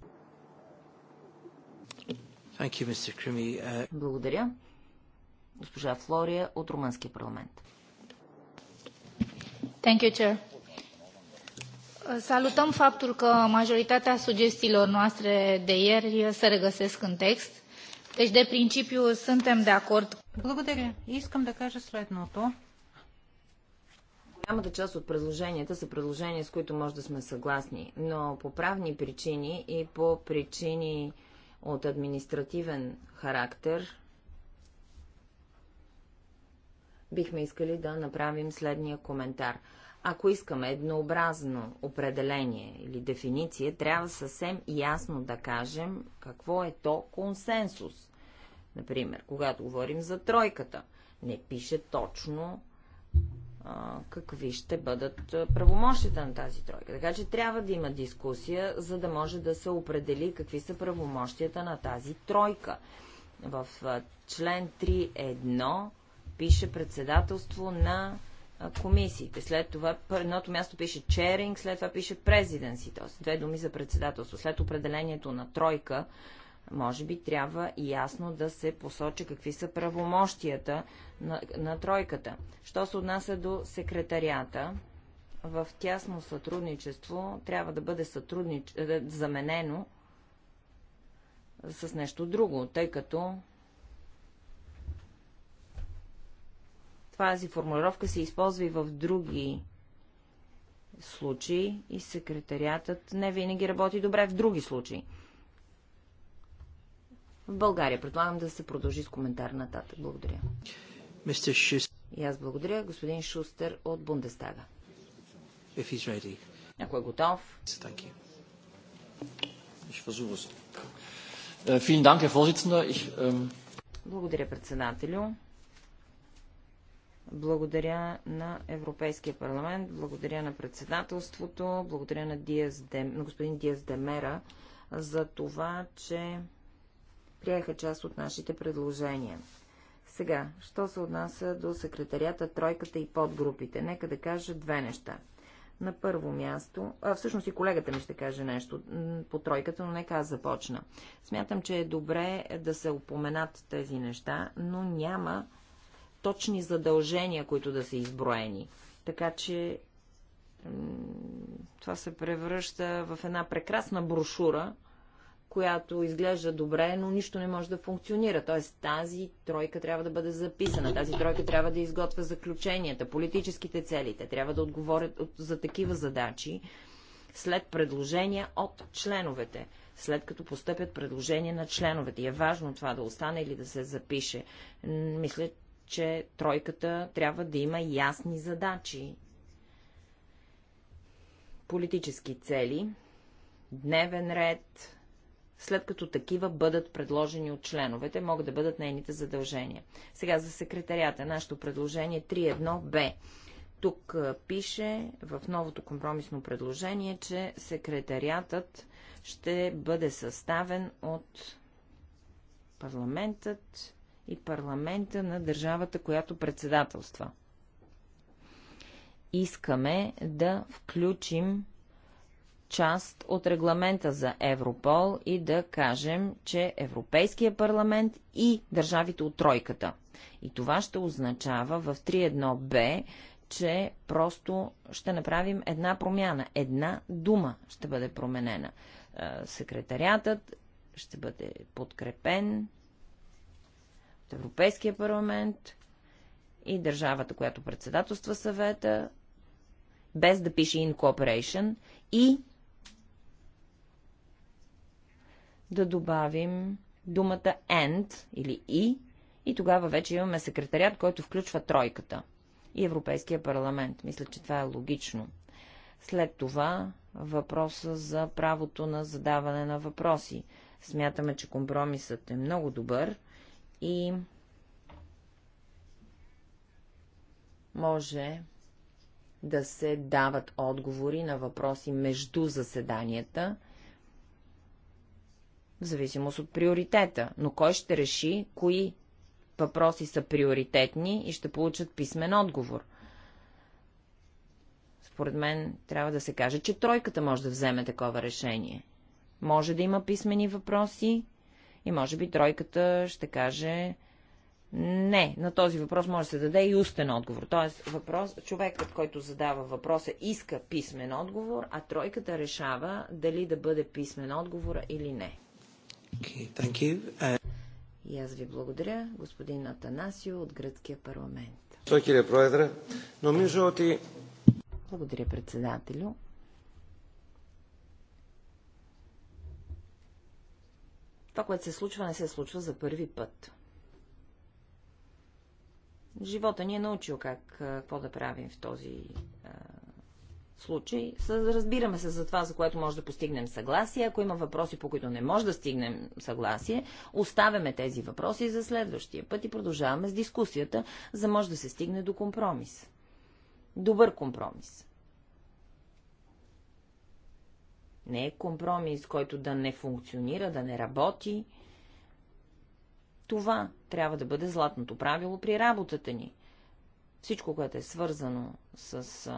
Speaker 4: Uh, Благодаря. Госпожа Флория от Румънския парламент.
Speaker 2: Uh, salutăm faptul că majoritatea sugestiilor noastre de ieri se regăsesc în text. Deci, de principiu, suntem de acord.
Speaker 4: Голямата част от предложенията са предложения, с които може да сме съгласни, но по правни причини и по причини от административен характер бихме искали да направим следния коментар. Ако искаме еднообразно определение или дефиниция, трябва съвсем ясно да кажем какво е то консенсус. Например, когато говорим за тройката, не пише точно а, какви ще бъдат правомощите на тази тройка. Така че трябва да има дискусия, за да може да се определи какви са правомощията на тази тройка. В член пише председателство на комисиите. След това едното място пише черинг, след това пише президенси, т.е. две думи за председателство. След определението на тройка, може би трябва ясно да се посочи какви са правомощията на, на тройката. Що се отнася до секретарията, в тясно сътрудничество трябва да бъде сътруднич... Е, заменено с нещо друго, тъй като Тази формулировка се използва и в други случаи и секретариатът не винаги работи добре в други случаи. В България предлагам да се продължи с коментар нататък. Благодаря. Мистер И аз благодаря, господин Шустер от Бундестага. If he's ready. Ако е готов.
Speaker 3: Thank you. Ich äh, Vielen Dank, Herr Vorsitzender.
Speaker 4: Ich, ähm... Благодаря, председателю. Благодаря на Европейския парламент, благодаря на председателството, благодаря на, Диас Дем, на господин Диас Демера за това, че приеха част от нашите предложения. Сега, що се отнася до секретарията, тройката и подгрупите? Нека да кажа две неща. На първо място, а всъщност и колегата ми ще каже нещо по тройката, но нека аз започна. Смятам, че е добре да се упоменат тези неща, но няма точни задължения, които да са изброени. Така че това се превръща в една прекрасна брошура, която изглежда добре, но нищо не може да функционира. Т.е. тази тройка трябва да бъде записана, тази тройка трябва да изготвя заключенията, политическите целите, трябва да отговорят за такива задачи след предложения от членовете, след като постъпят предложения на членовете. И е важно това да остане или да се запише. Мисля, че тройката трябва да има ясни задачи, политически цели, дневен ред, след като такива бъдат предложени от членовете, могат да бъдат нейните задължения. Сега за секретарията. Нашето предложение 3.1.b. Е Тук пише в новото компромисно предложение, че секретариатът ще бъде съставен от парламентът и парламента на държавата, която председателства. Искаме да включим част от регламента за Европол и да кажем, че Европейския парламент и държавите от тройката. И това ще означава в 3.1b, че просто ще направим една промяна. Една дума ще бъде променена. Е, секретариатът ще бъде подкрепен от Европейския парламент и държавата, която председателства съвета, без да пише in cooperation и да добавим думата and или и и тогава вече имаме секретариат, който включва тройката и Европейския парламент. Мисля, че това е логично. След това въпроса за правото на задаване на въпроси. Смятаме, че компромисът е много добър и може да се дават отговори на въпроси между заседанията, в зависимост от приоритета. Но кой ще реши, кои въпроси са приоритетни и ще получат писмен отговор? Според мен трябва да се каже, че тройката може да вземе такова решение. Може да има писмени въпроси, и може би тройката ще каже не. На този въпрос може да се даде и устен отговор. Тоест, въпрос, човекът, който задава въпроса, иска писмен отговор, а тройката решава дали да бъде писмен отговор или не.
Speaker 5: Okay, thank you. Uh...
Speaker 4: И аз ви благодаря, господин Атанасио от Гръцкия парламент. Благодаря, председателю. Това, което се случва, не се случва за първи път. Живота ни е научил как, какво да правим в този а, случай. Разбираме се за това, за което може да постигнем съгласие. Ако има въпроси, по които не може да стигнем съгласие, оставяме тези въпроси за следващия път и продължаваме с дискусията, за може да се стигне до компромис. Добър компромис. Не е компромис, който да не функционира, да не работи. Това трябва да бъде златното правило при работата ни. Всичко, което е свързано с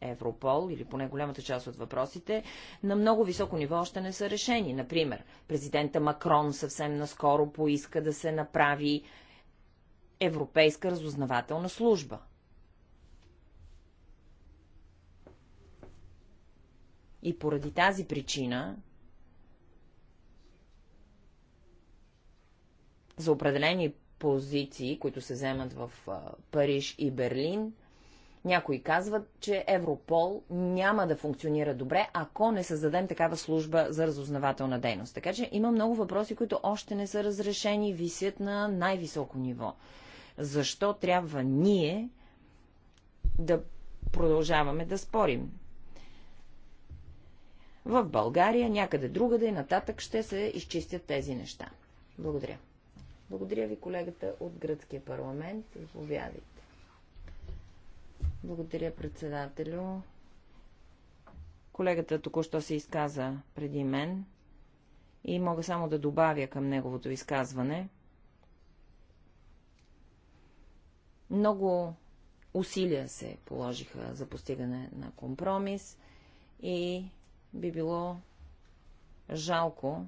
Speaker 4: Европол или поне голямата част от въпросите, на много високо ниво още не са решени. Например, президента Макрон съвсем наскоро поиска да се направи Европейска разузнавателна служба. И поради тази причина за определени позиции, които се вземат в Париж и Берлин, някои казват, че Европол няма да функционира добре, ако не създадем такава служба за разузнавателна дейност. Така че има много въпроси, които още не са разрешени, висят на най-високо ниво. Защо трябва ние да продължаваме да спорим? в България, някъде другаде и нататък ще се изчистят тези неща. Благодаря. Благодаря ви, колегата от Гръцкия парламент. Заповядайте. Благодаря, председателю. Колегата току-що се изказа преди мен и мога само да добавя към неговото изказване. Много усилия се положиха за постигане на компромис и би било жалко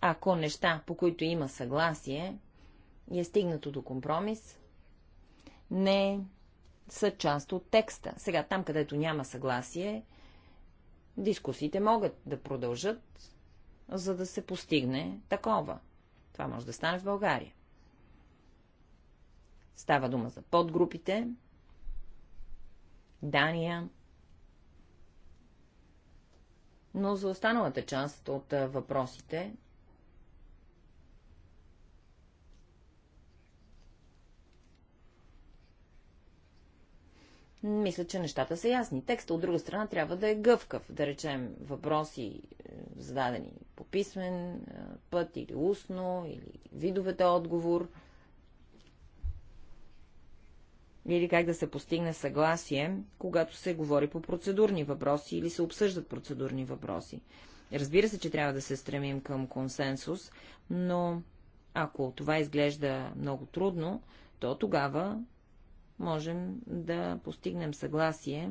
Speaker 4: ако неща, по които има съгласие е стигнато до компромис, не са част от текста. Сега, там, където няма съгласие, дискусиите могат да продължат, за да се постигне такова. Това може да стане в България. Става дума за подгрупите, Дания. Но за останалата част от въпросите мисля, че нещата са ясни. Текста от друга страна трябва да е гъвкав, да речем въпроси е, зададени по писмен път или устно, или видовете отговор. или как да се постигне съгласие, когато се говори по процедурни въпроси или се обсъждат процедурни въпроси. Разбира се, че трябва да се стремим към консенсус, но ако това изглежда много трудно, то тогава можем да постигнем съгласие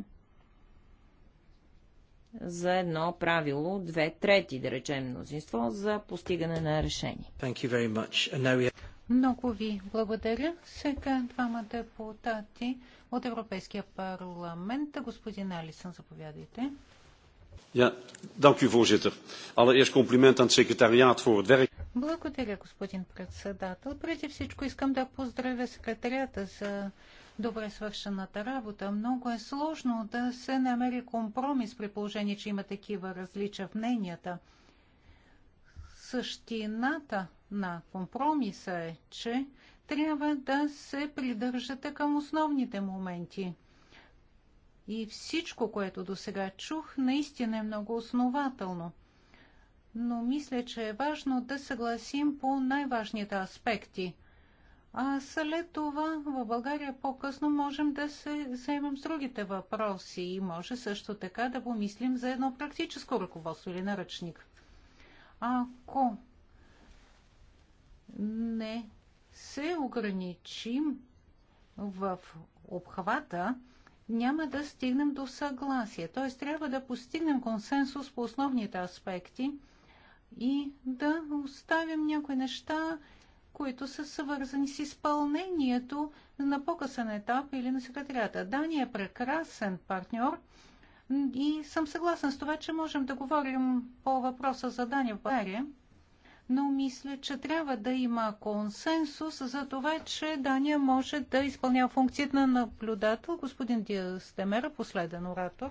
Speaker 4: за едно правило, две трети, да речем, мнозинство за постигане на решение. We...
Speaker 2: Много ви благодаря. Сега двама депутати от Европейския парламент. Господин Алисън, заповядайте.
Speaker 6: Ja, dank u voorzitter. Allereerst compliment aan het secretariaat voor het werk.
Speaker 2: Благодаря, господин председател. Преди всичко искам да поздравя секретарията за добре свършената работа. Много е сложно да се намери компромис при положение, че има такива различия в мненията. Същината на компромиса е, че трябва да се придържате към основните моменти. И всичко, което до сега чух, наистина е много основателно. Но мисля, че е важно да съгласим по най-важните аспекти. А след това в България по-късно можем да се заемем с другите въпроси и може също така да помислим за едно практическо ръководство или наръчник. Ако не се ограничим в обхвата, няма да стигнем до съгласие. Т.е. трябва да постигнем консенсус по основните аспекти и да оставим някои неща, които са свързани с изпълнението на по-късен етап или на секретарията. Дания е прекрасен партньор и съм съгласен с това, че можем да говорим по въпроса за Дания в България но мисля, че трябва да има консенсус за това, че Дания може да изпълнява функцията на наблюдател. Господин Демера, последен оратор.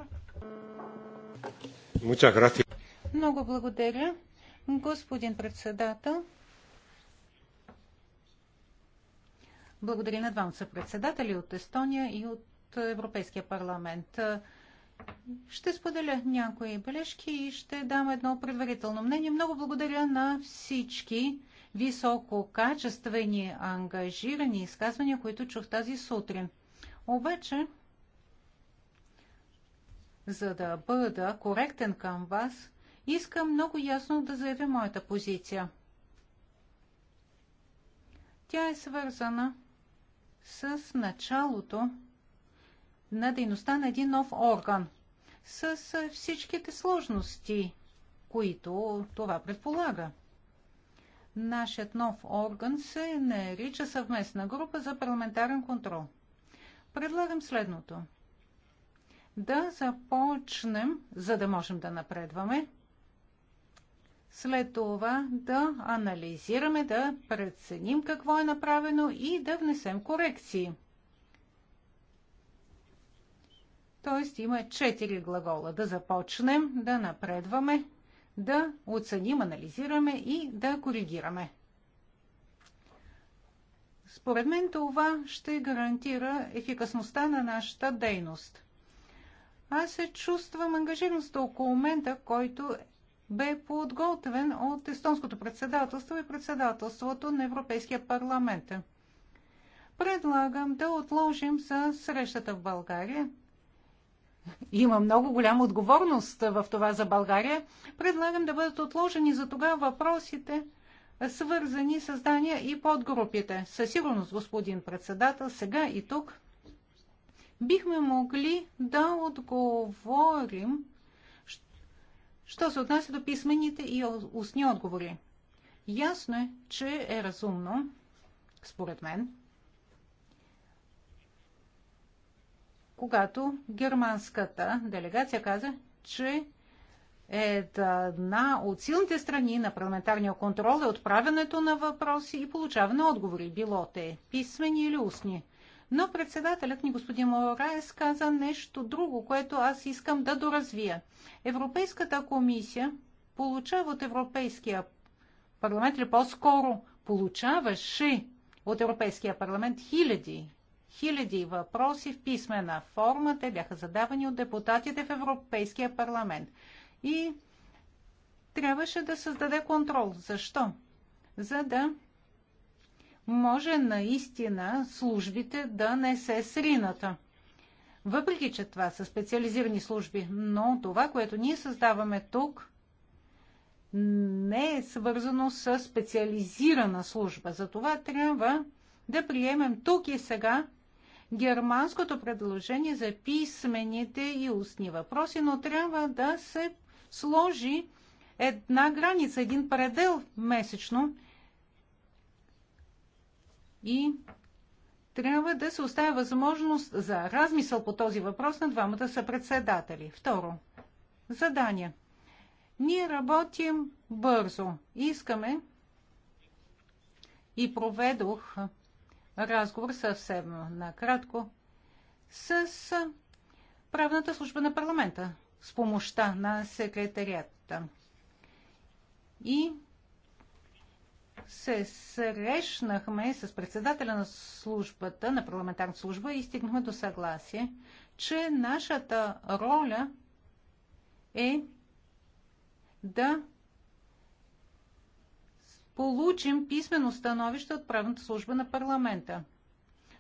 Speaker 2: Много благодаря. Господин председател, благодаря на двамата председатели от Естония и от Европейския парламент. Ще споделя някои бележки и ще дам едно предварително мнение. Много благодаря на всички висококачествени, ангажирани изказвания, които чух тази сутрин. Обаче, за да бъда коректен към вас, искам много ясно да заявя моята позиция. Тя е свързана с началото на дейността на един нов орган с всичките сложности, които това предполага. Нашият нов орган се нарича съвместна група за парламентарен контрол. Предлагам следното. Да започнем, за да можем да напредваме. След това да анализираме, да преценим какво е направено и да внесем корекции – Т.е. има четири глагола. Да започнем, да напредваме, да оценим, анализираме и да коригираме. Според мен това ще гарантира ефикасността на нашата дейност. Аз се чувствам ангажираността с момента, който бе подготвен от естонското председателство и председателството на Европейския парламент. Предлагам да отложим за срещата в България има много голяма отговорност в това за България, предлагам да бъдат отложени за тогава въпросите, свързани с Дания и подгрупите. Със сигурност, господин председател, сега и тук бихме могли да отговорим, що се отнася до писмените и устни отговори. Ясно е, че е разумно, според мен, когато германската делегация каза, че една от силните страни на парламентарния контрол е отправянето на въпроси и получаване отговори, било те писмени или устни. Но председателят ни, господин Мораес, каза нещо друго, което аз искам да доразвия. Европейската комисия получава от Европейския парламент, или по-скоро получаваше от Европейския парламент хиляди хиляди въпроси в писмена форма. Те бяха задавани от депутатите в Европейския парламент. И трябваше да създаде контрол. Защо? За да може наистина службите да не се срината. Въпреки, че това са специализирани служби, но това, което ние създаваме тук, не е свързано с специализирана служба. Затова трябва да приемем тук и сега германското предложение за писмените и устни въпроси, но трябва да се сложи една граница, един предел месечно и трябва да се оставя възможност за размисъл по този въпрос на двамата са председатели. Второ, задание. Ние работим бързо. Искаме и проведох разговор съвсем накратко с правната служба на парламента с помощта на секретарията. И се срещнахме с председателя на службата, на парламентарната служба и стигнахме до съгласие, че нашата роля е да получим писмено становище от правната служба на парламента.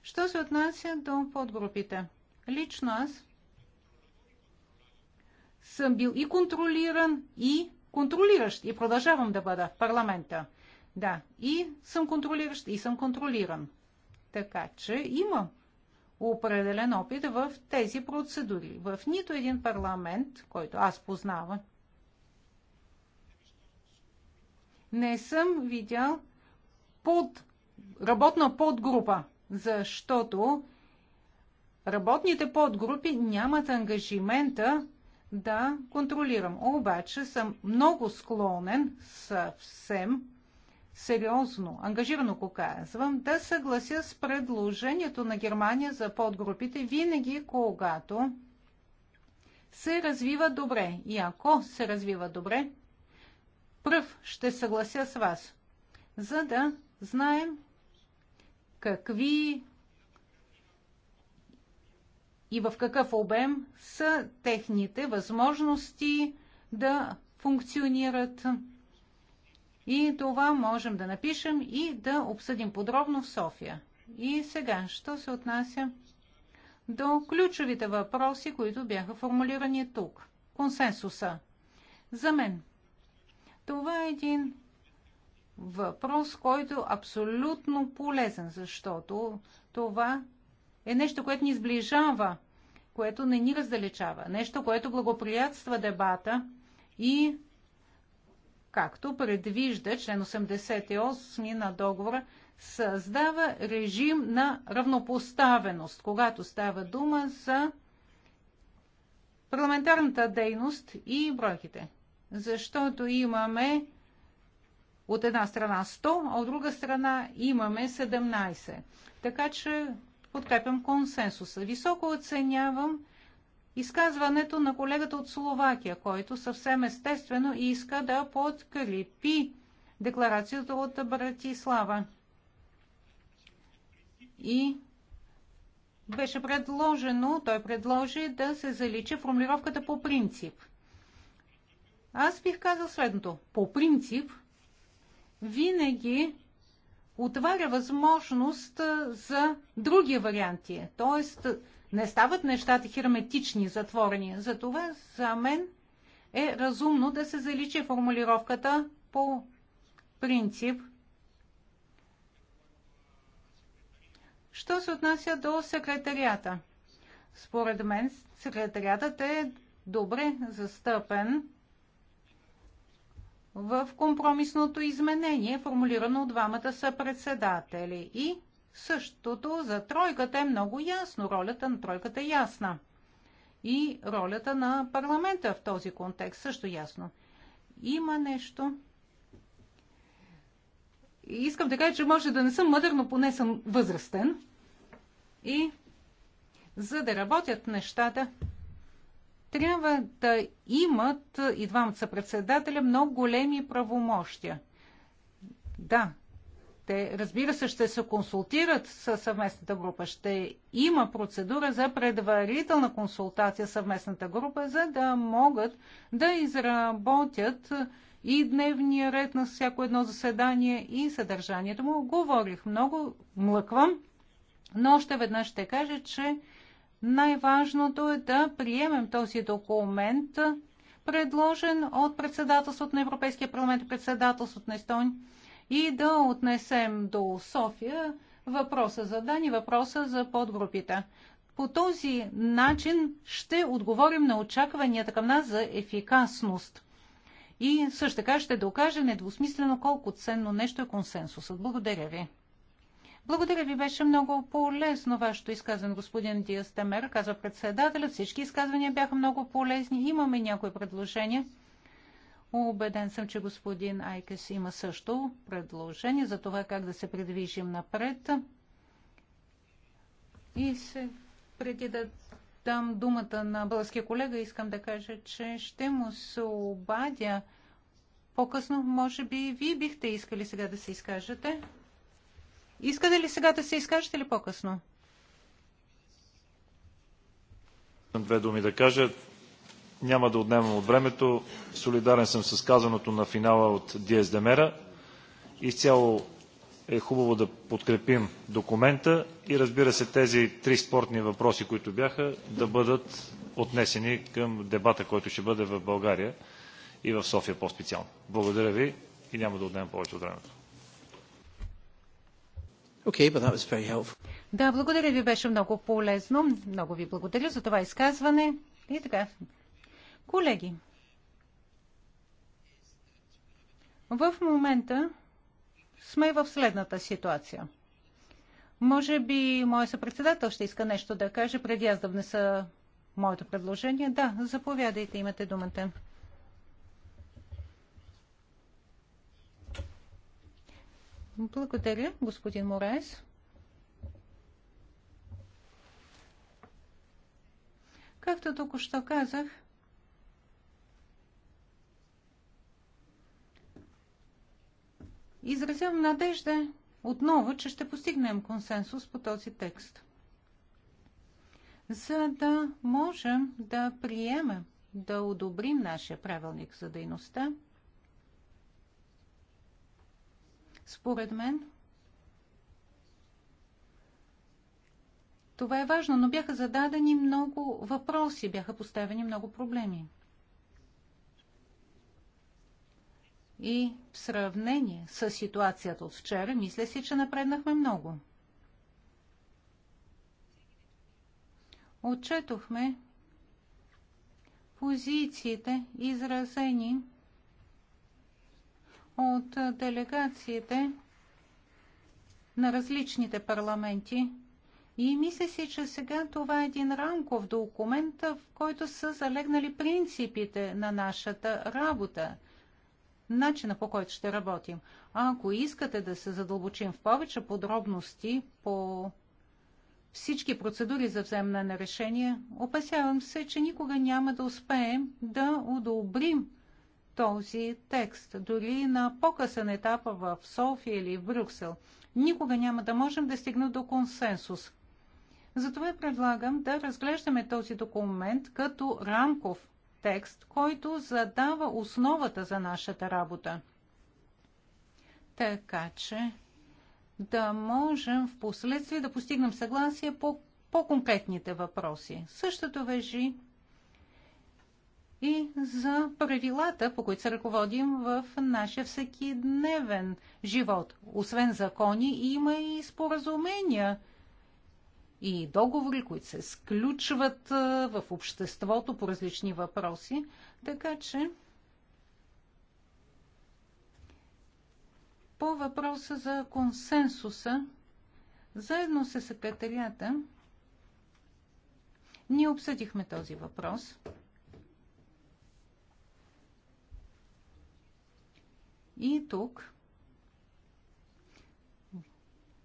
Speaker 2: Що се отнася до подгрупите? Лично аз съм бил и контролиран, и контролиращ. И продължавам да бъда в парламента. Да, и съм контролиращ, и съм контролиран. Така че имам определен опит в тези процедури. В нито един парламент, който аз познавам, не съм видял под, работна подгрупа, защото работните подгрупи нямат ангажимента да контролирам. Обаче съм много склонен съвсем сериозно, ангажирано го казвам, да съглася с предложението на Германия за подгрупите винаги, когато се развива добре. И ако се развива добре, пръв ще съглася с вас, за да знаем какви и в какъв обем са техните възможности да функционират. И това можем да напишем и да обсъдим подробно в София. И сега, що се отнася до ключовите въпроси, които бяха формулирани тук. Консенсуса. За мен това е един въпрос, който е абсолютно полезен, защото това е нещо, което ни сближава, което не ни раздалечава, нещо, което благоприятства дебата и както предвижда член 88 на договора, създава режим на равнопоставеност, когато става дума за парламентарната дейност и бройките защото имаме от една страна 100, а от друга страна имаме 17. Така че подкрепям консенсуса. Високо оценявам изказването на колегата от Словакия, който съвсем естествено иска да подкрепи декларацията от Братислава. И беше предложено, той предложи да се заличи формулировката по принцип. Аз бих казал следното. По принцип, винаги отваря възможност за други варианти. Тоест, не стават нещата херметични, затворени. Затова за мен е разумно да се заличи формулировката по принцип. Що се отнася до секретарията? Според мен секретариатът е добре застъпен в компромисното изменение, формулирано от двамата съпредседатели. И същото за тройката е много ясно. Ролята на тройката е ясна. И ролята на парламента в този контекст също ясно. Има нещо. искам да кажа, че може да не съм мъдър, но поне съм възрастен. И за да работят нещата, трябва да имат и двамата са председателя много големи правомощия. Да, те, разбира се, ще се консултират с съвместната група. Ще има процедура за предварителна консултация с съвместната група, за да могат да изработят и дневния ред на всяко едно заседание и съдържанието му. Говорих много, млъквам, но още веднъж ще кажа, че най-важното е да приемем този документ, предложен от председателството на Европейския парламент и председателството на Естония и да отнесем до София въпроса за Дани, въпроса за подгрупите. По този начин ще отговорим на очакванията към нас за ефикасност. И също така ще докаже недвусмислено колко ценно нещо е консенсусът. Благодаря ви. Благодаря ви, беше много полезно вашето изказване, господин Диастемер, казва председателя. Всички изказвания бяха много полезни. Имаме някои предложения. Обеден съм, че господин Айкес има също предложение за това как да се придвижим напред. И се, преди да дам думата на българския колега, искам да кажа, че ще му се обадя по-късно. Може би вие бихте искали сега да се изкажете. Искате ли сега да се изкажете или по-късно?
Speaker 5: Две думи да кажа. Няма да отнемам от времето. Солидарен съм с казаното на финала от Диез Демера. Изцяло е хубаво да подкрепим документа и разбира се тези три спортни въпроси, които бяха, да бъдат отнесени към дебата, който ще бъде в България и в София по-специално. Благодаря ви и няма да отнемам повече от времето. Okay, but that was very helpful.
Speaker 2: Да, благодаря ви, беше много полезно. Много ви благодаря за това изказване. И така, колеги, в момента сме в следната ситуация. Може би моят съпредседател ще иска нещо да каже преди аз да внеса моето предложение. Да, заповядайте, имате думата. Благодаря, господин Мораес. Както току-що казах, изразявам надежда отново, че ще постигнем консенсус по този текст. За да можем да приемем, да одобрим нашия правилник за дейността, Според мен това е важно, но бяха зададени много въпроси, бяха поставени много проблеми. И в сравнение с ситуацията от вчера, мисля си, че напреднахме много. Отчетохме позициите, изразени от делегациите на различните парламенти. И мисля си, че сега това е един рамков документ, в който са залегнали принципите на нашата работа, начина по който ще работим. А ако искате да се задълбочим в повече подробности по всички процедури за вземане на решение, опасявам се, че никога няма да успеем да одобрим този текст, дори на по-късен етап в София или в Брюксел. Никога няма да можем да стигнем до консенсус. Затова предлагам да разглеждаме този документ като рамков текст, който задава основата за нашата работа. Така че да можем в последствие да постигнем съгласие по по-конкретните въпроси. Същото вежи и за правилата, по които се ръководим в нашия всекидневен живот. Освен закони, има и споразумения и договори, които се сключват в обществото по различни въпроси. Така че по въпроса за консенсуса, заедно с секретарията, ние обсъдихме този въпрос – И тук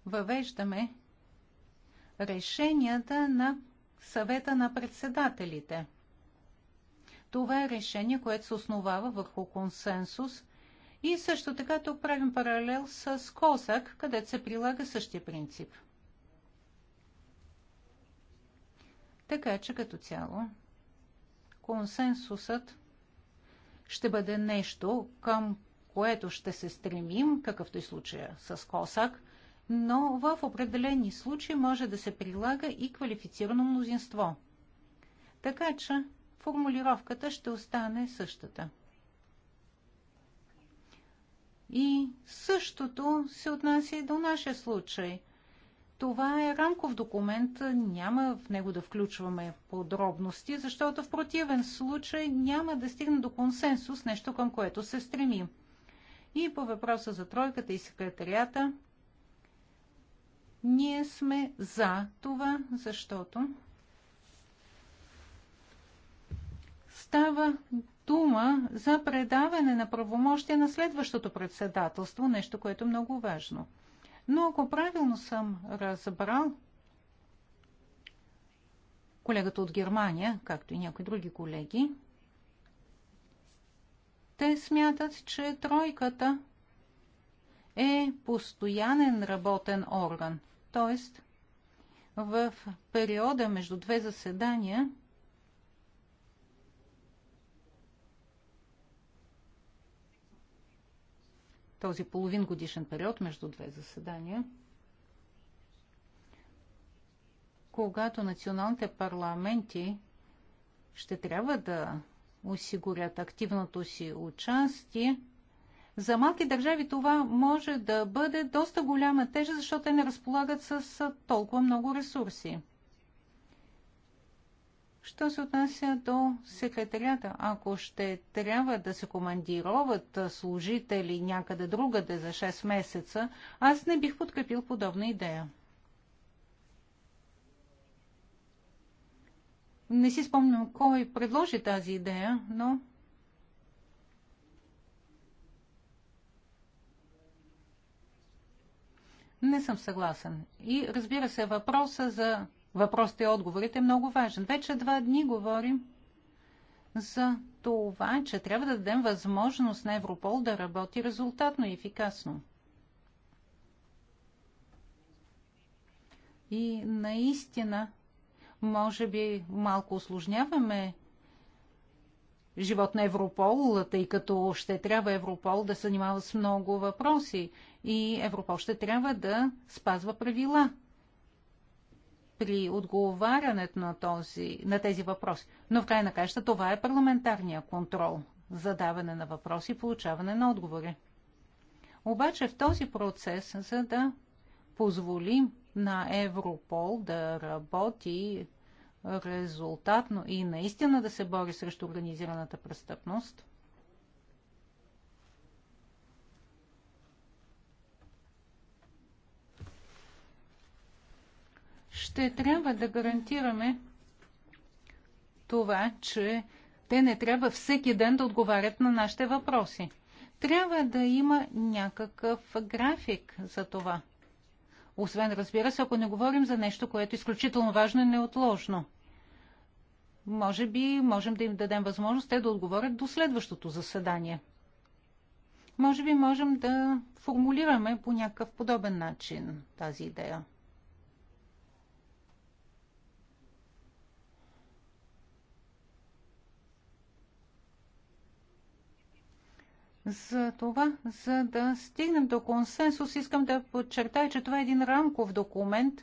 Speaker 2: въвеждаме решенията на съвета на председателите. Това е решение, което се основава върху консенсус и също така тук правим паралел с Косак, където се прилага същия принцип. Така че като цяло консенсусът ще бъде нещо, към което ще се стремим, какъвто и случая е с Косак, но в определени случаи може да се прилага и квалифицирано мнозинство. Така че формулировката ще остане същата. И същото се отнася и до нашия случай. Това е рамков документ, няма в него да включваме подробности, защото в противен случай няма да стигне до консенсус, нещо към което се стремим. И по въпроса за тройката и секретарията, ние сме за това, защото става дума за предаване на правомощия на следващото председателство, нещо, което е много важно. Но ако правилно съм разбрал, колегата от Германия, както и някои други колеги, те смятат, че тройката е постоянен работен орган, т.е. в периода между две заседания този половин годишен период между две заседания, когато националните парламенти ще трябва да осигурят активното си участие. За малки държави това може да бъде доста голяма тежа, защото те не разполагат с толкова много ресурси. Що се отнася до секретарята, ако ще трябва да се командироват служители някъде другаде за 6 месеца, аз не бих подкрепил подобна идея. Не си спомням кой предложи тази идея, но Не съм съгласен. И разбира се, въпроса за въпросите и отговорите е много важен. Вече два дни говорим за това, че трябва да дадем възможност на Европол да работи резултатно и ефикасно. И наистина може би малко осложняваме живот на Европол, тъй като ще трябва Европол да се занимава с много въпроси и Европол ще трябва да спазва правила при отговарянето на, този, на тези въпроси. Но в край на каща това е парламентарния контрол задаване на въпроси и получаване на отговори. Обаче в този процес, за да позволим на Европол да работи резултатно и наистина да се бори срещу организираната престъпност? Ще трябва да гарантираме това, че те не трябва всеки ден да отговарят на нашите въпроси. Трябва да има някакъв график за това. Освен, разбира се, ако не говорим за нещо, което е изключително важно и неотложно. Може би можем да им дадем възможност те да отговорят до следващото заседание. Може би можем да формулираме по някакъв подобен начин тази идея. За това, за да стигнем до консенсус, искам да подчертая, че това е един рамков документ.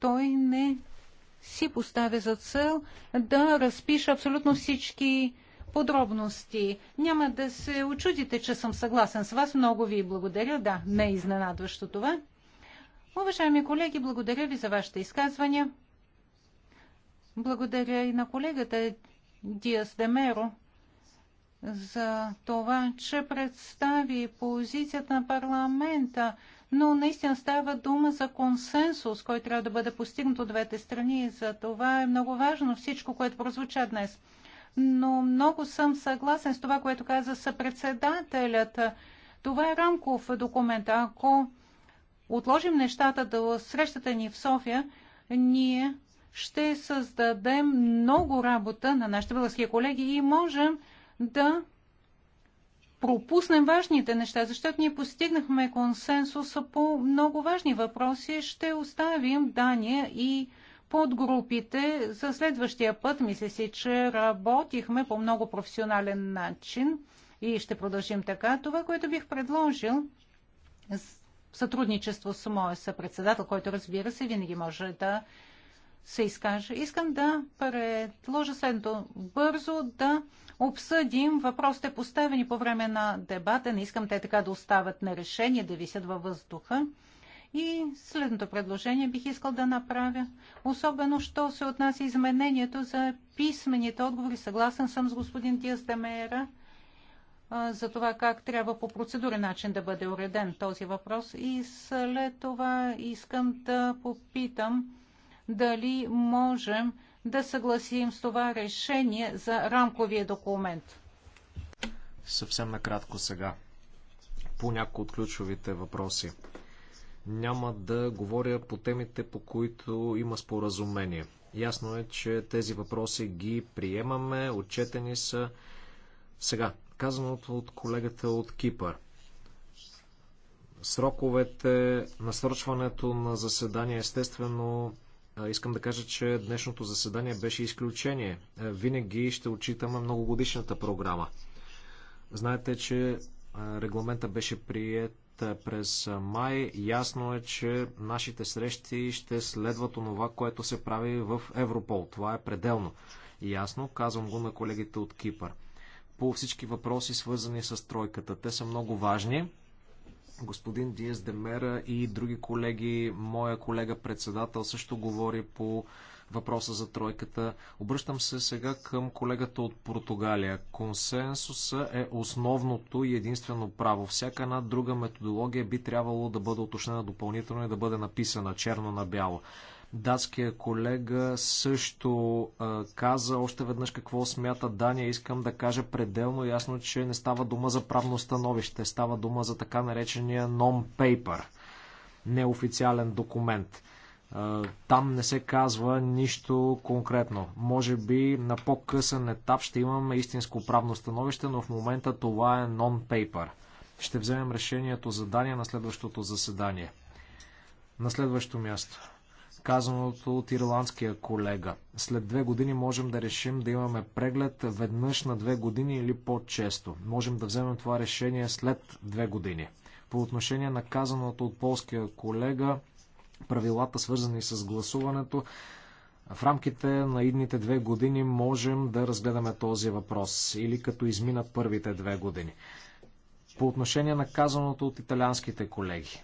Speaker 2: Той не си поставя за цел да разпише абсолютно всички подробности. Няма да се очудите, че съм съгласен с вас. Много ви благодаря. Да, не е изненадващо това. Уважаеми колеги, благодаря ви за вашите изказвания. Благодаря и на колегата Диас Демеро за това, че представи позицията на парламента, но наистина става дума за консенсус, който трябва да бъде постигнат от двете страни за това е много важно всичко, което прозвуча днес. Но много съм съгласен с това, което каза съпредседателят. Това е рамков документ. Ако отложим нещата до срещата ни в София, ние ще създадем много работа на нашите български колеги и можем да пропуснем важните неща, защото ние постигнахме консенсуса по много важни въпроси. Ще оставим Дания и подгрупите за следващия път. Мисля си, че работихме по много професионален начин и ще продължим така. Това, което бих предложил в сътрудничество с моя съпредседател, който разбира се винаги може да се изкаже. Искам да предложа следното. Бързо да обсъдим въпросите поставени по време на дебата. Не искам те така да остават нерешени, да висят във въздуха. И следното предложение бих искал да направя, особено, що се отнася изменението за писмените отговори. Съгласен съм с господин Диас за това как трябва по процедурен начин да бъде уреден този въпрос. И след това искам да попитам дали можем да съгласим с това решение за рамковия документ.
Speaker 3: Съвсем накратко сега по някои от ключовите въпроси. Няма да говоря по темите, по които има споразумение. Ясно е, че тези въпроси ги приемаме, отчетени са. Сега, казаното от колегата от Кипър. Сроковете, насрочването на заседание, естествено, Искам да кажа, че днешното заседание беше изключение. Винаги ще отчитаме многогодишната програма. Знаете, че регламента беше прият през май. Ясно е, че нашите срещи ще следват онова, което се прави в Европол. Това е пределно. Ясно, казвам го на колегите от Кипър. По всички въпроси, свързани с тройката, те са много важни господин Диес Демера и други колеги. Моя колега председател също говори по въпроса за тройката. Обръщам се сега към колегата от Португалия. Консенсуса е основното и единствено право. Всяка една друга методология би трябвало да бъде уточнена допълнително и да бъде написана черно на бяло. Датския колега също а, каза още веднъж какво смята Дания. Искам да кажа пределно ясно, че не става дума за правно становище, става дума за така наречения non-paper, неофициален документ. А, там не се казва нищо конкретно. Може би на по-късен етап ще имаме истинско правно становище, но в момента това е non-paper. Ще вземем решението за Дания на следващото заседание. На следващо място казаното от ирландския колега. След две години можем да решим да имаме преглед веднъж на две години или по-често. Можем да вземем това решение след две години. По отношение на казаното от полския колега, правилата свързани с гласуването, в рамките на идните две години можем да разгледаме този въпрос или като изминат първите две години. По отношение на казаното от италианските колеги,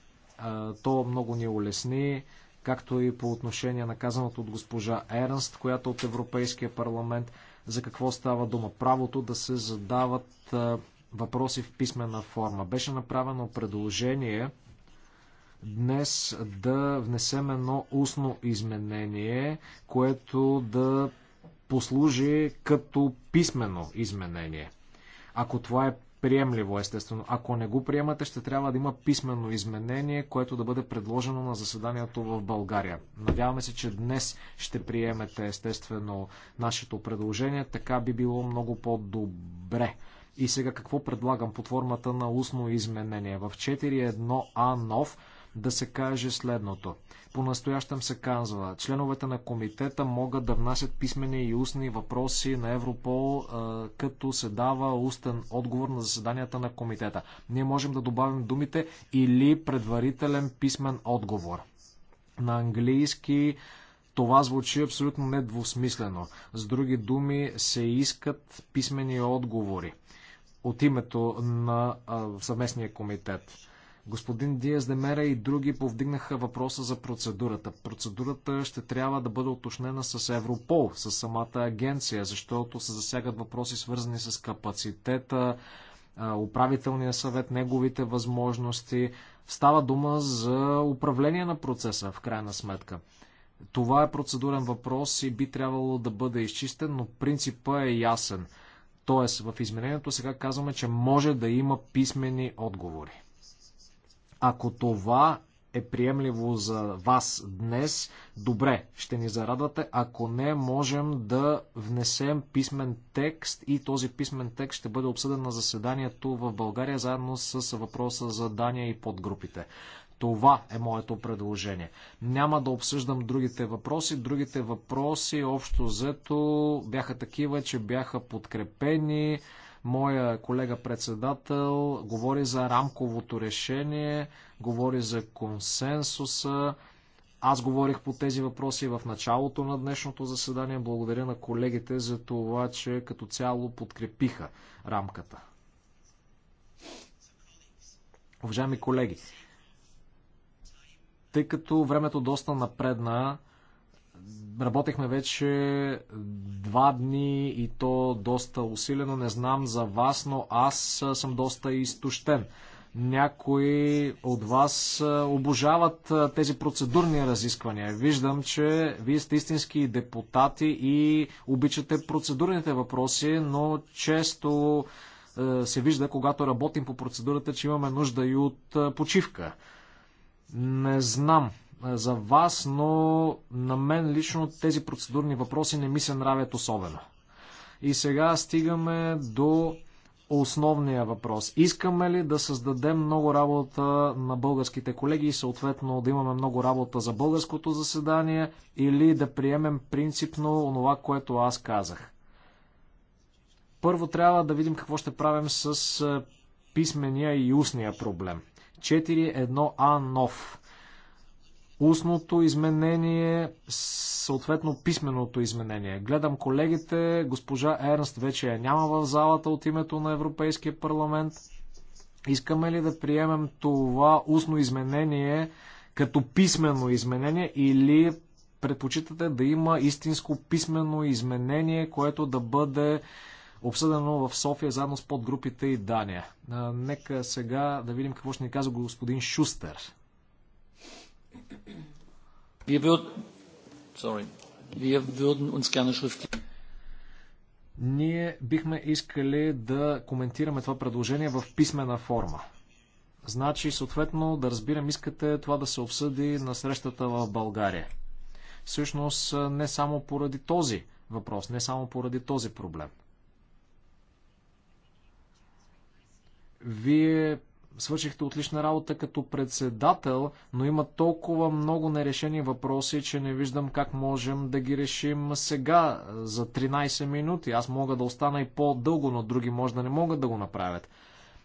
Speaker 3: то много ни улесни както и по отношение на казаното от госпожа Ернст, която от Европейския парламент за какво става дума. Правото да се задават въпроси в писмена форма. Беше направено предложение днес да внесем едно устно изменение, което да послужи като писмено изменение. Ако това е приемливо, естествено. Ако не го приемате, ще трябва да има писменно изменение, което да бъде предложено на заседанието в България. Надяваме се, че днес ще приемете, естествено, нашето предложение. Така би било много по-добре. И сега какво предлагам под формата на устно изменение? В 4.1а нов да се каже следното. По-настоящем се казва, членовете на комитета могат да внасят писмени и устни въпроси на Европол, като се дава устен отговор на заседанията на комитета. Ние можем да добавим думите или предварителен писмен отговор. На английски това звучи абсолютно недвусмислено. С други думи, се искат писмени отговори от името на съвместния комитет. Господин Диас Демера и други повдигнаха въпроса за процедурата. Процедурата ще трябва да бъде уточнена с Европол, с самата агенция, защото се засягат въпроси свързани с капацитета, управителния съвет, неговите възможности. Става дума за управление на процеса, в крайна сметка. Това е процедурен въпрос и би трябвало да бъде изчистен, но принципа е ясен. Тоест, в изменението сега казваме, че може да има писмени отговори. Ако това е приемливо за вас днес, добре, ще ни зарадвате. Ако не, можем да внесем писмен текст и този писмен текст ще бъде обсъден на заседанието в България, заедно с въпроса за Дания и подгрупите. Това е моето предложение. Няма да обсъждам другите въпроси. Другите въпроси, общо взето, бяха такива, че бяха подкрепени Моя колега председател говори за рамковото решение, говори за консенсуса. Аз говорих по тези въпроси в началото на днешното заседание. Благодаря на колегите за това, че като цяло подкрепиха рамката. Уважаеми колеги, тъй като времето доста напредна, Работехме вече два дни и то доста усилено. Не знам за вас, но аз съм доста изтощен. Някои от вас обожават тези процедурни разисквания. Виждам, че вие сте истински депутати и обичате процедурните въпроси, но често се вижда, когато работим по процедурата, че имаме нужда и от почивка. Не знам е, за вас, но на мен лично тези процедурни въпроси не ми се нравят особено. И сега стигаме до основния въпрос. Искаме ли да създадем много работа на българските колеги и съответно да имаме много работа за българското заседание или да приемем принципно онова, което аз казах? Първо трябва да видим какво ще правим с е, писмения и устния проблем. 4.1а нов устното изменение, съответно писменото изменение. Гледам колегите, госпожа Ернст вече я няма в залата от името на Европейския парламент. Искаме ли да приемем това устно изменение като писмено изменение или предпочитате да има истинско писмено изменение, което да бъде обсъдено в София заедно с подгрупите и Дания. Нека сега да видим какво ще ни казва господин Шустер. Ние бихме искали да коментираме това предложение в писмена форма. Значи, съответно, да разбирам, искате това да се обсъди на срещата в България. Всъщност, не само поради този въпрос, не само поради този проблем. Вие свършихте отлична работа като председател, но има толкова много нерешени въпроси, че не виждам как можем да ги решим сега за 13 минути. Аз мога да остана и по-дълго, но други може да не могат да го направят.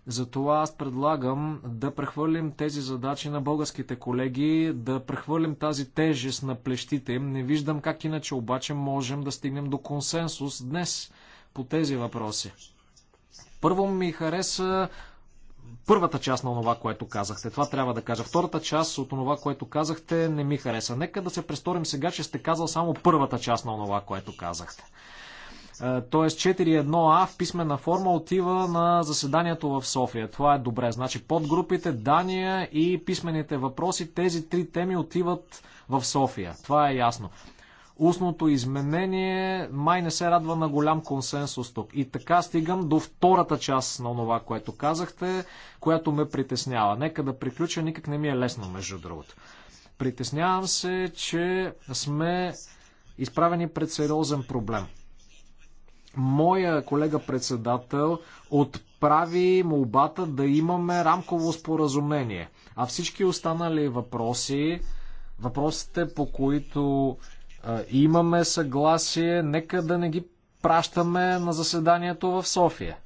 Speaker 3: Затова аз предлагам да прехвърлим тези задачи на българските колеги, да прехвърлим тази тежест на плещите им. Не виждам как иначе обаче можем да стигнем до консенсус днес по тези въпроси. Първо ми хареса първата част на това, което казахте. Това трябва да кажа. Втората част от това, което казахте, не ми хареса. Нека да се престорим сега, че сте казал само първата част на това, което казахте. Е, тоест 4.1а в писмена форма отива на заседанието в София. Това е добре. Значи подгрупите, Дания и писмените въпроси, тези три теми отиват в София. Това е ясно. Устното изменение май не се радва на голям консенсус тук. И така стигам до втората част на това, което казахте, която ме притеснява. Нека да приключа, никак не ми е лесно, между другото. Притеснявам се, че сме изправени пред сериозен проблем. Моя колега-председател отправи молбата да имаме рамково споразумение, а всички останали въпроси, въпросите по които имаме съгласие, нека да не ги пращаме на заседанието в София.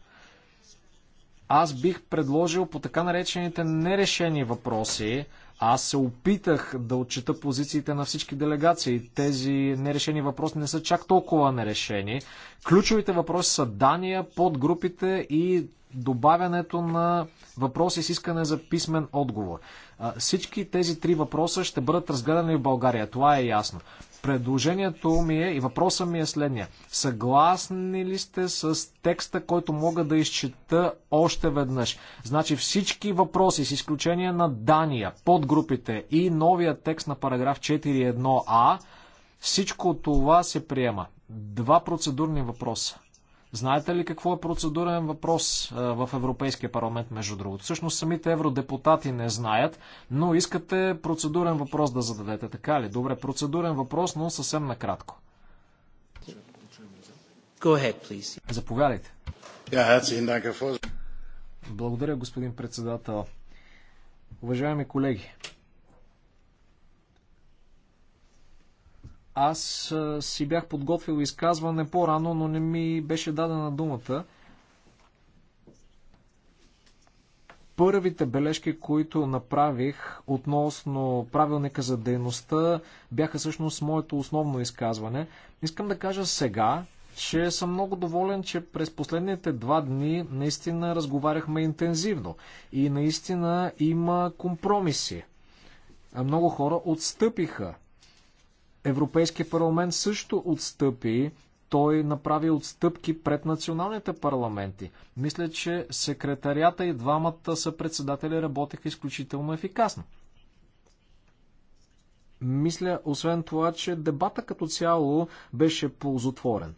Speaker 3: Аз бих предложил по така наречените нерешени въпроси, аз се опитах да отчита позициите на всички делегации. Тези нерешени въпроси не са чак толкова нерешени. Ключовите въпроси са дания, подгрупите и добавянето на въпроси с искане за писмен отговор. Всички тези три въпроса ще бъдат разгледани в България. Това е ясно. Предложението ми е и въпросът ми е следния. Съгласни ли сте с текста, който мога да изчета още веднъж? Значи всички въпроси, с изключение на Дания, подгрупите и новия текст на параграф 4.1а, всичко това се приема. Два процедурни въпроса. Знаете ли какво е процедурен въпрос в Европейския парламент, между другото? Всъщност самите евродепутати не знаят, но искате процедурен въпрос да зададете, така ли? Добре, процедурен въпрос, но съвсем накратко. Ahead, Заповядайте. Yeah, Благодаря, господин председател. Уважаеми колеги, Аз си бях подготвил изказване по-рано, но не ми беше дадена думата. Първите бележки, които направих относно правилника за дейността, бяха всъщност моето основно изказване. Искам да кажа сега, че съм много доволен, че през последните два дни наистина разговаряхме интензивно и наистина има компромиси. Много хора отстъпиха Европейския парламент също отстъпи. Той направи отстъпки пред националните парламенти. Мисля, че секретарията и двамата са председатели работеха изключително ефикасно. Мисля, освен това, че дебата като цяло беше ползотворен.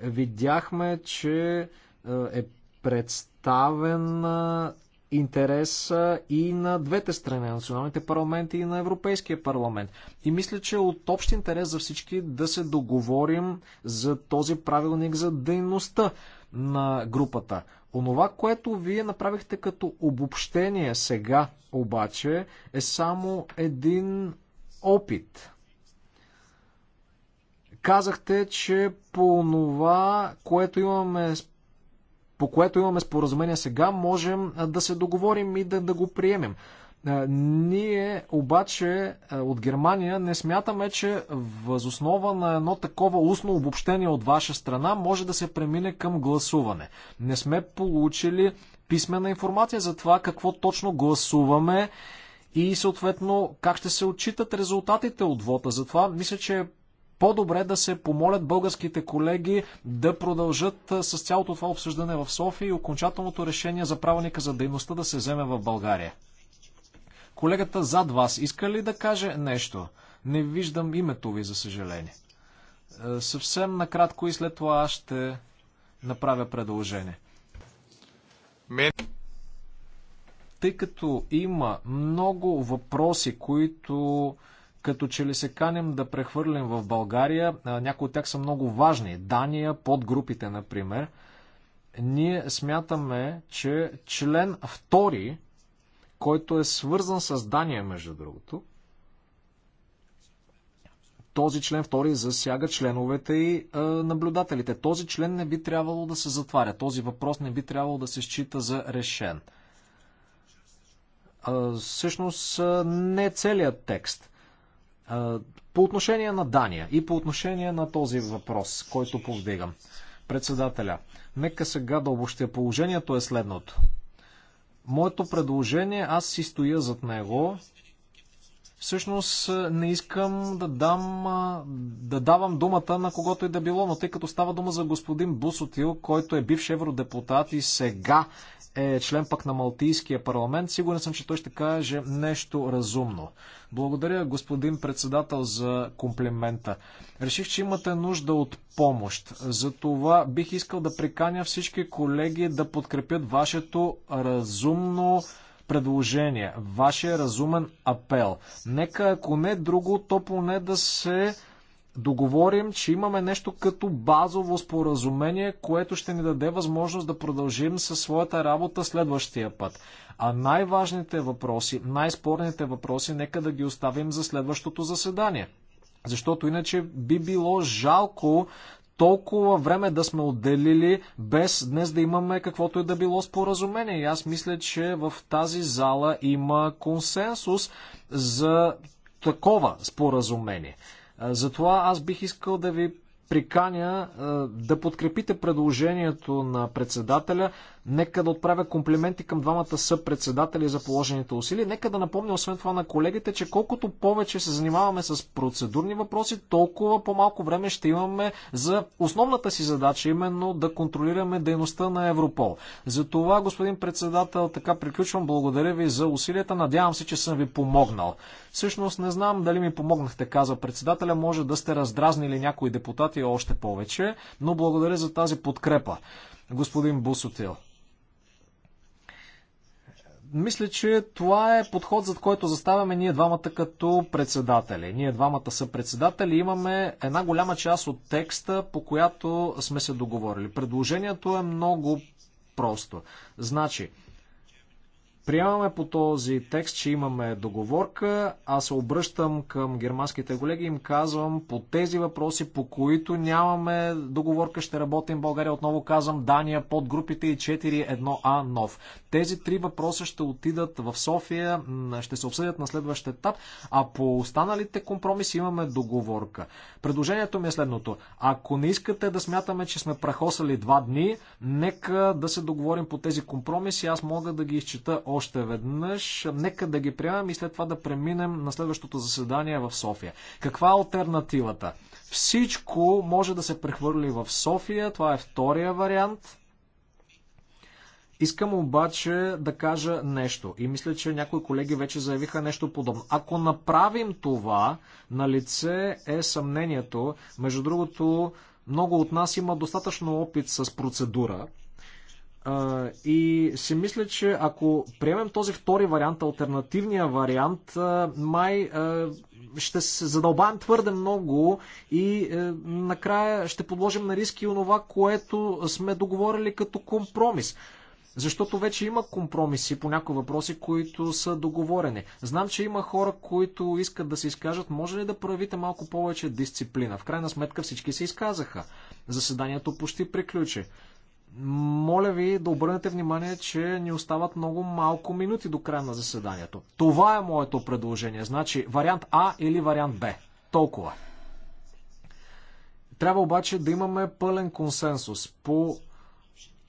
Speaker 3: Видяхме, че е, е представен Интерес и на двете страни, на националните парламенти и на Европейския парламент. И мисля, че е от общ интерес за всички да се договорим за този правилник за дейността на групата. Онова, което вие направихте като обобщение сега, обаче, е само един опит. Казахте, че по това, което имаме по което имаме споразумение сега, можем да се договорим и да, да го приемем. Ние обаче от Германия не смятаме, че възоснова на едно такова устно обобщение от ваша страна може да се премине към гласуване. Не сме получили писмена информация за това какво точно гласуваме и съответно как ще се отчитат резултатите от вота. Затова мисля, че е по-добре да се помолят българските колеги да продължат с цялото това обсъждане в София и окончателното решение за правилника за дейността да се вземе в България. Колегата зад вас иска ли да каже нещо? Не виждам името ви, за съжаление. Съвсем накратко и след това аз ще направя предложение. Тъй като има много въпроси, които като че ли се канем да прехвърлим в България. Някои от тях са много важни. Дания, подгрупите, например. Ние смятаме, че член втори, който е свързан с Дания, между другото, този член втори засяга членовете и е, наблюдателите. Този член не би трябвало да се затваря. Този въпрос не би трябвало да се счита за решен. Е, всъщност не е целият текст по отношение на Дания и по отношение на този въпрос, който повдигам, председателя, нека сега да обобщя. Положението е следното. Моето предложение, аз си стоя зад него, Всъщност не искам да, дам, да давам думата на когото и да било, но тъй като става дума за господин Бусотил, който е бивш евродепутат и сега е член пък на Малтийския парламент, сигурен съм, че той ще каже нещо разумно. Благодаря, господин председател, за комплимента. Реших, че имате нужда от помощ. За това бих искал да приканя всички колеги да подкрепят вашето разумно предложения, вашия разумен апел. Нека, ако не друго, то поне да се договорим, че имаме нещо като базово споразумение, което ще ни даде възможност да продължим със своята работа следващия път. А най-важните въпроси, най-спорните въпроси, нека да ги оставим за следващото заседание. Защото иначе би било жалко толкова време да сме отделили, без днес да имаме каквото и да било споразумение. И аз мисля, че в тази зала има консенсус за такова споразумение. Затова аз бих искал да ви приканя е, да подкрепите предложението на председателя. Нека да отправя комплименти към двамата съпредседатели за положените усилия. Нека да напомня, освен това, на колегите, че колкото повече се занимаваме с процедурни въпроси, толкова по-малко време ще имаме за основната си задача, именно да контролираме дейността на Европол. За това, господин председател, така приключвам. Благодаря ви за усилията. Надявам се, че съм ви помогнал. Всъщност не знам дали ми помогнахте, казва председателя. Може да сте раздразнили някои депутати още повече, но благодаря за тази подкрепа, господин Бусотил. Мисля, че това е подход, за който заставяме ние двамата като председатели. Ние двамата са председатели. Имаме една голяма част от текста, по която сме се договорили. Предложението е много просто. Значи, Приемаме по този текст, че имаме договорка. Аз се обръщам към германските колеги и им казвам по тези въпроси, по които нямаме договорка, ще работим България. Отново казвам Дания под групите и 4.1а нов. Тези три въпроса ще отидат в София, ще се обсъдят на следващ етап, а по останалите компромиси имаме договорка. Предложението ми е следното. Ако не искате да смятаме, че сме прахосали два дни, нека да се договорим по тези компромиси. Аз мога да ги изчита още веднъж. Нека да ги приемем и след това да преминем на следващото заседание в София. Каква е альтернативата? Всичко може да се прехвърли в София. Това е втория вариант. Искам обаче да кажа нещо и мисля, че някои колеги вече заявиха нещо подобно. Ако направим това, на лице е съмнението. Между другото, много от нас има достатъчно опит с процедура и си мисля, че ако приемем този втори вариант, альтернативния вариант, май ще се задълбаем твърде много и накрая ще подложим на риски онова, което сме договорили като компромис. Защото вече има компромиси по някои въпроси, които са договорени. Знам, че има хора, които искат да се изкажат. Може ли да проявите малко повече дисциплина? В крайна сметка всички се изказаха. Заседанието почти приключи. Моля ви да обърнете внимание, че ни остават много малко минути до края на заседанието. Това е моето предложение. Значи вариант А или вариант Б. Толкова. Трябва обаче да имаме пълен консенсус по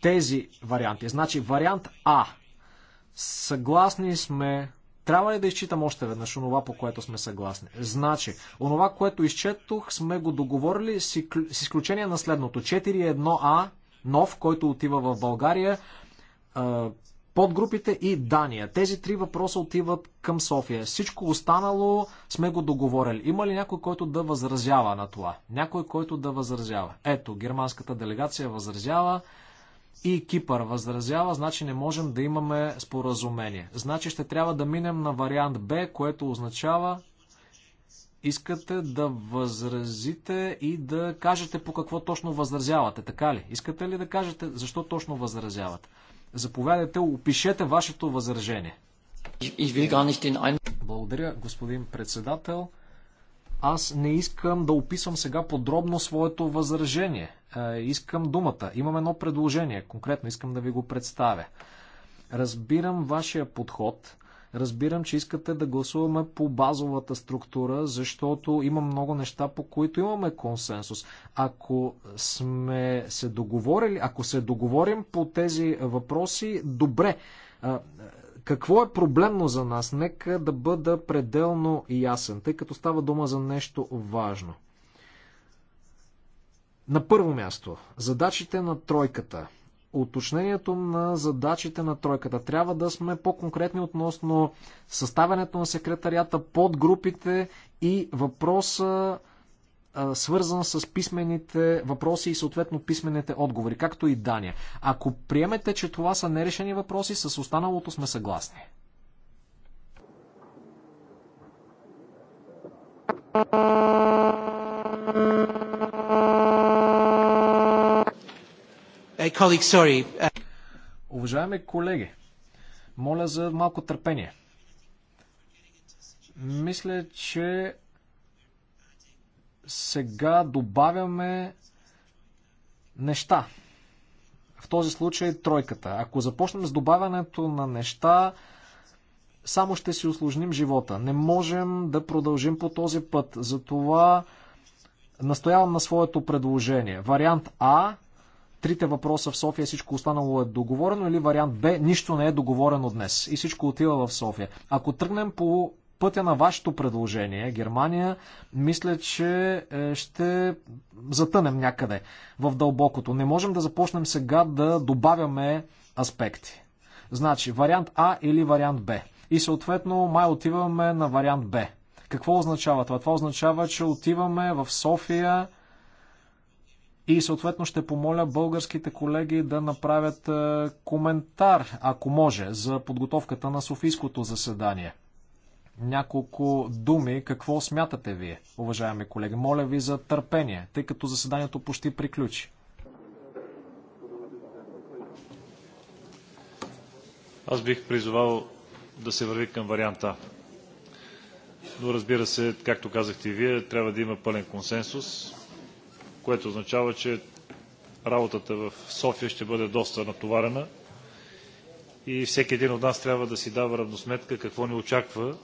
Speaker 3: тези варианти. Значи вариант А. Съгласни сме. Трябва ли да изчитам още веднъж онова, по което сме съгласни? Значи, онова, което изчетох, сме го договорили с изключение на следното. 4.1а нов, който отива в България, подгрупите и Дания. Тези три въпроса отиват към София. Всичко останало сме го договорили. Има ли някой, който да възразява на това? Някой, който да възразява. Ето, германската делегация възразява и Кипър възразява, значи не можем да имаме споразумение. Значи ще трябва да минем на вариант Б, което означава искате да възразите и да кажете по какво точно възразявате, така ли? Искате ли да кажете защо точно възразявате? Заповядайте, опишете вашето възражение. Благодаря, господин председател. Аз не искам да описвам сега подробно своето възражение. Е, искам думата. Имам едно предложение. Конкретно искам да ви го представя. Разбирам вашия подход Разбирам, че искате да гласуваме по базовата структура, защото има много неща, по които имаме консенсус. Ако сме се договорили, ако се договорим по тези въпроси, добре. Какво е проблемно за нас? Нека да бъда пределно ясен, тъй като става дума за нещо важно. На първо място, задачите на тройката – уточнението на задачите на тройката. Трябва да сме по-конкретни относно съставянето на секретарията, подгрупите и въпроса свързан с писмените въпроси и съответно писмените отговори, както и Дания. Ако приемете, че това са нерешени въпроси, с останалото сме съгласни. Thank
Speaker 1: you. Uh,
Speaker 3: Уважаеми колеги, моля за малко търпение. Мисля, че сега добавяме неща. В този случай тройката. Ако започнем с добавянето на неща, само ще си усложним живота. Не можем да продължим по този път. Затова настоявам на своето предложение. Вариант А трите въпроса в София, всичко останало е договорено или вариант Б, нищо не е договорено днес и всичко отива в София. Ако тръгнем по пътя на вашето предложение, Германия, мисля, че е, ще затънем някъде в дълбокото. Не можем да започнем сега да добавяме аспекти. Значи, вариант А или вариант Б. И съответно, май отиваме на вариант Б. Какво означава това? Това означава, че отиваме в София и съответно ще помоля българските колеги да направят е, коментар, ако може, за подготовката на Софийското заседание. Няколко думи, какво смятате вие, уважаеми колеги? Моля ви за търпение, тъй като заседанието почти приключи.
Speaker 5: Аз бих призовал да се върви към варианта. Но разбира се, както казахте и вие, трябва да има пълен консенсус което означава, че работата в София ще бъде доста натоварена и всеки един от нас трябва да си дава равносметка какво ни очаква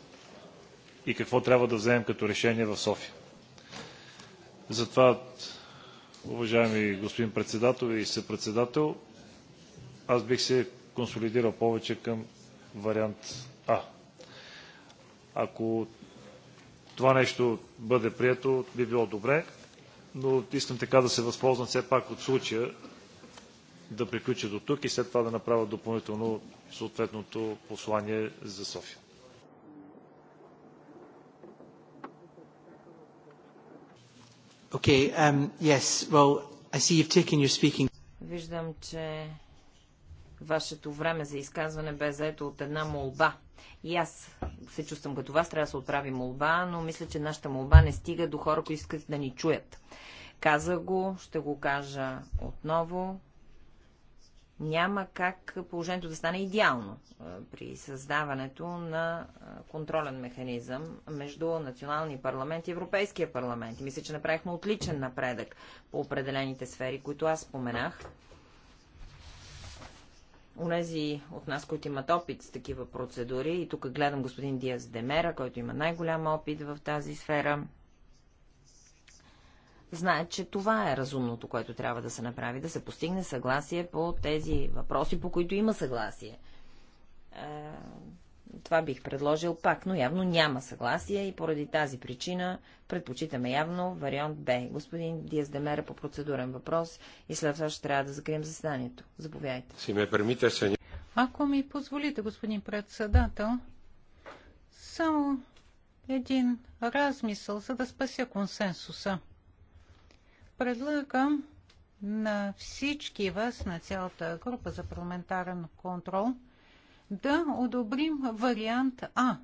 Speaker 5: и какво трябва да вземем като решение в София. Затова, уважаеми господин председател и съпредседател, аз бих се консолидирал повече към вариант А. Ако това нещо бъде прието, би било добре но искам така да се възползвам все пак от случая да приключа до тук и след това да направя допълнително съответното послание за София. Okay,
Speaker 1: um, yes, well, I see you've taken your speaking.
Speaker 4: Виждам, че вашето време за изказване бе заето от една молба – и аз се чувствам като вас, трябва да се отправи молба, но мисля, че нашата молба не стига до хора, които искат да ни чуят. Каза го, ще го кажа отново. Няма как положението да стане идеално при създаването на контролен механизъм между национални парламент и Европейския парламент. И мисля, че направихме отличен напредък по определените сфери, които аз споменах Онези от нас, които имат опит с такива процедури, и тук гледам господин Диас Демера, който има най-голям опит в тази сфера, знаят, че това е разумното, което трябва да се направи, да се постигне съгласие по тези въпроси, по които има съгласие. Е, това бих предложил пак, но явно няма съгласие и поради тази причина предпочитаме явно вариант Б. Господин Диас Демера по процедурен въпрос и след това ще трябва да закрием заседанието. Заповядайте.
Speaker 5: Си ме премите, се...
Speaker 4: Ако ми позволите, господин председател, само
Speaker 2: един размисъл, за да спася консенсуса. Предлагам на всички вас, на цялата група за парламентарен контрол – да одобрим вариант А.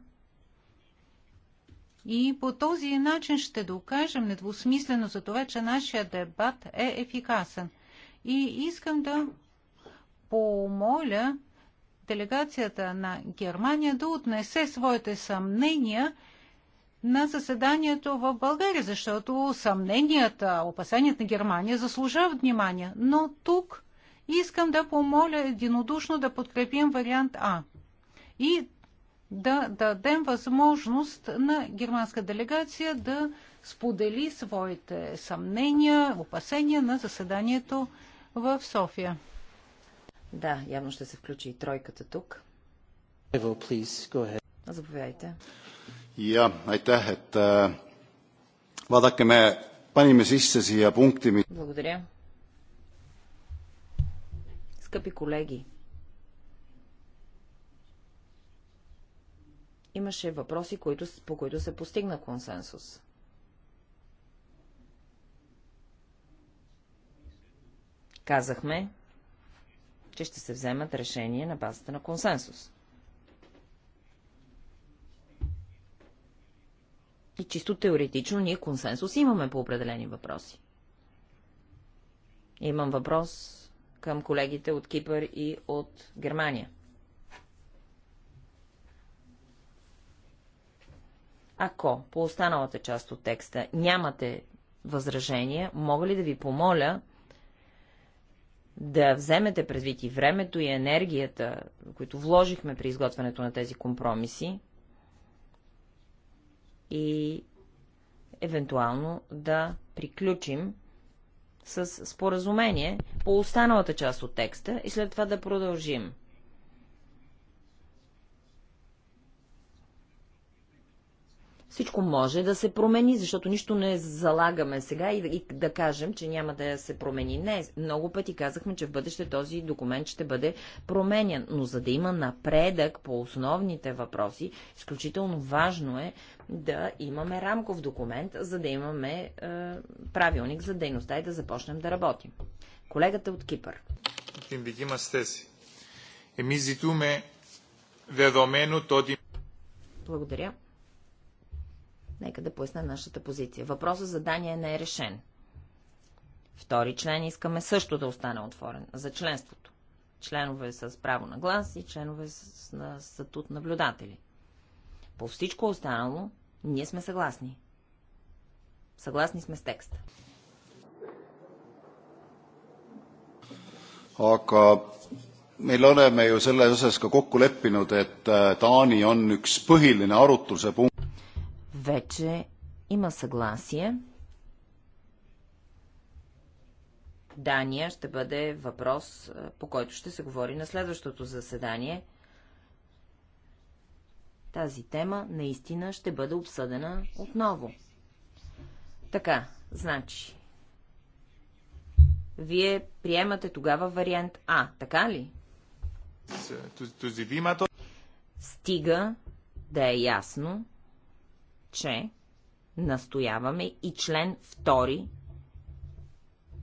Speaker 2: И по този начин ще докажем недвусмислено за това, че нашия дебат е ефикасен. И искам да помоля делегацията на Германия да отнесе своите съмнения на заседанието в България, защото съмненията, опасенията на Германия заслужават внимание. Но тук Искам да помоля единодушно да подкрепим вариант А и да дадем възможност на германска делегация да сподели своите съмнения, опасения на заседанието в София. Да,
Speaker 4: явно ще се включи и тройката тук.
Speaker 1: Evo, please, go ahead.
Speaker 4: Заповядайте.
Speaker 6: Ja, aitäh, et äh, vaadake, me panime sisse siia punkti.
Speaker 4: Благодаря. Скъпи колеги, имаше въпроси, които, по които се постигна консенсус. Казахме, че ще се вземат решения на базата на консенсус. И чисто теоретично ние консенсус имаме по определени въпроси. Имам въпрос към колегите от Кипър и от Германия. Ако по останалата част от текста нямате възражения, мога ли да ви помоля да вземете предвид и времето и енергията, които вложихме при изготвянето на тези компромиси и евентуално да приключим с споразумение по останалата част от текста и след това да продължим. Всичко може да се промени, защото нищо не залагаме сега и да, и да кажем, че няма да се промени. Не, много пъти казахме, че в бъдеще този документ ще бъде променен, но за да има напредък по основните въпроси, изключително важно е да имаме рамков документ, за да имаме е, правилник за дейността и да започнем да работим. Колегата от Кипър. Благодаря. Нека да поясна нашата позиция. Въпросът за Дания не е решен. Втори член искаме също да остане отворен за членството. Членове с право на глас и членове с на статут наблюдатели. По всичко останало, ние сме съгласни. Съгласни сме с текста.
Speaker 6: aga meil oleme ju selles osas ka kokku leppinud, et äh, Taani on üks põhiline arutluse
Speaker 4: punkt вече има съгласие. Дания ще бъде въпрос, е, по който ще се говори на следващото заседание. Тази тема наистина ще бъде обсъдена отново. Така, значи, вие приемате тогава вариант А, така ли? Стига да е ясно, че настояваме и член втори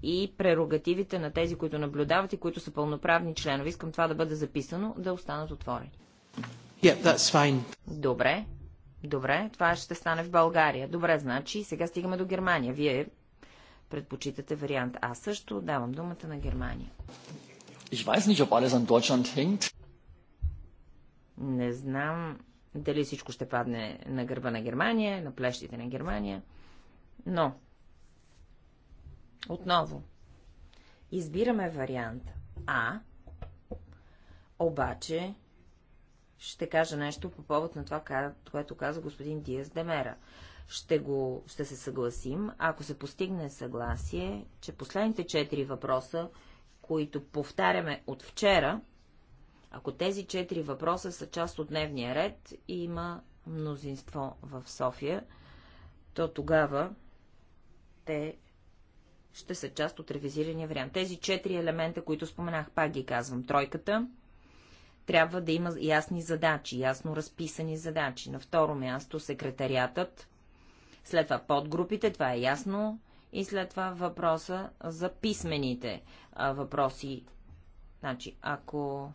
Speaker 4: и прерогативите на тези, които наблюдават и които са пълноправни членове. Искам това да бъде записано, да останат отворени. Yeah, that's fine. Добре. Добре, това ще стане в България. Добре, значи сега стигаме до Германия. Вие предпочитате вариант. Аз също давам думата на Германия.
Speaker 3: Ich weiß nicht, ob alles an Deutschland
Speaker 4: hängt. Не знам дали всичко ще падне на гърба на Германия, на плещите на Германия. Но, отново, избираме вариант А, обаче ще кажа нещо по повод на това, което каза господин Диас Демера. Ще, го, ще се съгласим, ако се постигне съгласие, че последните четири въпроса, които повтаряме от вчера, ако тези четири въпроса са част от дневния ред и има мнозинство в София, то тогава те ще са част от ревизирания вариант. Тези четири елемента, които споменах, пак ги казвам, тройката, трябва да има ясни задачи, ясно разписани задачи. На второ място секретариатът, след това подгрупите, това е ясно, и след това въпроса за писмените въпроси. Значи, ако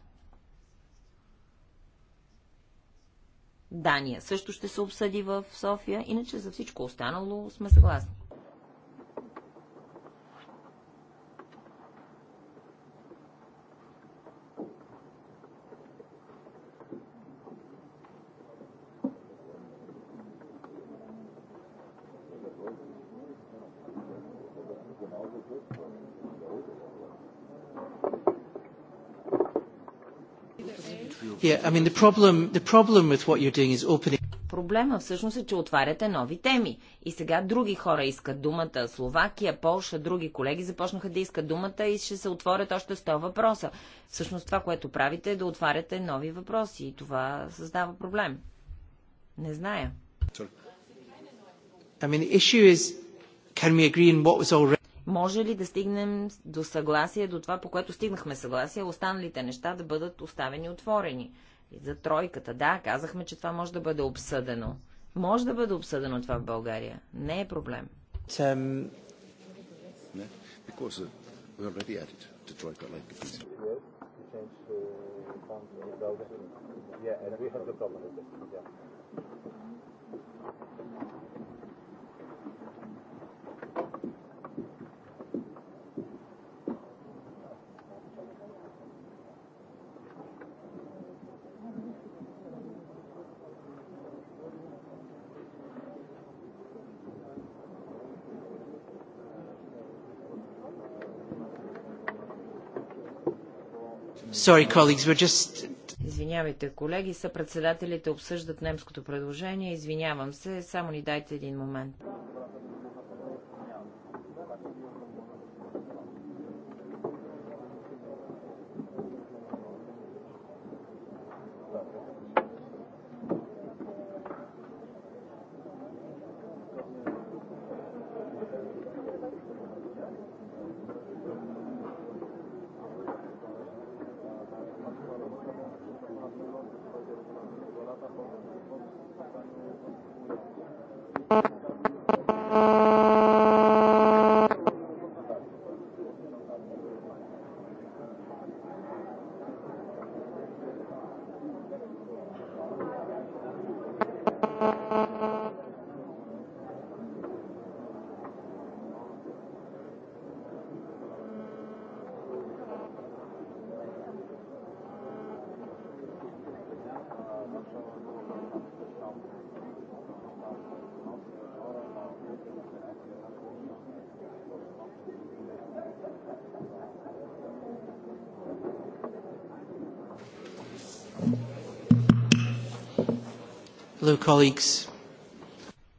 Speaker 4: Дания също ще се обсъди в София, иначе за всичко останало сме съгласни.
Speaker 1: Yeah, I mean the problem, the problem with what you're doing is opening...
Speaker 4: Проблема всъщност е, че отваряте нови теми. И сега други хора искат думата. Словакия, Полша, други колеги започнаха да искат думата и ще се отворят още 100 въпроса. Всъщност това, което правите е да отваряте нови въпроси и това създава проблем. Не зная.
Speaker 1: I mean, the issue is, can we agree on what was already...
Speaker 4: Може ли да стигнем до съгласие, до това, по което стигнахме съгласие, останалите неща да бъдат оставени отворени? И за тройката, да, казахме, че това може да бъде обсъдено. Може да бъде обсъдено това в България. Не е проблем.
Speaker 6: Uh,
Speaker 1: yeah, and we have the problem with this. Yeah.
Speaker 4: Извинявайте, колеги, съпредседателите обсъждат немското предложение. Извинявам се, само ни дайте един момент.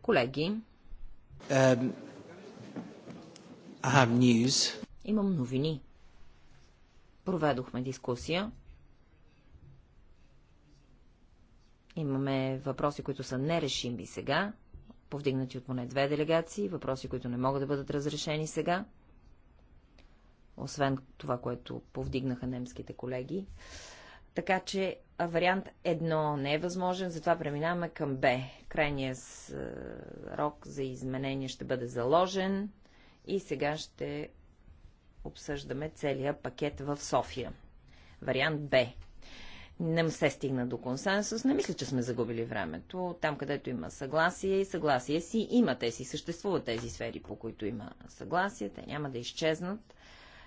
Speaker 4: Колеги.
Speaker 1: Um, I have news.
Speaker 4: Имам новини. Проведохме дискусия. Имаме въпроси, които са нерешими сега, повдигнати от поне две делегации, въпроси, които не могат да бъдат разрешени сега, освен това, което повдигнаха немските колеги. Така че вариант 1 не е възможен, затова преминаваме към Б. Крайният срок е, за изменение ще бъде заложен и сега ще обсъждаме целият пакет в София. Вариант Б. Не се стигна до консенсус. Не мисля, че сме загубили времето. Там, където има съгласие и съгласие си, има те си. Съществуват тези сфери, по които има съгласие. Те няма да изчезнат.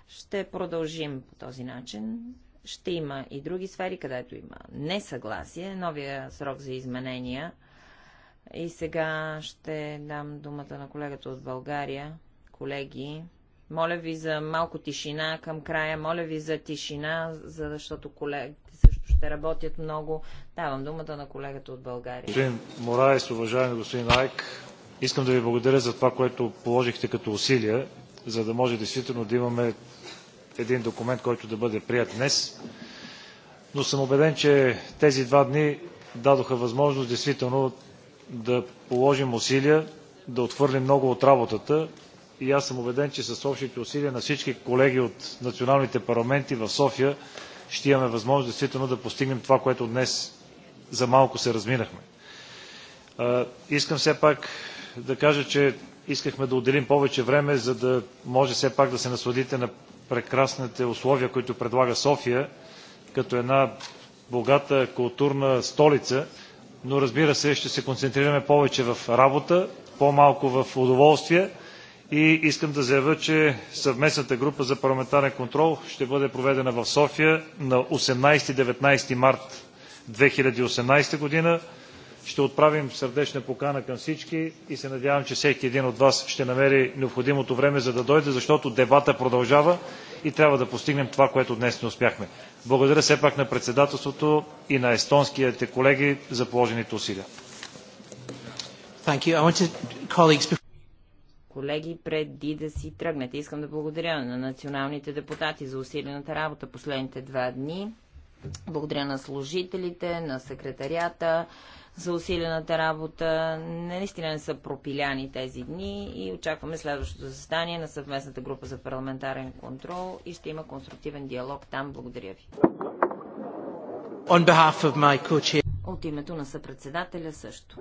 Speaker 4: Ще продължим по този начин ще има и други сфери, където има несъгласие. Новия срок за изменения. И сега ще дам думата на колегата от България. Колеги, моля ви за малко тишина към края, моля ви за тишина, защото колегите също ще работят много. Давам думата на колегата от България. Господин
Speaker 5: Мораес, уважаеми господин Айк, искам да ви благодаря за това, което положихте като усилия, за да може действително да имаме един документ, който да бъде прият днес. Но съм убеден, че тези два дни дадоха възможност действително да положим усилия, да отвърлим много от работата. И аз съм убеден, че с общите усилия на всички колеги от националните парламенти в София ще имаме възможност действително да постигнем това, което днес за малко се разминахме. Искам все пак да кажа, че искахме да отделим повече време, за да може все пак да се насладите на прекрасните условия, които предлага София като една богата културна столица, но разбира се, ще се концентрираме повече в работа, по-малко в удоволствие. И искам да заявя, че съвместната група за парламентарен контрол ще бъде проведена в София на 18-19 март 2018 година ще отправим сърдечна покана към всички и се надявам, че всеки един от вас ще намери необходимото време за да дойде, защото дебата продължава и трябва да постигнем това, което днес не успяхме. Благодаря все пак на председателството и на естонските колеги за положените усилия.
Speaker 4: Колеги, преди да си тръгнете, искам да благодаря на националните депутати за усилената работа последните два дни. Благодаря на служителите, на секретарията, за усилената работа. Наистина не са пропиляни тези дни и очакваме следващото заседание на съвместната група за парламентарен контрол и ще има конструктивен диалог там. Благодаря ви. От името на съпредседателя също.